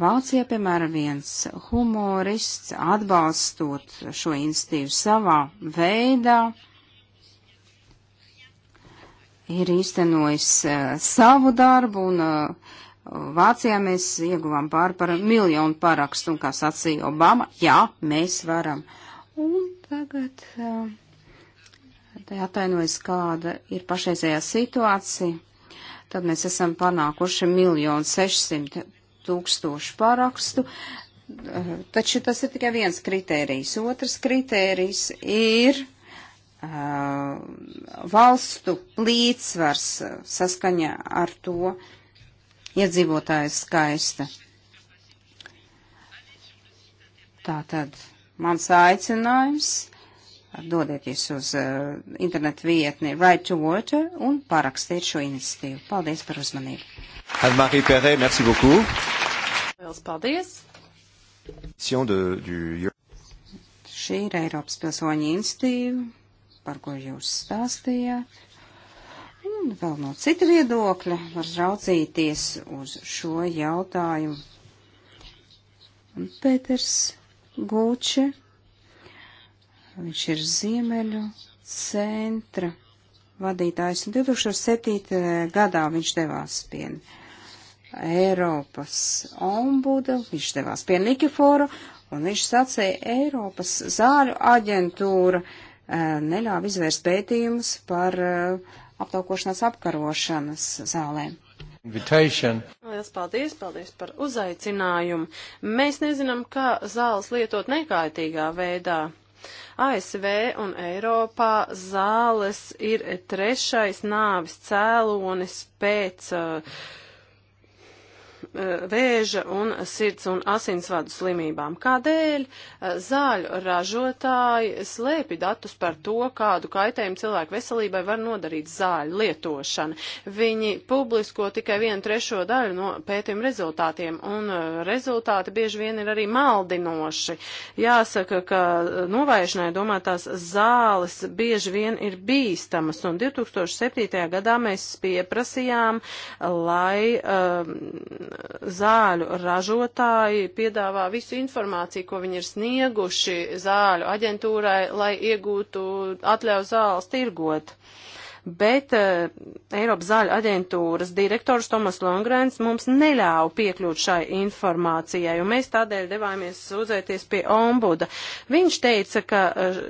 Vācijā, piemēram, viens humorists atbalstot šo institīvu savā veidā, ir īstenojis eh, savu darbu, un eh, Vācijā mēs ieguvām pār par miljonu parakstu, un, kā sacīja Obama, jā, mēs varam. Un tagad eh, te atainojas, kāda ir pašreizējā situācija. Tad mēs esam panākuši miljonu sešsimt tūkstošu parakstu. Taču tas ir tikai viens kritērijs. Otrs kritērijs ir Uh, valstu līdzsvars saskaņā ar to iedzīvotāju skaista. Tātad mans aicinājums dodieties uz uh, internetu vietni Right to Water un parakstiet šo iniciatīvu. Paldies par uzmanību. Anne-Marie Perret, merci beaucoup. Liels paldies. Šī ir Eiropas pilsoņu institīva par ko jūs stāstījāt. Un vēl no cita viedokļa var raudzīties uz šo jautājumu. Un Pēters Gūče, viņš ir Ziemeļu centra vadītājs, un 2007. gadā viņš devās pie Eiropas ombuda, viņš devās pie Nikiforu, un viņš sacīja Eiropas zāļu aģentūra E, neļāva izvērst pētījumus par e, aptaukošanās apkarošanas zālēm. Invitation. Lielas paldies, paldies par uzaicinājumu. Mēs nezinām, kā zāles lietot nekaitīgā veidā. ASV un Eiropā zāles ir trešais nāvis cēlonis pēc uh, Eh, vēža un sirds un asinsvadu slimībām. Kādēļ eh, zāļu ražotāji slēpi datus par to, kādu kaitējumu cilvēku veselībai var nodarīt zāļu lietošana? Viņi publisko tikai vienu trešo daļu no pētījuma rezultātiem, un eh, rezultāti bieži vien ir arī maldinoši. Jāsaka, ka novēršanai domātās zāles bieži vien ir bīstamas, un 2007. gadā mēs pieprasījām, lai um, zāļu ražotāji piedāvā visu informāciju, ko viņi ir snieguši zāļu aģentūrai, lai iegūtu atļauju zāles tirgot. Uh, bet uh, Eiropas zāļu aģentūras direktors Tomas Longrēns mums neļāva piekļūt šai informācijai, un mēs tādēļ devāmies uzēties pie ombuda. Viņš teica, ka uh,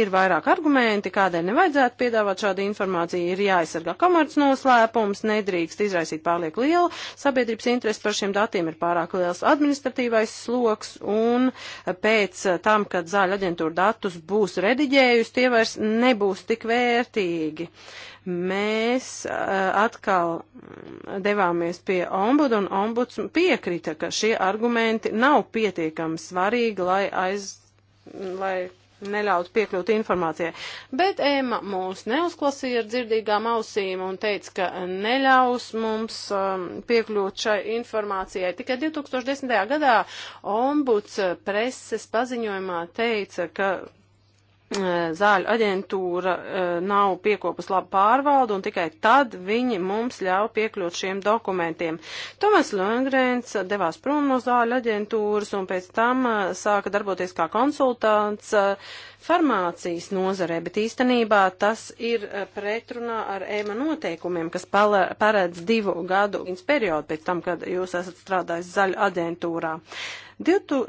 ir vairāk argumenti, kādēļ nevajadzētu piedāvāt šādu informāciju, ir jāaizsargā komerc noslēpums, nedrīkst izraisīt pārlieku lielu, sabiedrības interesi par šiem datiem ir pārāk liels administratīvais sloks, un eh, pēc tam, kad zāļu aģentūra datus būs rediģējusi, tie vairs nebūs tik vērtīgi svarīgi. Mēs atkal devāmies pie ombuda, un ombuds piekrita, ka šie argumenti nav pietiekami svarīgi, lai aiz. Lai neļaut piekļūt informācijai. Bet Ēma mūs neuzklasīja ar dzirdīgām ausīm un teica, ka neļaus mums um, piekļūt šai informācijai. Tikai 2010. gadā ombuds preses paziņojumā teica, ka zāļu aģentūra nav piekopus labu pārvaldu, un tikai tad viņi mums ļauj piekļūt šiem dokumentiem. Tomas Lungrēns devās prom no zāļu aģentūras, un pēc tam sāka darboties kā konsultants farmācijas nozarē, bet īstenībā tas ir pretrunā ar ēma noteikumiem, kas paredz divu gadu periodu pēc tam, kad jūs esat strādājis zaļu aģentūrā. Uh,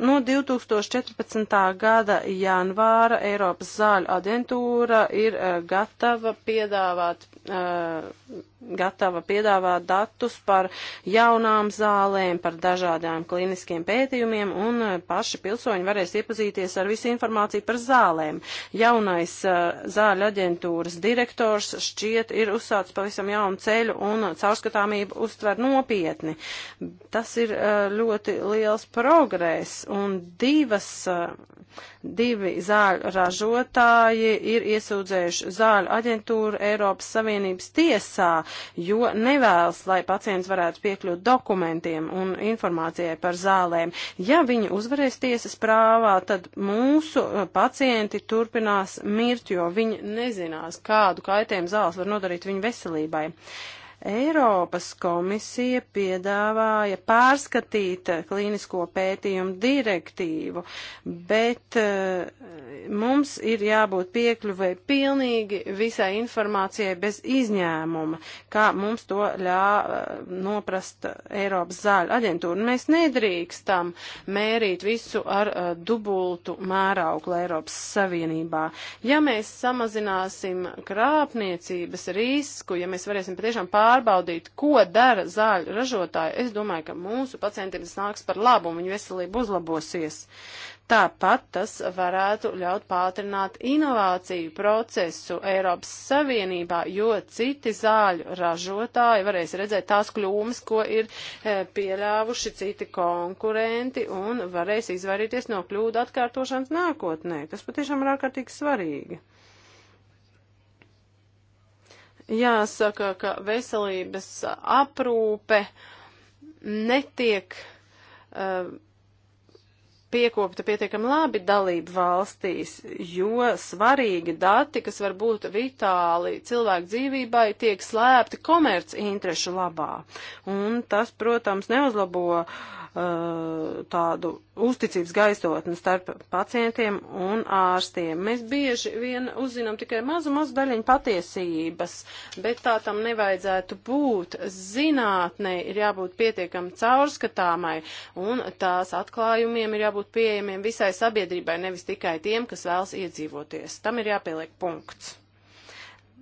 No 2014. gada janvāra Eiropas zāļu aģentūra ir eh, gatava piedāvāt uh, gatava piedāvāt datus par jaunām zālēm, par dažādām kliniskiem pētījumiem, un eh, paši pilsoņi varēs iepazīties ar visu informāciju par zālēm. Jaunais uh, zāļu aģentūras direktors šķiet ir uzsācis pavisam jaunu ceļu un caurskatāmību uztver nopietni. Tas ir uh, ļoti liels progress, un divas, uh, divi zāļu ražotāji ir iesūdzējuši zāļu aģentūru Eiropas Savienības tiesā, jo nevēlas, lai pacients varētu piekļūt dokumentiem un informācijai par zālēm. Ja viņi uzvarēs tiesas prāvā, tad mūsu uh, pacienti turpinās mirt, jo viņi nezinās, kādu kaitējumu zāles var nodarīt viņu veselībai. Uh, Eiropas komisija piedāvāja pārskatīt eh, klīnisko pētījumu direktīvu, bet eh, mums ir jābūt piekļuvai pilnīgi visai informācijai bez izņēmuma, kā mums to ļā eh, noprast Eiropas zāļu aģentūra. Mēs nedrīkstam mērīt visu ar uh, dubultu mērauklu Eiropas Savienībā. Ja mēs samazināsim krāpniecības risku, ja mēs varēsim patiešām pārskatīt, pārbaudīt, ko dara zāļu ražotāji, es domāju, ka mūsu pacientiem tas nāks par labu un viņu veselība uzlabosies. Tāpat tas varētu ļaut pātrināt inovāciju procesu Eiropas Savienībā, jo citi zāļu ražotāji varēs redzēt tās kļūmes, ko ir eh, pieļāvuši citi konkurenti un varēs izvairīties no kļūdu atkārtošanas nākotnē. Tas patiešām ir ārkārtīgi svarīgi. Jāsaka, ka veselības aprūpe netiek uh, piekopta pietiekami labi dalību valstīs, jo svarīgi dati, kas var būt vitāli cilvēku dzīvībai, tiek slēpti komerci interešu labā. Un tas, protams, neuzlabo Uh, tādu uzticības gaisotni starp pacientiem un ārstiem. Mēs bieži vien uzzinām tikai mazu, mazu daļiņu patiesības, bet tā tam nevajadzētu būt. Zinātnē ir jābūt pietiekami caurskatāmai un tās atklājumiem ir jābūt pieejamiem visai sabiedrībai, nevis tikai tiem, kas vēlas iedzīvoties. Tam ir jāpieliek punkts.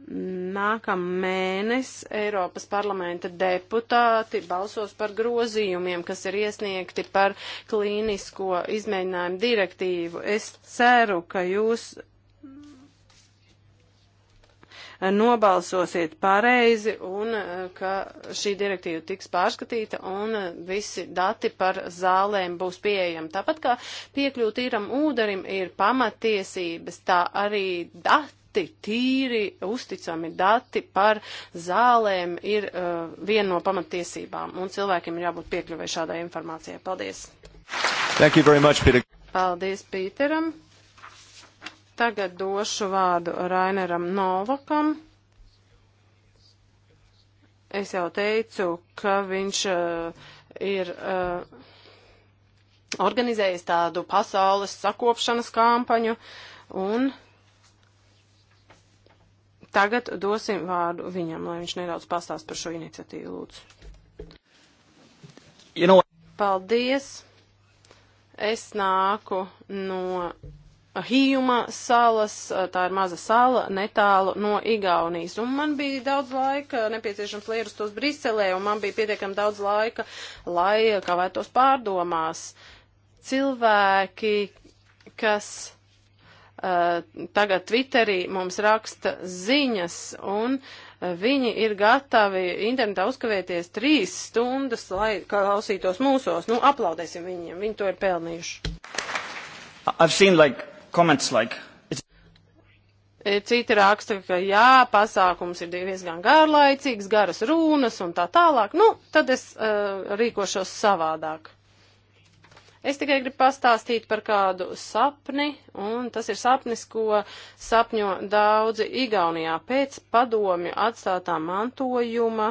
Nākamēnes Eiropas parlamenta deputāti balsos par grozījumiem, kas ir iesniegti par klīnisko izmēģinājumu direktīvu. Es ceru, ka jūs nobalsosiet pareizi un eh, ka šī direktīva tiks pārskatīta un eh, visi dati par zālēm būs pieejami. Tāpat kā piekļūt īram ūderim ir pamatiesības, tā arī dati dati, tīri, uzticami dati par zālēm ir uh, viena no pamatiesībām, un cilvēkiem ir jābūt piekļuvē šādai informācijai. Paldies! Thank you very much, Peter. Paldies, Pīteram. Tagad došu vārdu Raineram Novakam. Es jau teicu, ka viņš uh, ir uh, organizējis tādu pasaules sakopšanas kampaņu un uh, Tagad dosim vārdu viņam, lai viņš nedaudz pastāst par šo iniciatīvu, lūdzu. You know... Paldies! Es nāku no Hījuma salas, tā ir maza sala, netālu no Igaunijas. Un man bija daudz laika, nepieciešams lierus tos Briselē, un man bija pietiekami daudz laika, lai kavētos pārdomās. Cilvēki, kas Eh, tagad Twitterī mums raksta ziņas, un eh, viņi ir gatavi internetā uzkavēties trīs stundas, lai klausītos mūsos. Nu, aplaudēsim viņiem, viņi to ir pelnījuši. I've seen like comments like eh, citi raksta, ka jā, pasākums ir diezgan garlaicīgs, garas runas un tā tālāk. Nu, tad es uh, rīkošos savādāk. Es tikai gribu pastāstīt par kādu sapni, un tas ir sapnis, ko sapņo daudzi Igaunijā pēc padomju atstātā mantojuma.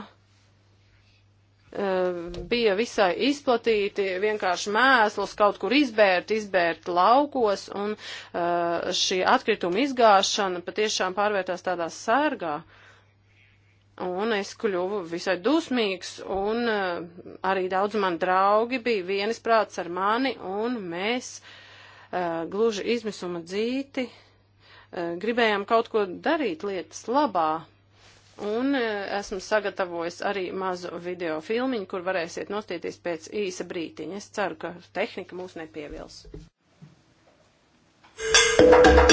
Eh, bija visai izplatīti vienkārši mēslus kaut kur izbērt, izbērt laukos, un eh, šī atkrituma izgāšana patiešām pārvērtās tādā sērgā. Uh, Un es kļuvu visai dusmīgs, un uh, arī daudz man draugi bija vienisprāts ar mani, un mēs uh, gluži izmisuma dzīti uh, gribējām kaut ko darīt lietas labā. Un uh, esmu sagatavojis arī mazu video filmiņu, kur varēsiet nostieties pēc īsa brītiņa. Es ceru, ka tehnika mūs nepievils. Thank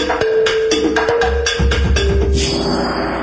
you.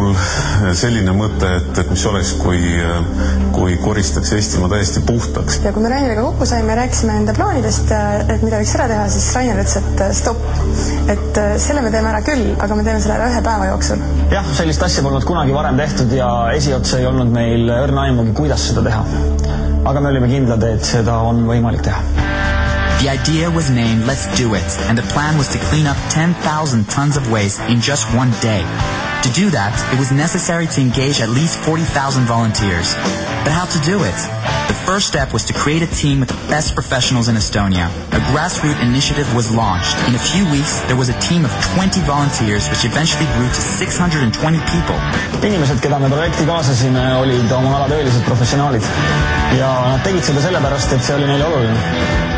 minul selline mõte, et, et mis oleks, kui, kui koristaks Eestimaa täiesti puhtaks. ja kui me Raineriga kokku saime ja rääkisime enda plaanidest, et mida võiks ära teha, siis Rainer ütles, et stopp. et äh, selle me teeme ära küll, aga me teeme selle ära ühe päeva jooksul. jah, sellist asja polnud kunagi varem tehtud ja esiotsa ei olnud meil õrna aimugi, kuidas seda teha. aga me olime kindlad, et seda on võimalik teha The idea was named Let's Do It, and the plan was to clean up 10,000 tons of waste in just one day. To do that, it was necessary to engage at least 40,000 volunteers. But how to do it? The first step was to create a team with the best professionals in Estonia. A grassroots initiative was launched. In a few weeks, there was a team of 20 volunteers, which eventually grew to 620 people. inimesed, keda me projekti kaasasime, olid oma ala töölised professionaalid ja nad tegid seda sellepärast, et see oli neile oluline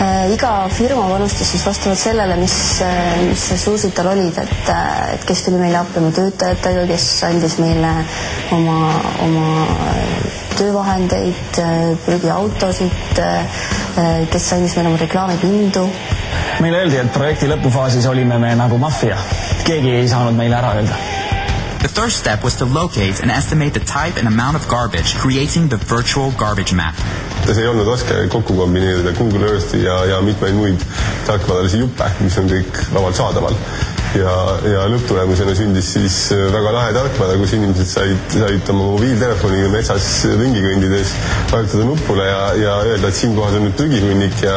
Äh, iga firma panustas siis vastavalt sellele, mis, äh, mis ressursid tal olid, et, äh, et kes tuli meile appi oma töötajatega, kes andis meile oma, oma töövahendeid, prügiautosid, kes andis meile oma reklaamipindu. meile öeldi, et projekti lõpufaasis olime me nagu maffia, keegi ei saanud meile ära öelda The first step was to locate and estimate the type and amount of garbage, creating the virtual garbage map see ei olnud raske kokku kombineerida Google Earthi ja, ja mitmeid muid tarkvaralisi juppe, mis on kõik vabalt saadaval. ja, ja lõpptulemusena sündis siis väga lahe tarkvara, kus inimesed said, said oma mobiiltelefoniga metsas ringi kõndides vajutada nupule ja, ja öelda, et siinkohas on nüüd prügihunnik ja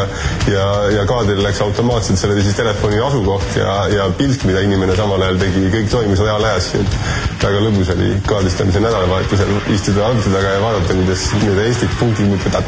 ja, ja kaadril läks automaatselt selle siis telefoni asukoht ja, ja pilt, mida inimene samal ajal tegi, kõik toimis reaalajas. väga lõbus oli kaardistamise nädalavahetusel istuda arvuti taga ja vaadata, kuidas need Eesti punktid muudkui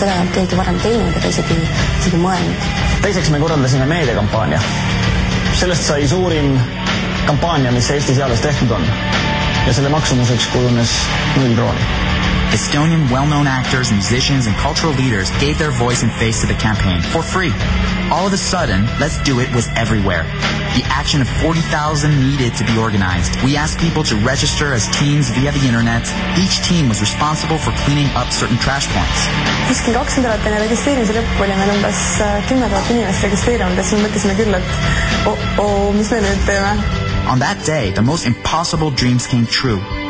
seda on keegi varem teinud ega isegi, isegi mõelnud. teiseks me korraldasime meediakampaania. sellest sai suurim kampaania, mis Eesti seadus tehtud on. ja selle maksumuseks kujunes null krooni Estonian well-known actors, musicians, and cultural leaders gave their voice and face to the campaign for free. All of a sudden, Let's Do It was everywhere. The action of 40,000 needed to be organized. We asked people to register as teams via the internet. Each team was responsible for cleaning up certain trash points. kuskil kaks nädalat enne registreerimise lõppu oli meil umbes äh, kümme tuhat inimest registreerunud ja siis me mõtlesime küll, et oo oh,, oh, mis me nüüd teeme. On that day, the most impossible dreams came true.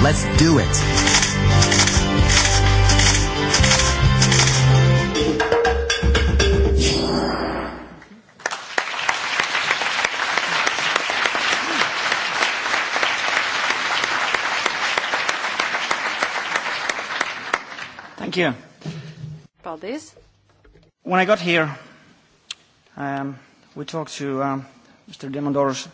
Let's do it. Thank you. Paldies. When I got here, um, we talked to um, Mr. Diamandouros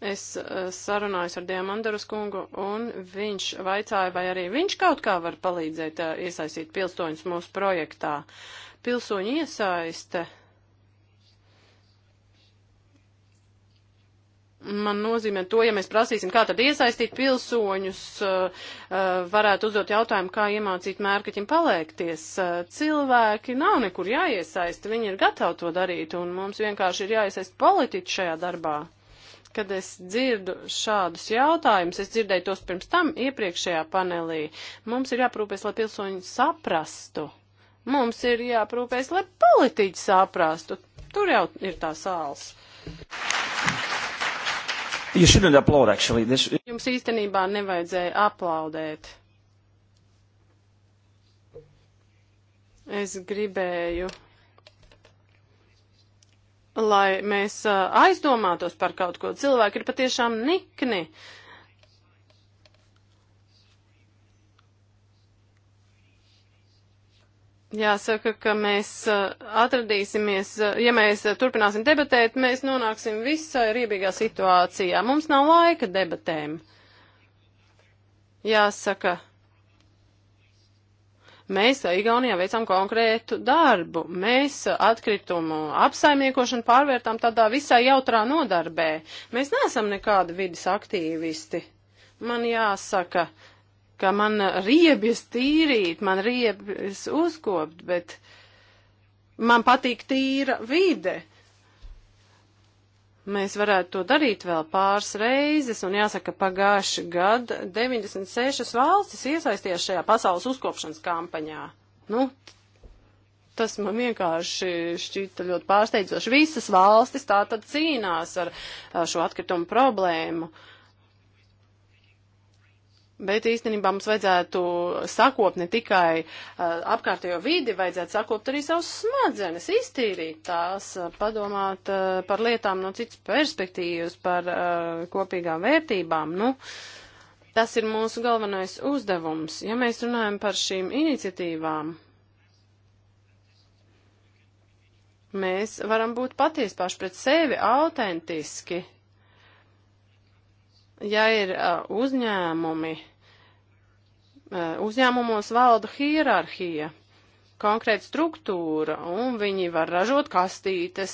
Es eh, sarunājos ar Diamandaras kungu, un viņš vaicāja, vai arī viņš kaut kā var palīdzēt eh, iesaistīt pilsoņus mūsu projektā. Pilsoņu iesaiste man nozīmē to, ja mēs prasīsim, kā tad iesaistīt pilsoņus, eh, varētu uzdot jautājumu, kā iemācīt mērkaķim palēkties. Cilvēki nav nekur jāiesaista, viņi ir gatavi to darīt, un mums vienkārši ir jāiesaist politiķi šajā darbā kad es dzirdu šādus jautājumus, es dzirdēju tos pirms tam iepriekšējā panelī, mums ir jāprūpēs, lai pilsoņi saprastu. Mums ir jāprūpēs, lai politiķi saprastu. Tur jau ir tā sāls. Applaud, This... Jums īstenībā nevajadzēja aplaudēt. Es gribēju lai mēs aizdomātos par kaut ko. Cilvēki ir patiešām nikni. Jāsaka, ka mēs atradīsimies, ja mēs turpināsim debatēt, mēs nonāksim visai riebīgā situācijā. Mums nav laika debatēm. Jāsaka, Mēs Igaunijā veicām konkrētu darbu. Mēs atkritumu apsaimniekošanu pārvērtām tādā visā jautrā nodarbē. Mēs neesam nekādi vidas aktīvisti. Man jāsaka, ka man riebjas tīrīt, man riebjas uzkopt, bet man patīk tīra vide mēs varētu to darīt vēl pāris reizes, un jāsaka, pagājuši gadu 96 valstis iesaistījās šajā pasaules uzkopšanas kampaņā. Nu, tas man vienkārši šķita ļoti pārsteidzoši. Visas valstis tā tad cīnās ar šo atkritumu problēmu. Uh, Bet īstenībā mums vajadzētu sakot ne tikai uh, apkārtējo vidi, vajadzētu sakot arī savus smadzenes, iztīrīt tās, padomāt uh, par lietām no citas perspektīvas, par uh, kopīgām vērtībām. Nu, tas ir mūsu galvenais uzdevums. Ja mēs runājam par šīm iniciatīvām, mēs varam būt patiesi paši pret sevi, autentiski. Ja ir uh, uzņēmumi, Eh, uzņēmumos valda hierarhija, konkrēta struktūra, un viņi var ražot kastītes.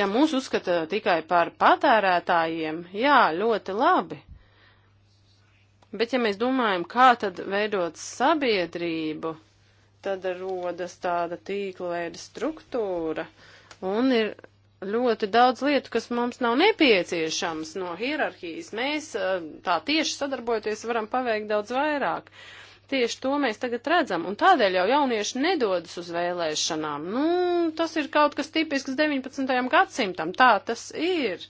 Ja mūs uzskata tikai par patērētājiem, jā, ļoti labi. Bet ja mēs domājam, kā tad veidot sabiedrību, tad rodas tāda tīkla veida struktūra, un ir ļoti daudz lietu, kas mums nav nepieciešams no hierarhijas. Mēs eh, tā tieši sadarbojoties varam paveikt daudz vairāk. Tieši to mēs tagad redzam, un tādēļ jau jaunieši nedodas uz vēlēšanām. Nu, tas ir kaut kas tipisks 19. gadsimtam, tā tas ir.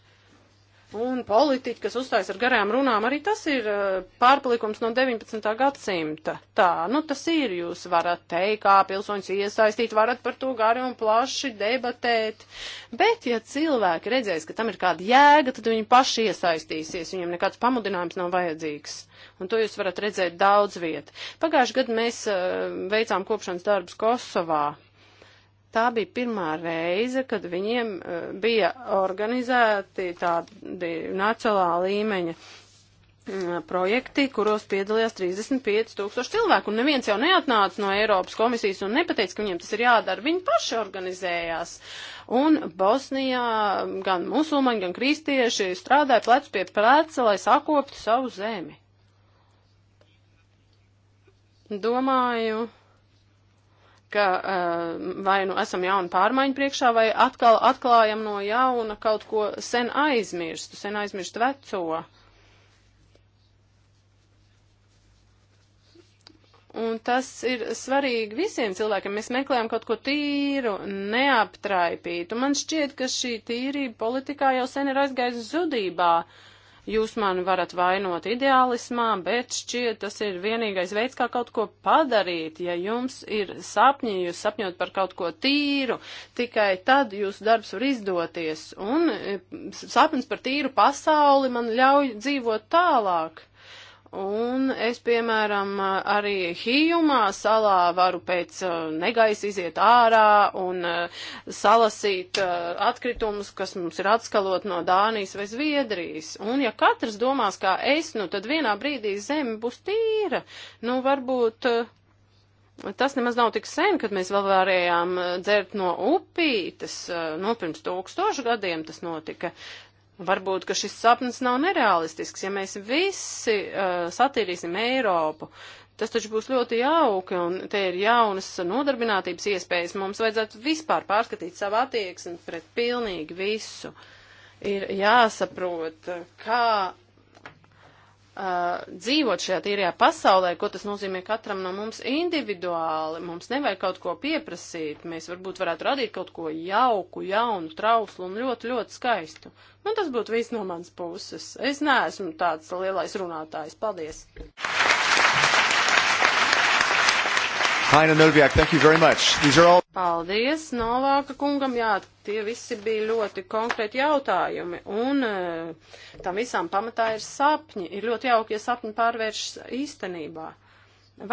Un politiķi, kas uzstājas ar garām runām, arī tas ir eh, pārpalikums no 19. gadsimta. Tā, nu tas ir, jūs varat teikt, kā pilsoņus iesaistīt, varat par to gari un plaši debatēt. Bet, ja cilvēki redzēs, ka tam ir kāda jēga, tad viņi paši iesaistīsies, viņiem nekāds pamudinājums nav vajadzīgs. Un to jūs varat redzēt daudz viet. Pagājuši gadu mēs uh, veicām kopšanas darbus Kosovā. Tā bija pirmā reize, kad viņiem e, bija organizēti tādi nacionālā līmeņa projekti, kuros piedalījās 35 tūkstoši cilvēku, un neviens jau neatnāca no Eiropas komisijas un nepateica, ka viņiem tas ir jādara, viņi paši organizējās. Un Bosnijā gan musulmaņi, gan kristieši strādāja plec pie pleca, lai sakoptu savu zemi. Domāju, ka uh, vai nu esam jaunu pārmaiņu priekšā, vai atkal atklājam no jauna kaut ko sen aizmirstu, sen aizmirstu veco. Un tas ir svarīgi visiem cilvēkiem. Mēs meklējam kaut ko tīru, neaptraipītu. Man šķiet, ka šī tīrība politikā jau sen ir aizgājusi zudībā. Uh, Jūs mani varat vainot ideālismā, bet šķiet tas ir vienīgais veids, kā kaut ko padarīt. Ja jums ir sapņi, jūs sapņot par kaut ko tīru, tikai tad jūsu darbs var izdoties. Un e, sapnis par tīru pasauli man ļauj dzīvot tālāk. Un es, piemēram, arī Hījumā salā varu pēc uh, negaisa iziet ārā un uh, salasīt uh, atkritumus, kas mums ir atskalot no Dānijas vai Zviedrijas. Un ja katrs domās kā es, nu tad vienā brīdī zeme būs tīra. Nu, varbūt tas nemaz nav tik sen, kad mēs vēl varējām dzert no upītes. Nu, pirms tūkstošu gadiem tas notika. Varbūt, ka šis sapnis nav nereālistisks. Ja mēs visi uh, satīrīsim Eiropu, tas taču būs ļoti jauki, un te ir jaunas nodarbinātības iespējas. Mums vajadzētu vispār pārskatīt savu attieksmi pret pilnīgi visu. Ir jāsaprot, kā uh, dzīvot šajā tīrajā pasaulē, ko tas nozīmē katram no mums individuāli. Mums nevajag kaut ko pieprasīt. Mēs varbūt varētu radīt kaut ko jauku, jaunu, trauslu un ļoti, ļoti skaistu. Man nu, tas būtu viss no manas puses. Es neesmu tāds lielais runātājs. Paldies! Haina Novjāk, thank you very much. These are all... Paldies Novāka kungam, jā, tie visi bija ļoti konkrēti jautājumi, un uh, tam visām pamatā ir sapņi, ir ļoti jauki, ja sapņi pārvēršas īstenībā.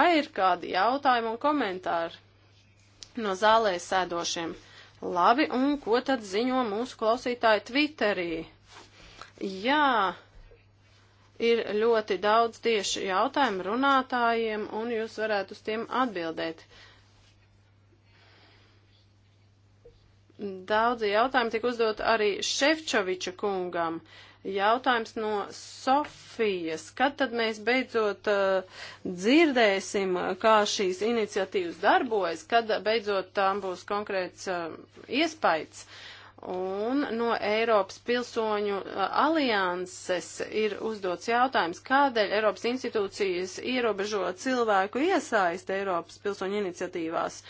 Vai ir kādi jautājumi un komentāri no zālē sēdošiem? Labi, un ko tad ziņo mūsu klausītāji Twitterī? Jā ir ļoti daudz tieši jautājumu runātājiem, un jūs varētu uz tiem atbildēt. Daudzi jautājumi tika uzdot arī Šefčoviča kungam. Jautājums no Sofijas. Kad tad mēs beidzot uh, dzirdēsim, uh, kā šīs iniciatīvas darbojas, kad beidzot tām būs konkrēts uh, iespējas? Uh, Un no Eiropas pilsoņu alianses ir uzdots jautājums, kādēļ Eiropas institūcijas ierobežo cilvēku iesaist Eiropas pilsoņu iniciatīvās.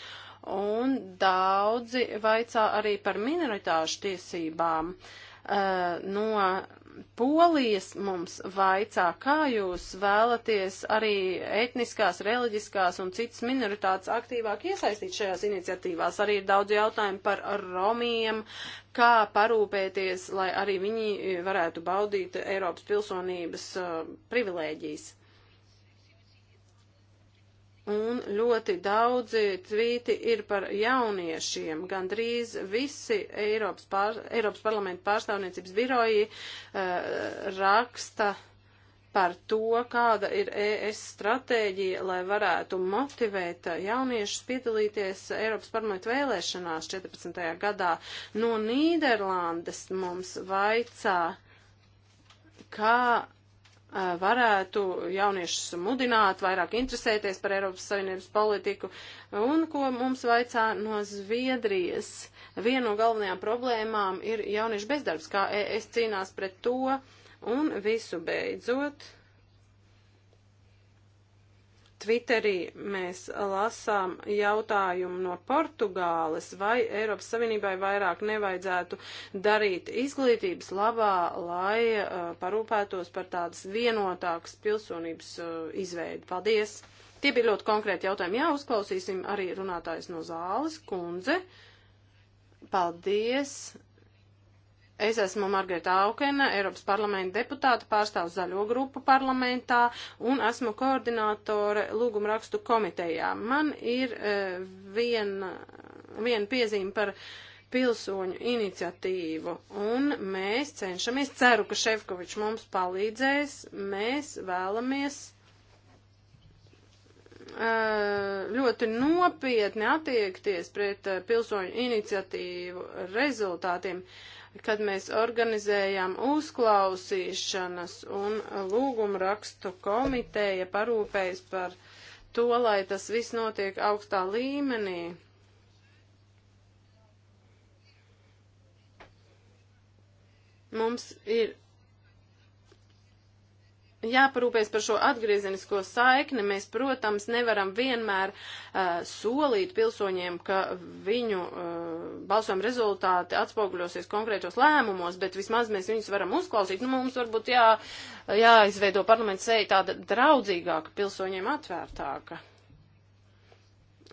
Un daudzi vaicā arī par minoritāšu tiesībām. Uh, no Polijas mums vaicā, kā jūs vēlaties arī etniskās, reliģiskās un citas minoritātes aktīvāk iesaistīt šajās iniciatīvās. Arī ir daudz jautājumu par romiem, kā parūpēties, lai arī viņi varētu baudīt Eiropas pilsonības uh, privilēģijas. Un ļoti daudzi tvīti ir par jauniešiem. Gan drīz visi Eiropas, pār, Eiropas parlamenta pārstāvniecības biroji uh, raksta par to, kāda ir ES stratēģija, lai varētu motivēt jauniešus piedalīties Eiropas parlamentu vēlēšanās 14. gadā. No Nīderlandes mums vaicā, kā varētu jauniešus mudināt, vairāk interesēties par Eiropas Savienības politiku. Un ko mums vaicā no Zviedrijas? Viena no galvenajām problēmām ir jauniešu bezdarbs, kā es cīnās pret to. Un visu beidzot, Twitterī mēs lasām jautājumu no Portugāles, vai Eiropas Savienībai vairāk nevajadzētu darīt izglītības labā, lai uh, parūpētos par tādas vienotākas pilsonības uh, izveidu. Paldies! Tie bija ļoti konkrēti jautājumi. Jā, uzklausīsim arī runātājs no zāles, kundze. Paldies! Es esmu Margarita Aukena, Eiropas parlamenta deputāta, pārstāvu zaļo grupu parlamentā un esmu koordinātore lūguma rakstu komitejā. Man ir uh, viena vien piezīme par pilsoņu iniciatīvu un mēs cenšamies, ceru, ka Šefkovičs mums palīdzēs, mēs vēlamies e, ļoti nopietni attiekties pret e, pilsoņu iniciatīvu rezultātiem. Uh, kad mēs organizējām uzklausīšanas un lūgumrakstu komiteja parūpējas par to, lai tas viss notiek augstā līmenī. Mums ir jāparūpēs par šo atgriezenisko saikni. Mēs, protams, nevaram vienmēr uh, solīt pilsoņiem, ka viņu uh, balsojuma rezultāti atspoguļosies konkrētos lēmumos, bet vismaz mēs viņus varam uzklausīt. Nu, mums varbūt jā, jāizveido parlaments seja tāda draudzīgāka, pilsoņiem atvērtāka.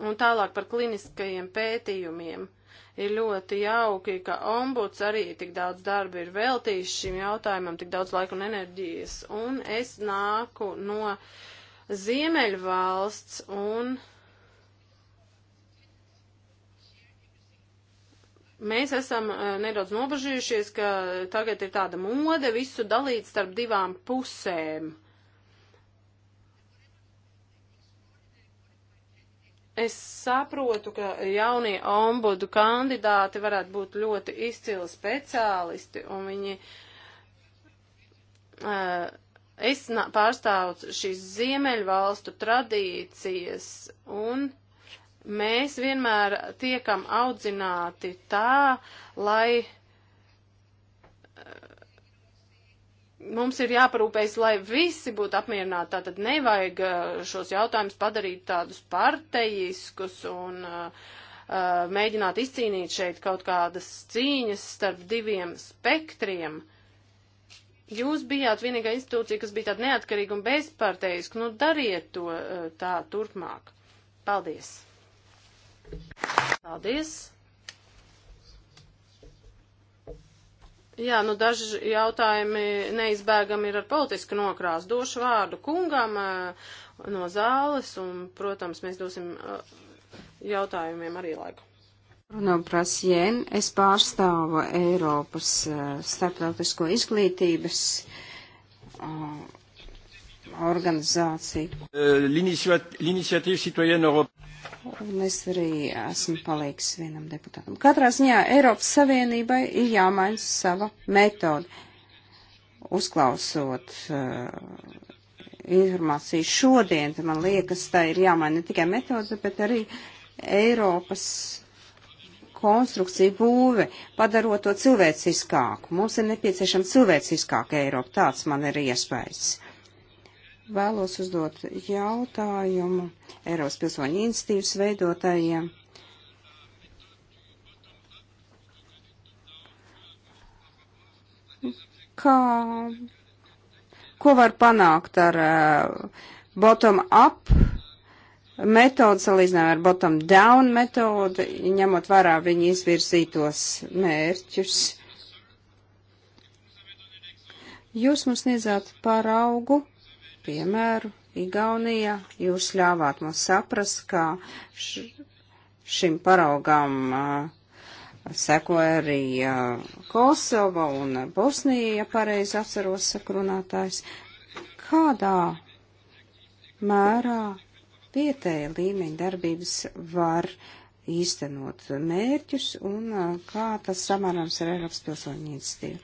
Un tālāk par kliniskajiem pētījumiem. Uh, Ir ļoti jauki, ka ombuds arī tik daudz darba ir veltījis šim jautājumam, tik daudz laika un enerģijas. Un es nāku no Ziemeļvalsts un mēs esam eh, nedaudz nobažījušies, ka tagad ir tāda mode visu dalīt starp divām pusēm. Es saprotu, ka jaunie ombudu kandidāti varētu būt ļoti izcili speciālisti, un viņi. Uh, es pārstāvu šīs ziemeļvalstu tradīcijas, un mēs vienmēr tiekam audzināti tā, lai. Uh, mums ir jāparūpējas, lai visi būtu apmierināti. Tātad nevajag uh, šos jautājumus padarīt tādus partejiskus un uh, uh, mēģināt izcīnīt šeit kaut kādas cīņas starp diviem spektriem. Jūs bijāt vienīgā institūcija, kas bija tāda neatkarīga un bezparteiska. Nu, dariet to uh, tā turpmāk. Paldies! Paldies! Jā, nu daži jautājumi neizbēgami ir ar politisku nokrāsu. Došu vārdu kungam eh, no zāles un, protams, mēs dosim eh, jautājumiem arī laiku. Bruno Brasien, es pārstāvu Eiropas eh, starptautisko izglītības organizāciju. L'initiatīva citoyenne Eiropa un es arī esmu palīgs vienam deputātam. Katrā ziņā Eiropas Savienībai ir jāmaina sava metode. Uzklausot uh, informāciju šodien, man liekas, tā ir jāmaina ne tikai metode, bet arī Eiropas konstrukcija būve, padarot to cilvēciskāku. Mums ir nepieciešama cilvēciskāka Eiropa, tāds man ir iespējas vēlos uzdot jautājumu Eiropas pilsoņu institīvas veidotājiem. Kā, ko var panākt ar uh, bottom-up metodu salīdzinājumā ar bottom-down metodu, ņemot vērā viņu izvirzītos mērķus? Jūs mums sniedzāt paraugu piemēru, Igaunija, jūs ļāvāt mums saprast, ka šim paraugam uh, seko arī uh, Kosova un Bosnija, ja pareizi atceros sakrunātājs. Kādā mērā vietēja līmeņa darbības var īstenot mērķus un uh, kā tas samarams ar Eiropas pilsoņu iniciatīvu?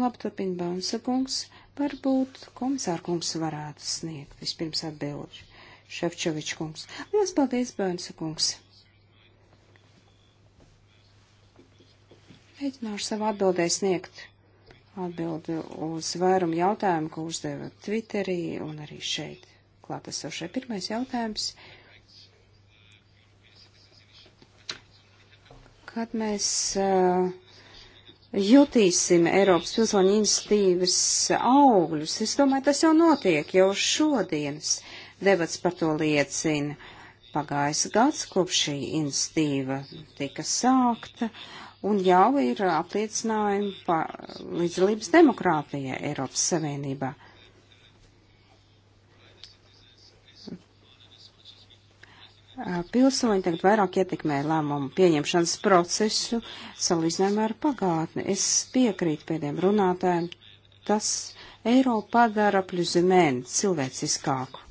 Labi, turpina Baunsa kungs. Varbūt komisārkungs varētu sniegt vispirms atbildi. Šefčovičs kungs. Lielas paldies, Bērnsa kungs. Mēģināšu savu atbildē sniegt atbildi uz vairumu jautājumu, ko uzdeva Twitterī un arī šeit klātesošai. Pirmais jautājums. Kad mēs uh, jutīsim Eiropas pilsoņu institīvas augļus. Es domāju, tas jau notiek, jau šodienas debats par to liecina. Pagājis gads, kopš šī institīva tika sākta, un jau ir apliecinājumi par līdzdalības demokrātijai Eiropas Savienībā. Pilsoņi tagad vairāk ietekmē lēmumu pieņemšanas procesu salīdzinājumā ar pagātni. Es piekrītu pēdējiem runātājiem, tas Eiropu padara pļuzimēn cilvēciskāku.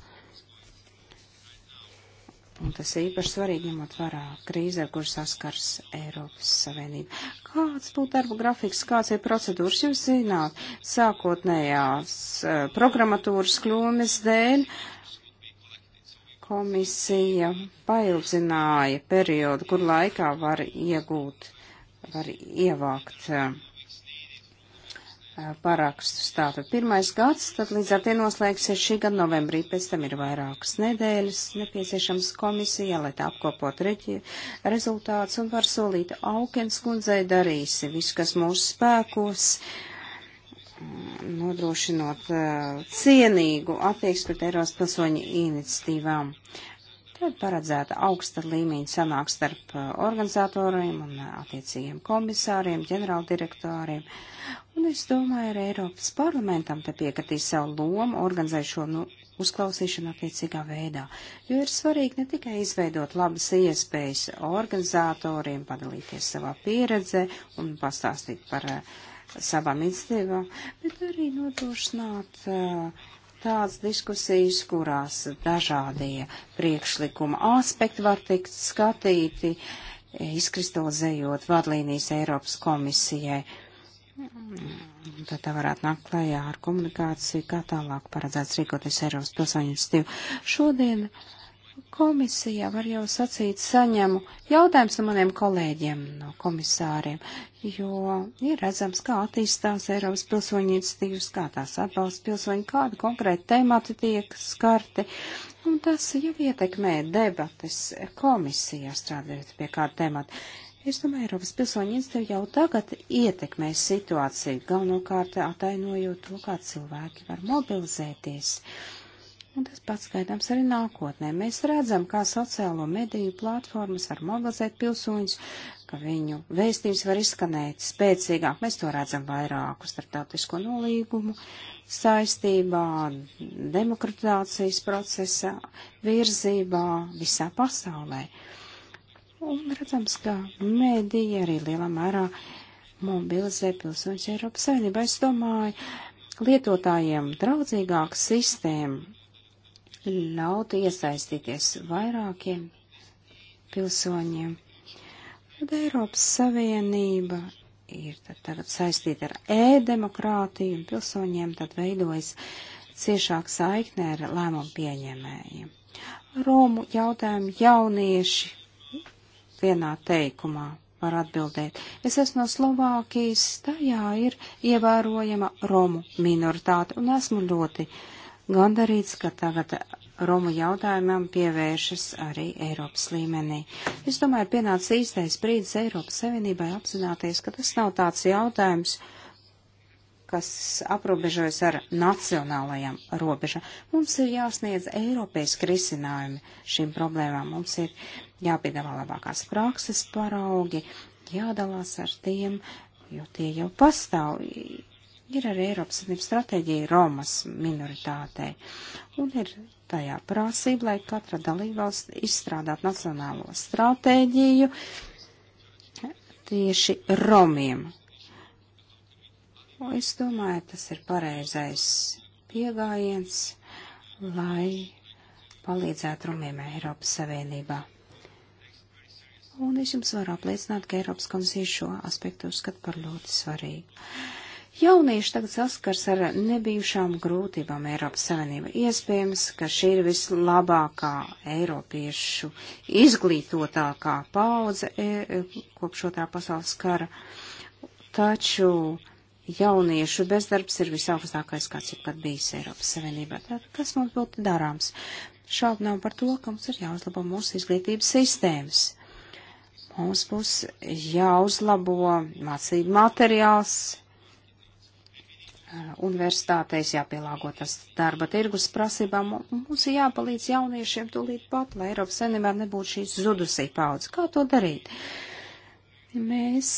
Un tas ir īpaši svarīgi, ņemot vērā krīze, ar kur saskars Eiropas Savienība. Kāds būtu darba grafiks, kāds ir procedūras, jūs zināt, sākotnējās uh, programmatūras kļūmes dēļ Komisija paildzināja periodu, kur laikā var iegūt, var ievākt eh, parakstus. Tātad pirmais gads, tad līdz ar tie noslēgsies šī gada novembrī, pēc tam ir vairākas nedēļas nepieciešams komisija, lai tā apkopot reģi rezultāts un var solīt Aukens kundzei darīsi visu, kas mūsu spēkos, nodrošinot uh, cienīgu attieksmi pret Eiropas pilsoņu iniciatīvām. Tad paredzēta augsta līmeņa sanāk starp eh, organizatoriem un eh, attiecīgiem komisāriem, ģenerāldirektoriem. Un es domāju, arī Eiropas parlamentam te piekatīs savu lomu organizēt šo nu, uzklausīšanu attiecīgā veidā, jo ir svarīgi ne tikai izveidot labas iespējas organizatoriem, padalīties savā pieredzē un pastāstīt par uh, savām institīvām, bet arī nodrošināt eh, tādas diskusijas, kurās dažādie priekšlikuma aspekti var tikt skatīti, izkristalizējot vadlīnijas Eiropas komisijai. Tad tā varētu nākt klajā ar komunikāciju, kā tālāk paredzēts rīkoties Eiropas pilsāņu institīvu. Šodien uh, Komisija var jau sacīt saņemu jautājums no maniem kolēģiem, no komisāriem, jo ir redzams, kā attīstās Eiropas pilsoņu institīvas, kā tās atbalsta pilsoņi, kādi konkrēti temati tiek skarti. Un tas jau ietekmē debates komisijā strādājot pie kāda temata. Es domāju, Eiropas pilsoņu institīva jau tagad ietekmē situāciju, galvenokārt atainojot to, kā cilvēki var mobilizēties. Uh, Un tas pats skaidams arī nākotnē. Mēs redzam, kā sociālo mediju platformas var mobilizēt pilsoņus, ka viņu vēstījums var izskanēt spēcīgāk. Mēs to redzam vairāku starptautisko nolīgumu saistībā, demokratizācijas procesa virzībā visā pasaulē. Un redzams, ka medija arī lielā mērā mobilizē pilsoņus Eiropas Savienībā. Es domāju, lietotājiem draudzīgāka sistēma ļautu iesaistīties vairākiem pilsoņiem. Tad Eiropas Savienība ir tagad saistīta ar e-demokrātiju un pilsoņiem, tad veidojas ciešāk saiknē ar lēmumu pieņēmējiem. Romu jautājumu jaunieši vienā teikumā var atbildēt. Es esmu no Slovākijas, tajā ir ievērojama Romu minoritāte un esmu ļoti uh, gandarīts, ka tagad Romu jautājumam pievēršas arī Eiropas līmenī. Es domāju, pienāca īstais brīdis Eiropas Savienībai apzināties, ka tas nav tāds jautājums, kas aprobežojas ar nacionālajām robežām. Mums ir jāsniedz Eiropiešu risinājumi šīm problēmām. Mums ir jāpiedāvā labākās prakses paraugi, jādalās ar tiem, jo tie jau pastāv Ir arī Eiropas Savienības stratēģija Romas minoritātei. Un ir tajā prasība, lai katra dalībvalsts izstrādāt nacionālo stratēģiju tieši Romiem. Un es domāju, tas ir pareizais pieejams, lai palīdzētu Rumiem Eiropas Savienībā. Un es jums varu apliecināt, ka Eiropas komisija šo aspektu uzskata par ļoti svarīgu. Jaunieši tagad saskars ar nebijušām grūtībām Eiropas Savienība. Iespējams, ka šī ir vislabākā eiropiešu izglītotākā paudze e, e, kopš otrā pasaules kara, taču jauniešu bezdarbs ir visaugstākais, kāds jebkad bijis Eiropas Savienībā. Tad kas mums būtu darāms? Šaubu nav par to, ka mums ir jāuzlabo mūsu izglītības sistēmas. Mums būs jāuzlabo mācību materiāls, universitātēs jāpielāgo tas darba tirgus prasībām. Mums ir jāpalīdz jauniešiem tūlīt pat, lai Eiropas vienmēr nebūtu šīs zudusī paudz. Kā to darīt? Mēs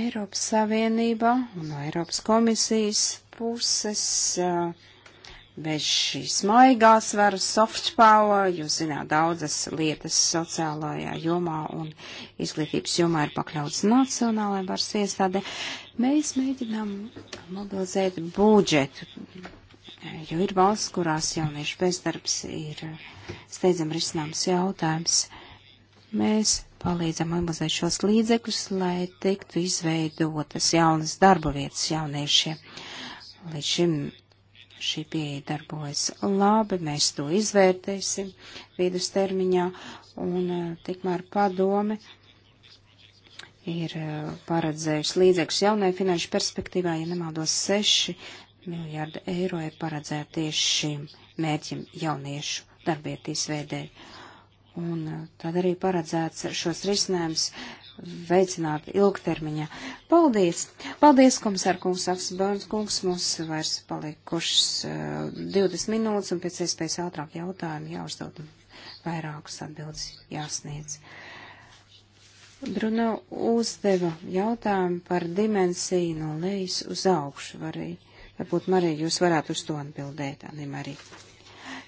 Eiropas Savienība un no Eiropas komisijas puses. Uh, bez šīs maigās varas, soft power, jūs zināt, daudzas lietas sociālajā jomā un izglītības jomā ir pakļauts nacionālajai varas iestādē. Mēs mēģinām mobilizēt budžetu, jo ir valsts, kurās jauniešu bezdarbs ir steidzam risināms jautājums. Mēs palīdzam mobilizēt šos līdzekļus, lai tiktu izveidotas jaunas darba vietas jauniešiem. Līdz šim šī pieeja darbojas labi, mēs to izvērtēsim vidustermiņā, un eh, tikmēr padome ir eh, paredzējuši līdzekļus jaunai finanšu perspektīvā, ja nemaldos, 6 miljārdi eiro ir paredzēti tieši šim mērķim jauniešu darbietu izveidēji. Un eh, tad arī paredzēts šos risinājumus veicināt ilgtermiņā. Paldies! Paldies, komisār kungs, apsbērns kungs, mums vairs palikušas uh, eh, 20 minūtes un pēc iespējas ātrāk jautājumu jāuzdod un vairākus atbildes jāsniedz. Bruno uzdeva jautājumu par dimensiju no lejas uz augšu. Varī, varbūt, Marija, jūs varētu uz to atbildēt, Anni Marija.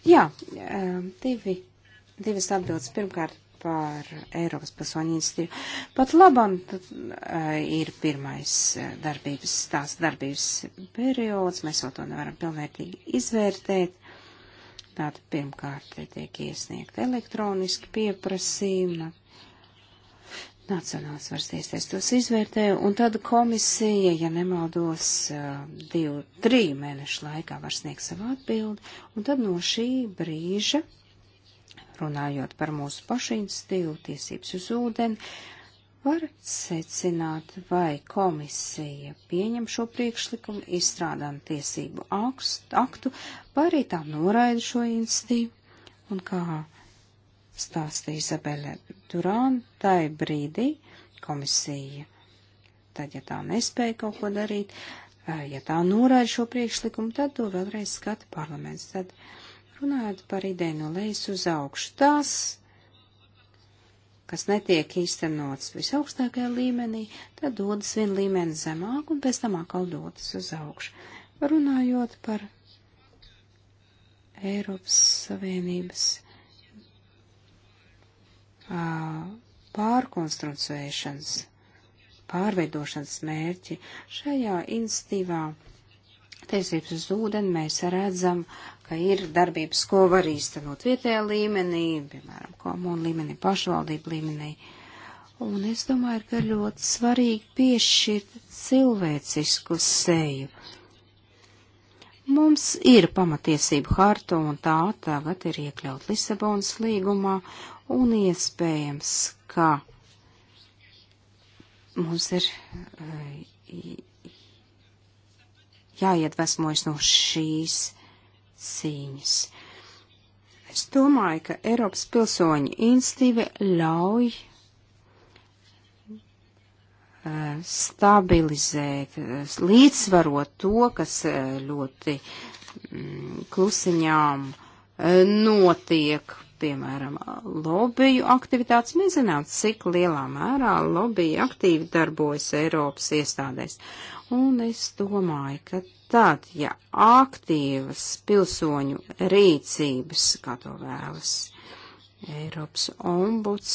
Jā, uh, divi, divas atbildes. Pirmkārt, par Eiropas pilsoņu institīvu. Pat labam tad, uh, ir pirmais eh, darbības, tās darbības periods, mēs vēl to nevaram pilnvērtīgi izvērtēt. Tātad pirmkārt eh, tiek iesniegt elektroniski pieprasījumi, Nacionāls varas tiesties tos izvērtē, un tad komisija, ja nemaldos, divu, trīs mēnešu laikā var sniegt savu atbildi, un tad no šī brīža runājot par mūsu pašu institīvu tiesības uz ūdeni, var secināt, vai komisija pieņem šo priekšlikumu, izstrādām tiesību aktu, vai arī tā noraida šo institīvu. Un kā stāstīja Izabele Durāna, tai brīdī komisija, tad, ja tā nespēja kaut ko darīt, eh, ja tā noraida šo priekšlikumu, tad to vēlreiz skata parlaments. Tad, uh, Runājot par ideju no lejas uz augšu, tas, kas netiek īstenots visaugstākajā līmenī, tad dodas vien līmeni zemāk un pēc tam atkal dodas uz augšu. Runājot par Eiropas Savienības pārkonstruēšanas, pārveidošanas mērķi. Šajā institīvā tiesības uz ūdeni mēs redzam, ka ir darbības, ko var īstenot vietējā līmenī, piemēram, komunu līmenī, pašvaldību līmenī. Un es domāju, ka ļoti svarīgi piešķirt cilvēcisku seju. Mums ir pamatiesību harta, un tā tagad ir iekļaut Lisabonas līgumā, un iespējams, ka mums ir eh, jāiedvesmojas no šīs cīņas. Es domāju, ka Eiropas pilsoņu institīva ļauj eh, stabilizēt, eh, līdzsvarot to, kas eh, ļoti mm, klusiņām notiek, piemēram, lobiju aktivitātes. Mēs zinām, cik lielā mērā lobija aktīvi darbojas Eiropas iestādēs. Un es domāju, ka Tad, ja aktīvas pilsoņu rīcības, kā to vēlas Eiropas ombuds,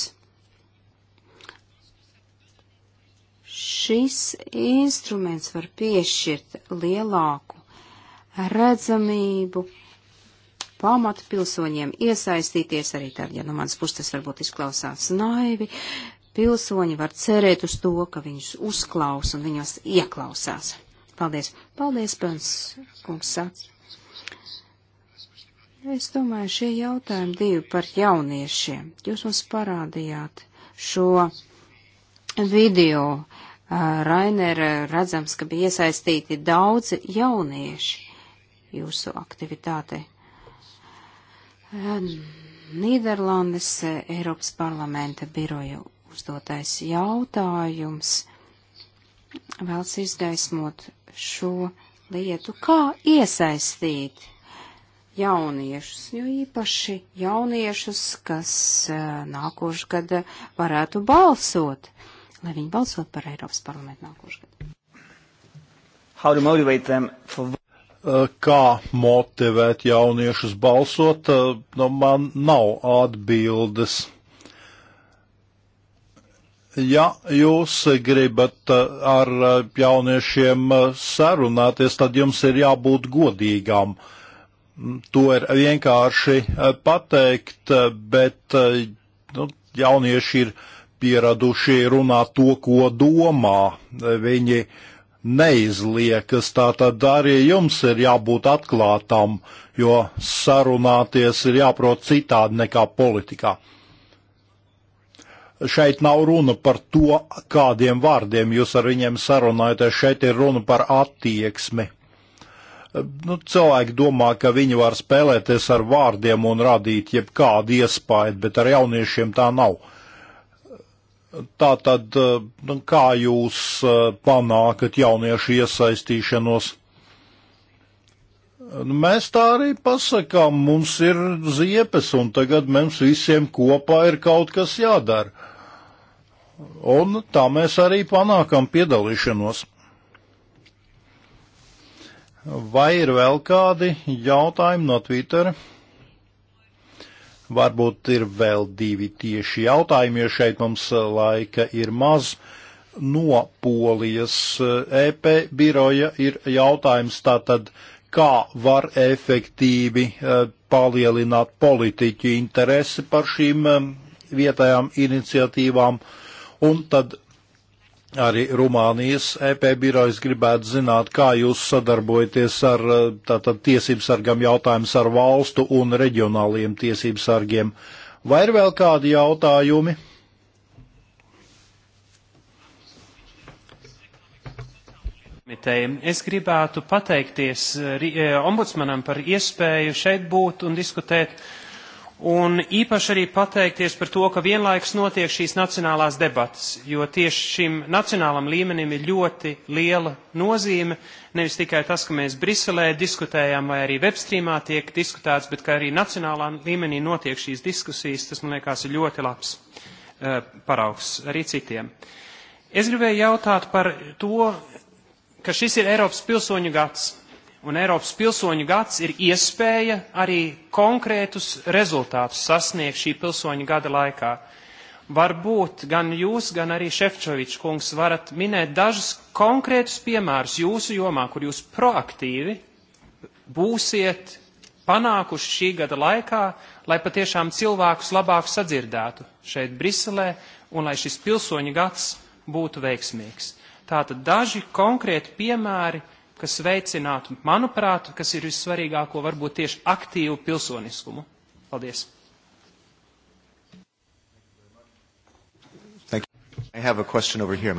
šis instruments var piešķirt lielāku redzamību pamatu pilsoņiem iesaistīties, arī tad, ja no nu, manas puses tas varbūt izklausās naivi, pilsoņi var cerēt uz to, ka viņus uzklaus un viņos ieklausās. Paldies. Paldies, Pēns, kungs saka. Es domāju, šie jautājumi divi par jauniešiem. Jūs mums parādījāt šo video. Uh, Rainera redzams, ka bija iesaistīti daudzi jaunieši jūsu aktivitātei. Uh, Nīderlandes Eiropas parlamenta biroja uzdotais jautājums vēlas izgaismot šo lietu, kā iesaistīt jauniešus, jo īpaši jauniešus, kas eh, nākošu gadu varētu balsot, lai viņi balsot par Eiropas parlamentu nākošu gadu. For... Eh, kā motivēt jauniešus balsot, eh, no nu, man nav atbildes Ja jūs gribat uh, ar uh, jauniešiem uh, sarunāties, tad jums ir jābūt godīgām. Mm, to ir vienkārši pateikt, bet nu, jaunieši ir pieraduši runāt to, ko domā. Viņi neizliekas, tātad arī jums ir jābūt atklātam, jo sarunāties ir jāprot citādi nekā politikā šeit nav runa par to, kādiem vārdiem jūs ar viņiem sarunājaties, šeit ir runa par attieksmi. Nu, cilvēki domā, ka viņi var spēlēties ar vārdiem un radīt jebkādu iespaidu, bet ar jauniešiem tā nav. Tā tad, nu, kā jūs eh, panākat jauniešu iesaistīšanos? Nu, mēs tā arī pasakām, mums ir ziepes, un tagad mums visiem kopā ir kaut kas jādara un tā mēs arī panākam piedalīšanos. Vai ir vēl kādi jautājumi no Twitter? Varbūt ir vēl divi tieši jautājumi, jo šeit mums laika ir maz. No Polijas EP eh, e biroja ir jautājums tātad, kā var efektīvi eh, palielināt politiķu interesi par šīm eh, vietējām iniciatīvām. Uh, Un tad arī Rumānijas EP birojas gribētu zināt, kā jūs sadarbojaties ar eh, tātad tiesību sargam jautājums ar valstu un reģionāliem tiesību sargiem. Vai ir vēl kādi jautājumi? Es gribētu pateikties eh, eh, ombudsmanam par iespēju šeit būt un diskutēt uh, Un īpaši arī pateikties par to, ka vienlaikus notiek šīs nacionālās debatas, jo tieši šim nacionālam līmenim ir ļoti liela nozīme. Nevis tikai tas, ka mēs Briselē diskutējam vai arī webstrīmā tiek diskutēts, bet ka arī nacionālā līmenī notiek šīs diskusijas, tas man liekas ir ļoti labs uh, paraugs arī citiem. Es gribēju jautāt par to, ka šis ir Eiropas pilsoņu gads un Eiropas pilsoņu gads ir iespēja arī konkrētus rezultātus sasniegt šī pilsoņu gada laikā. Varbūt gan jūs, gan arī Šefčovičs kungs varat minēt dažus konkrētus piemērus jūsu jomā, kur jūs proaktīvi būsiet panākuši šī gada laikā, lai patiešām cilvēkus labāk sadzirdētu šeit Briselē un lai šis pilsoņu gads būtu veiksmīgs. Tātad daži konkrēti piemēri, kas veicinātu, manuprāt, kas ir vissvarīgāko, varbūt tieši aktīvu pilsoniskumu. Paldies! Here,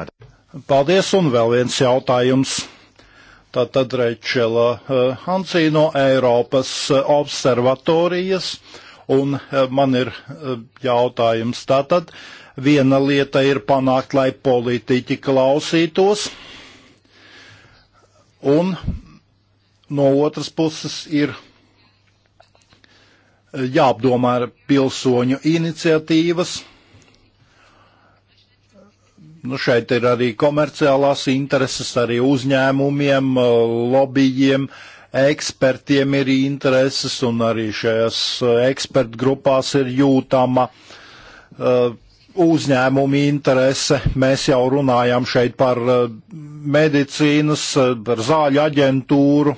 Paldies, un vēl viens jautājums. Tātad Rečela uh, eh, Hansī no Eiropas uh, observatorijas, un uh, man ir jautājums tātad, viena lieta ir panākt, lai politiķi klausītos, Un no otras puses ir eh, jāapdomā ar pilsoņu iniciatīvas. Nu, šeit ir arī komerciālās intereses, arī uzņēmumiem, eh, lobbyiem, ekspertiem ir intereses, un arī šajās eh, ekspertgrupās ir jūtama uh, uzņēmumu interese. Mēs jau runājām šeit par eh, medicīnas, eh, par zāļu aģentūru,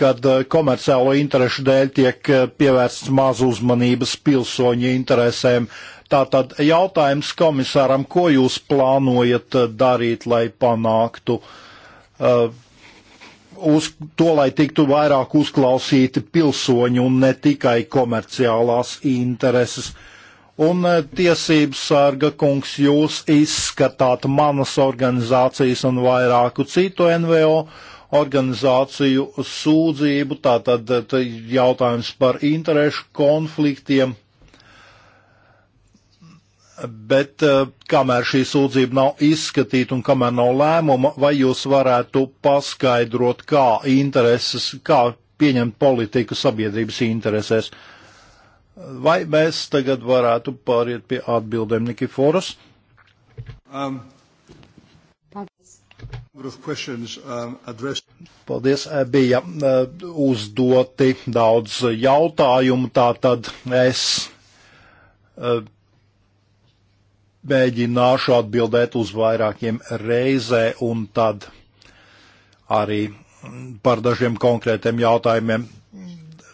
kad eh, komerciālo interešu dēļ tiek pievērsts maz uzmanības pilsoņu interesēm. Tātad jautājums komisāram, ko jūs plānojat darīt, lai panāktu uh, uz to, lai tiktu vairāk uzklausīti pilsoņi un ne tikai komerciālās intereses. Un eh, tiesības sarga kungs, jūs izskatāt manas organizācijas un vairāku citu NVO organizāciju sūdzību, tātad eh, jautājums par interešu konfliktiem bet eh, kamēr šī sūdzība nav izskatīta un kamēr nav lēmuma, vai jūs varētu paskaidrot, kā intereses, kā pieņemt politiku sabiedrības interesēs? Vai mēs tagad varētu pāriet pie atbildēm Nikiforas? Um. Paldies, um, eh, bija eh, uzdoti daudz jautājumu, tā tad es mēģināšu atbildēt uz vairākiem reizē un tad arī par dažiem konkrētiem jautājumiem.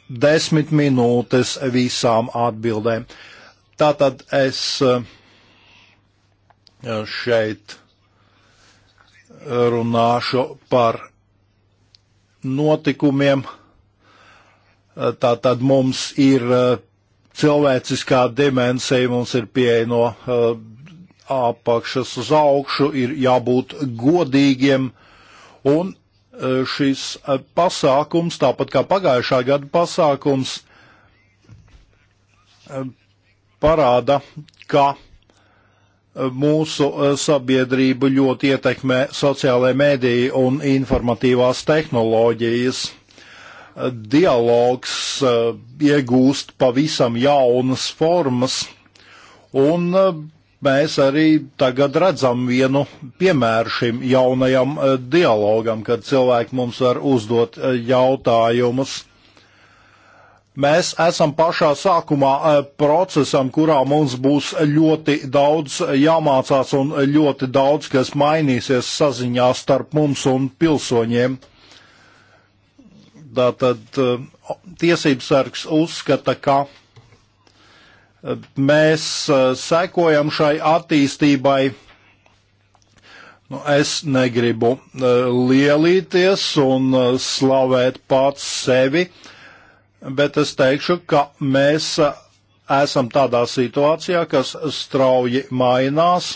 Desmit minūtes visām atbildēm. Tātad es eh, šeit runāšu par notikumiem. Eh, tātad mums ir eh, cilvēciskā dimensija, mums ir pieeja no uh, apakšas uz augšu, ir jābūt godīgiem, un e, šis e, pasākums, tāpat kā pagājušā gada pasākums, e, parāda, ka mūsu sabiedrību ļoti ietekmē sociālai mediji un informatīvās tehnoloģijas. Dialogs iegūst pavisam jaunas formas, un Mēs arī tagad redzam vienu piemēru šim jaunajam eh, dialogam, kad cilvēki mums var uzdot eh, jautājumus. Mēs esam pašā sākumā eh, procesam, kurā mums būs ļoti daudz jāmācās un ļoti daudz, kas mainīsies saziņā starp mums un pilsoņiem. Tātad tiesības sargs uzskata, ka mēs uh, sekojam šai attīstībai. Nu, es negribu uh, lielīties un uh, slavēt pats sevi, bet es teikšu, ka mēs esam tādā situācijā, kas strauji mainās.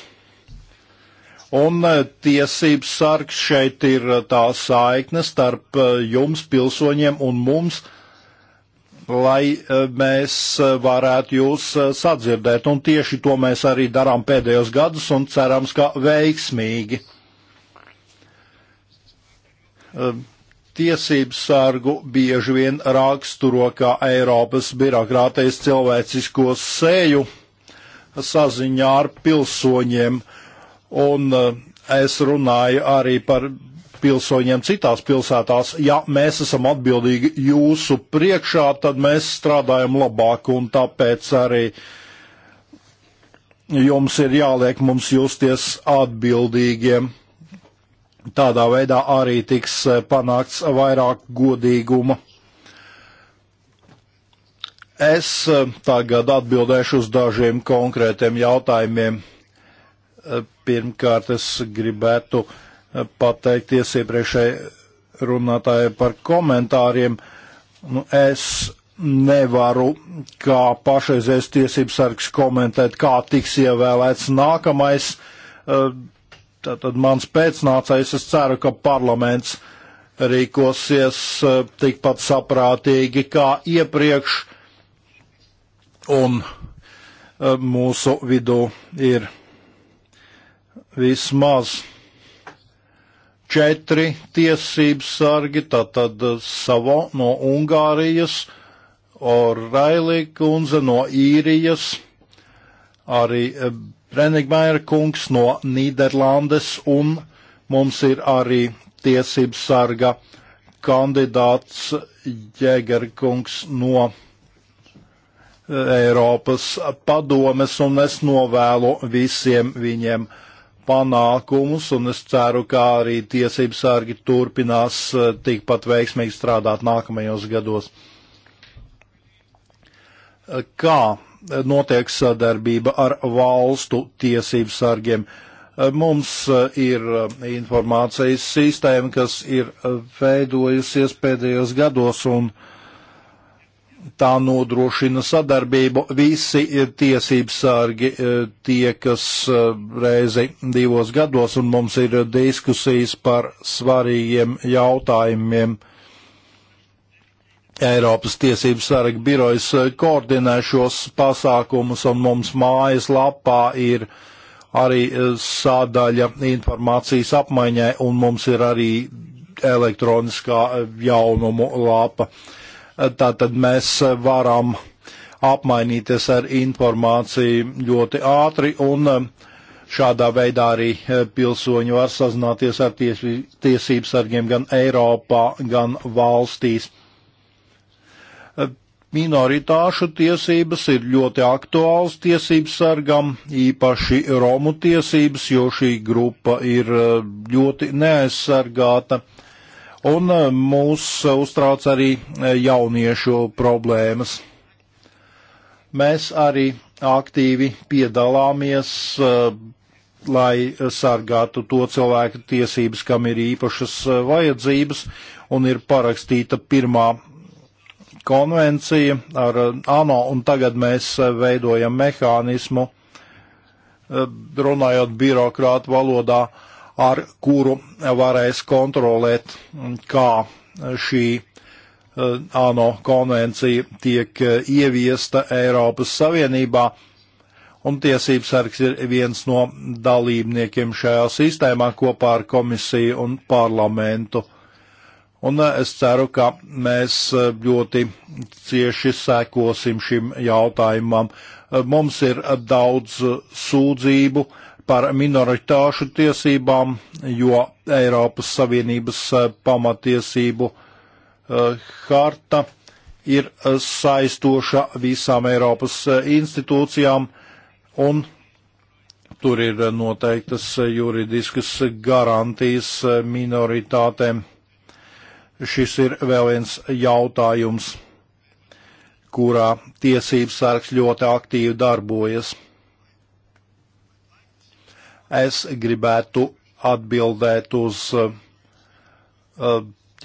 Un tiesības sargs šeit ir tā saikne starp jums, pilsoņiem, un mums, uh, lai eh, mēs eh, varētu jūs eh, sadzirdēt. Un tieši to mēs arī darām pēdējos gadus un cerams, ka veiksmīgi. Tiesības sargu bieži vien raksturo kā Eiropas birokrātais cilvēcisko seju saziņā ar pilsoņiem, un es runāju arī par pilsoņiem citās pilsētās, ja mēs esam atbildīgi jūsu priekšā, tad mēs strādājam labāk un tāpēc arī jums ir jāliek mums justies atbildīgiem. Tādā veidā arī tiks eh, panākts vairāk godīguma. Es eh, tagad atbildēšu uz dažiem konkrētiem jautājumiem. Eh, pirmkārt, es gribētu uh, pateikties iepriekšēji runātāji par komentāriem. Nu, es nevaru kā pašreizējais tiesības sargs komentēt, kā tiks ievēlēts nākamais. Tātad mans pēcnācējs, es ceru, ka parlaments rīkosies tikpat saprātīgi kā iepriekš, un mūsu vidū ir vismaz četri tiesības sargi, tātad Savo no Ungārijas, Oraili kundze no Īrijas, arī eh, Brenigmēra kungs no Nīderlandes un mums ir arī tiesības sarga kandidāts Jēger kungs no eh, Eiropas padomes un es novēlu visiem viņiem uh, panākumus, un es ceru, ka arī tiesību sārgi turpinās eh, tikpat veiksmīgi strādāt nākamajos gados. Eh, kā eh, notiek sadarbība ar valstu tiesību sargiem? Mums ir informācijas sistēma, kas ir veidojusies pēdējos gados, un uh, tā nodrošina sadarbību. Visi eh, tiesības sārgi eh, tiekas eh, reizi divos gados, un mums ir diskusijas par svarīgiem jautājumiem. Eiropas tiesības sarga birojas koordinē šos pasākumus, un mums mājas lapā ir arī sādaļa informācijas apmaiņai, un mums ir arī elektroniskā jaunumu lapa. Uh, Tātad mēs varam apmainīties ar informāciju ļoti ātri un um, šādā veidā arī uh, pilsoņi var sazināties ar tiesību sargiem gan Eiropā, gan valstīs. Uh, minoritāšu tiesības ir ļoti aktuāls tiesības sargam, īpaši Romu tiesības, jo šī grupa ir uh, ļoti neaizsargāta un eh, mūs eh, uztrauc arī eh, jauniešu problēmas. Mēs arī aktīvi piedalāmies, lai sargātu to cilvēku tiesības, kam ir īpašas vajadzības, un ir parakstīta pirmā konvencija ar ANO, un tagad mēs veidojam mehānismu, runājot birokrātu valodā, uh, ar kuru varēs kontrolēt, kā šī eh, ANO konvencija tiek eh, ieviesta Eiropas Savienībā, un tiesības sargs ir viens no dalībniekiem šajā sistēmā kopā ar komisiju un parlamentu. Un eh, es ceru, ka mēs ļoti cieši sekosim šim jautājumam. Mums ir daudz sūdzību par minoritāšu tiesībām, jo Eiropas Savienības eh, pamatiesību eh, harta ir eh, saistoša visām Eiropas institūcijām, un tur ir noteiktas juridiskas garantijas minoritātēm. Šis ir vēl viens jautājums, kurā tiesības sargs ļoti aktīvi darbojas. Es gribētu atbildēt uz eh,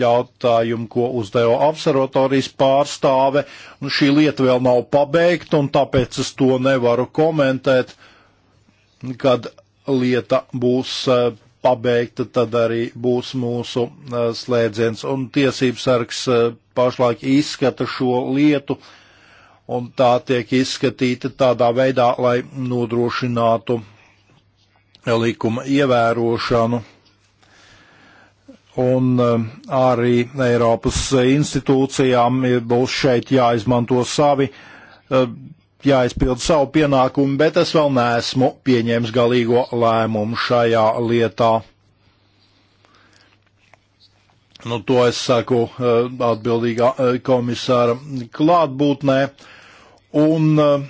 jautājumu, ko uzdeva observatorijas pārstāve. Nu, šī lieta vēl nav pabeigta, un tāpēc es to nevaru komentēt. Kad lieta būs eh, pabeigta, tad arī būs mūsu eh, slēdziens. Un tiesībsargs pašlaik izskata šo lietu, un tā tiek izskatīta tādā veidā, lai nodrošinātu likuma ievērošanu un um, arī Eiropas institūcijām būs šeit jāizmanto savi, um, jāizpild savu pienākumu, bet es vēl neesmu pieņēmis galīgo lēmumu šajā lietā. Nu, to es saku uh, atbildīgā uh, komisāra klātbūtnē. Un um,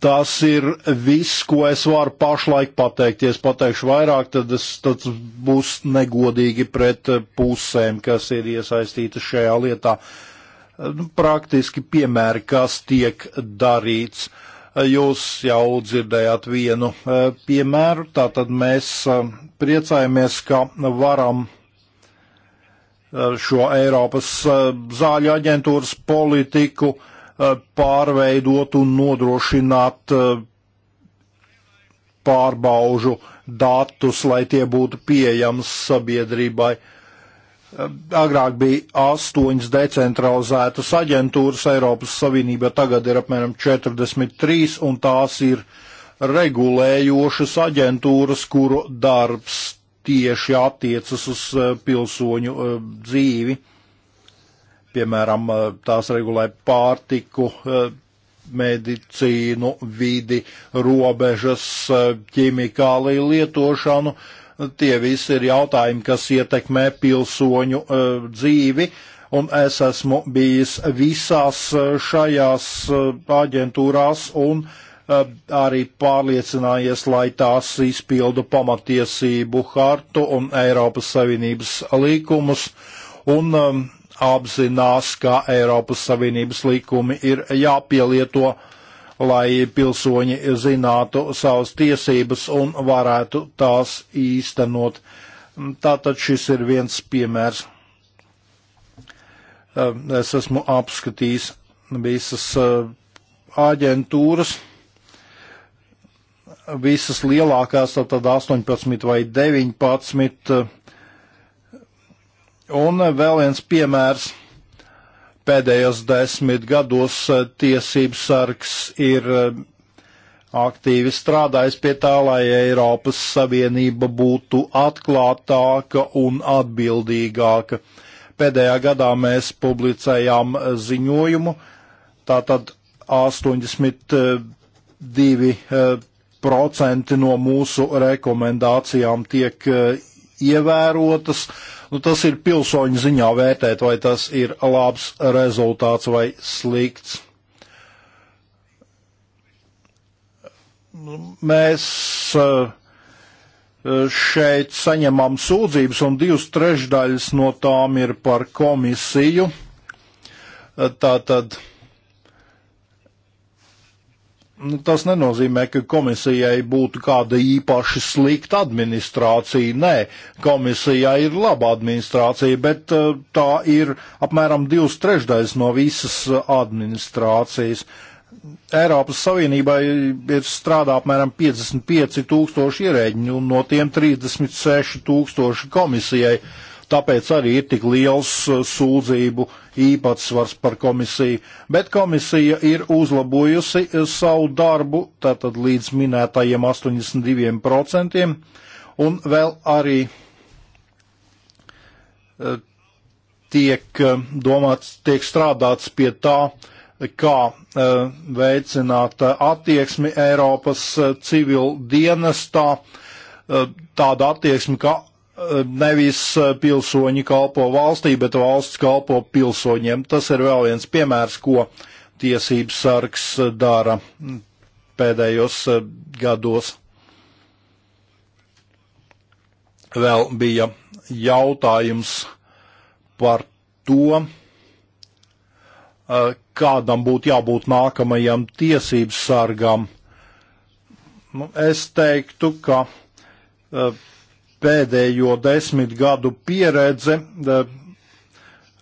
tas ir viss, ko es varu pašlaik pateikt. Ja es pateikšu vairāk, tad es, tas būs negodīgi pret pusēm, kas ir iesaistītas šajā lietā. Nu, praktiski piemēri, kas tiek darīts. Jūs jau dzirdējāt vienu e, piemēru, tātad mēs e, priecājamies, ka varam e, šo Eiropas zāļu aģentūras politiku uh, Uh, pārveidot un nodrošināt uh, pārbaužu datus, lai tie būtu pieejams sabiedrībai. Uh, agrāk bija astoņas decentralizētas aģentūras Eiropas Savienībā, tagad ir apmēram 43, un tās ir regulējošas aģentūras, kuru darbs tieši attiecas uz pilsoņu dzīvi. Uh, Piemēram, tās regulē pārtiku, medicīnu, vidi, robežas, ķimikāliju lietošanu. Tie visi ir jautājumi, kas ietekmē pilsoņu dzīvi un es esmu bijis visās šajās aģentūrās un arī pārliecinājies, lai tās izpildu pamatiesību hartu un Eiropas Savienības līkumus. Un um, apzinās, ka Eiropas Savienības likumi ir jāpielieto, lai pilsoņi zinātu savas tiesības un varētu tās īstenot. Tātad šis ir viens piemērs. Ehm, es esmu apskatījis visas eh, aģentūras, visas lielākās, tātad 18 vai 19 Un vēl viens piemērs. Pēdējos desmit gados eh, tiesības sargs ir eh, aktīvi strādājis pie tā, lai Eiropas Savienība būtu atklātāka un atbildīgāka. Pēdējā gadā mēs publicējām eh, ziņojumu, tātad 82% no mūsu rekomendācijām tiek ievērotas, Nu, tas ir pilsoņu ziņā vērtēt, vai tas ir labs rezultāts vai slikts. Nu, mēs eh, šeit saņemam sūdzības, un divas trešdaļas no tām ir par komisiju. Eh, tātad. Tā Nu, tas nenozīmē, ka komisijai būtu kāda īpaši slikta administrācija. Nē, komisijā ir laba administrācija, bet eh, tā ir apmēram divas trešdaļas no visas eh, administrācijas. Eiropas Savienībai ir strādā apmēram 55 tūkstoši ierēģiņu, un no tiem 36 tūkstoši komisijai. Uh, tāpēc arī ir tik liels uh, sūdzību īpatsvars par komisiju. Bet komisija ir uzlabojusi uh, savu darbu, tātad līdz minētajiem 82%, un vēl arī uh, tiek domāts, tiek strādāts pie tā, kā veicināt attieksmi Eiropas civil dienestā, tāda attieksme, ka nevis eh, pilsoņi kalpo valstī, bet valsts kalpo pilsoņiem. Tas ir vēl viens piemērs, ko tiesības sargs eh, dara mm, pēdējos eh, gados. Vēl bija jautājums par to, kādam būtu jābūt nākamajam tiesības sargam. Nu, es teiktu, ka pēdējo desmit gadu pieredze eh,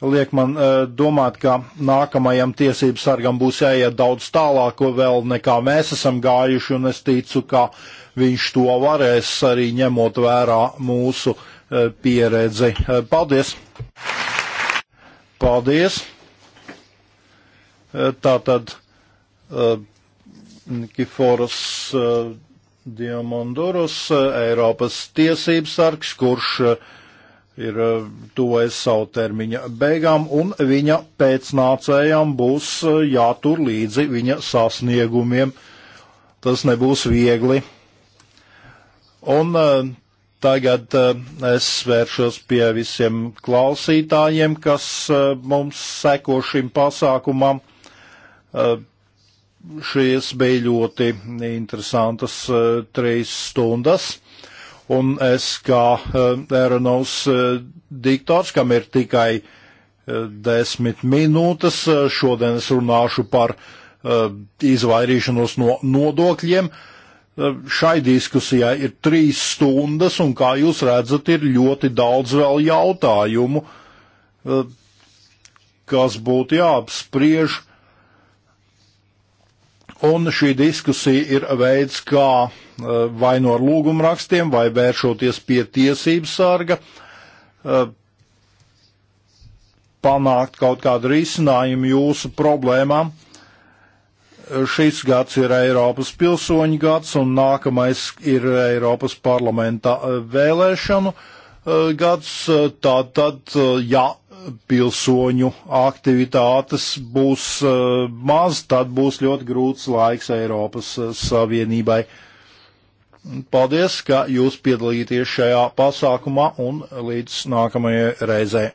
liek man eh, domāt, ka nākamajam tiesību sargam būs jāiet daudz tālāk vēl nekā mēs esam gājuši, un es ticu, ka viņš to varēs arī ņemot vērā mūsu eh, pieredzi. Paldies! Paldies! Tātad Nikiforas. Uh, Diamandurus, Eiropas tiesības sargs, kurš eh, ir eh, tuvojas savu termiņa beigām, un viņa pēcnācējām būs eh, jātur līdzi viņa sasniegumiem. Tas nebūs viegli. Un tagad es vēršos pie visiem klausītājiem, kas mums seko šim pasākumam šīs bija ļoti interesantas eh, trīs stundas. Un es kā eh, Eronovs eh, diktors, kam ir tikai desmit minūtes, šodien es runāšu par izvairīšanos no nodokļiem. Šai diskusijai ir trīs stundas, un kā jūs redzat, ir ļoti daudz vēl jautājumu, kas būtu jāapspriež. Un šī diskusija ir veids, kā eh, vai no ar lūgumrakstiem, vai vēršoties pie tiesības sarga, eh, panākt kaut kādu risinājumu jūsu problēmām. Šis gads ir Eiropas pilsoņu gads, un nākamais ir Eiropas parlamenta eh, vēlēšanu gads. Tātad, ja pilsoņu aktivitātes būs eh, maz, tad būs ļoti grūts laiks Eiropas eh, Savienībai. Paldies, ka jūs piedalīties šajā pasākumā un līdz nākamajai reizei.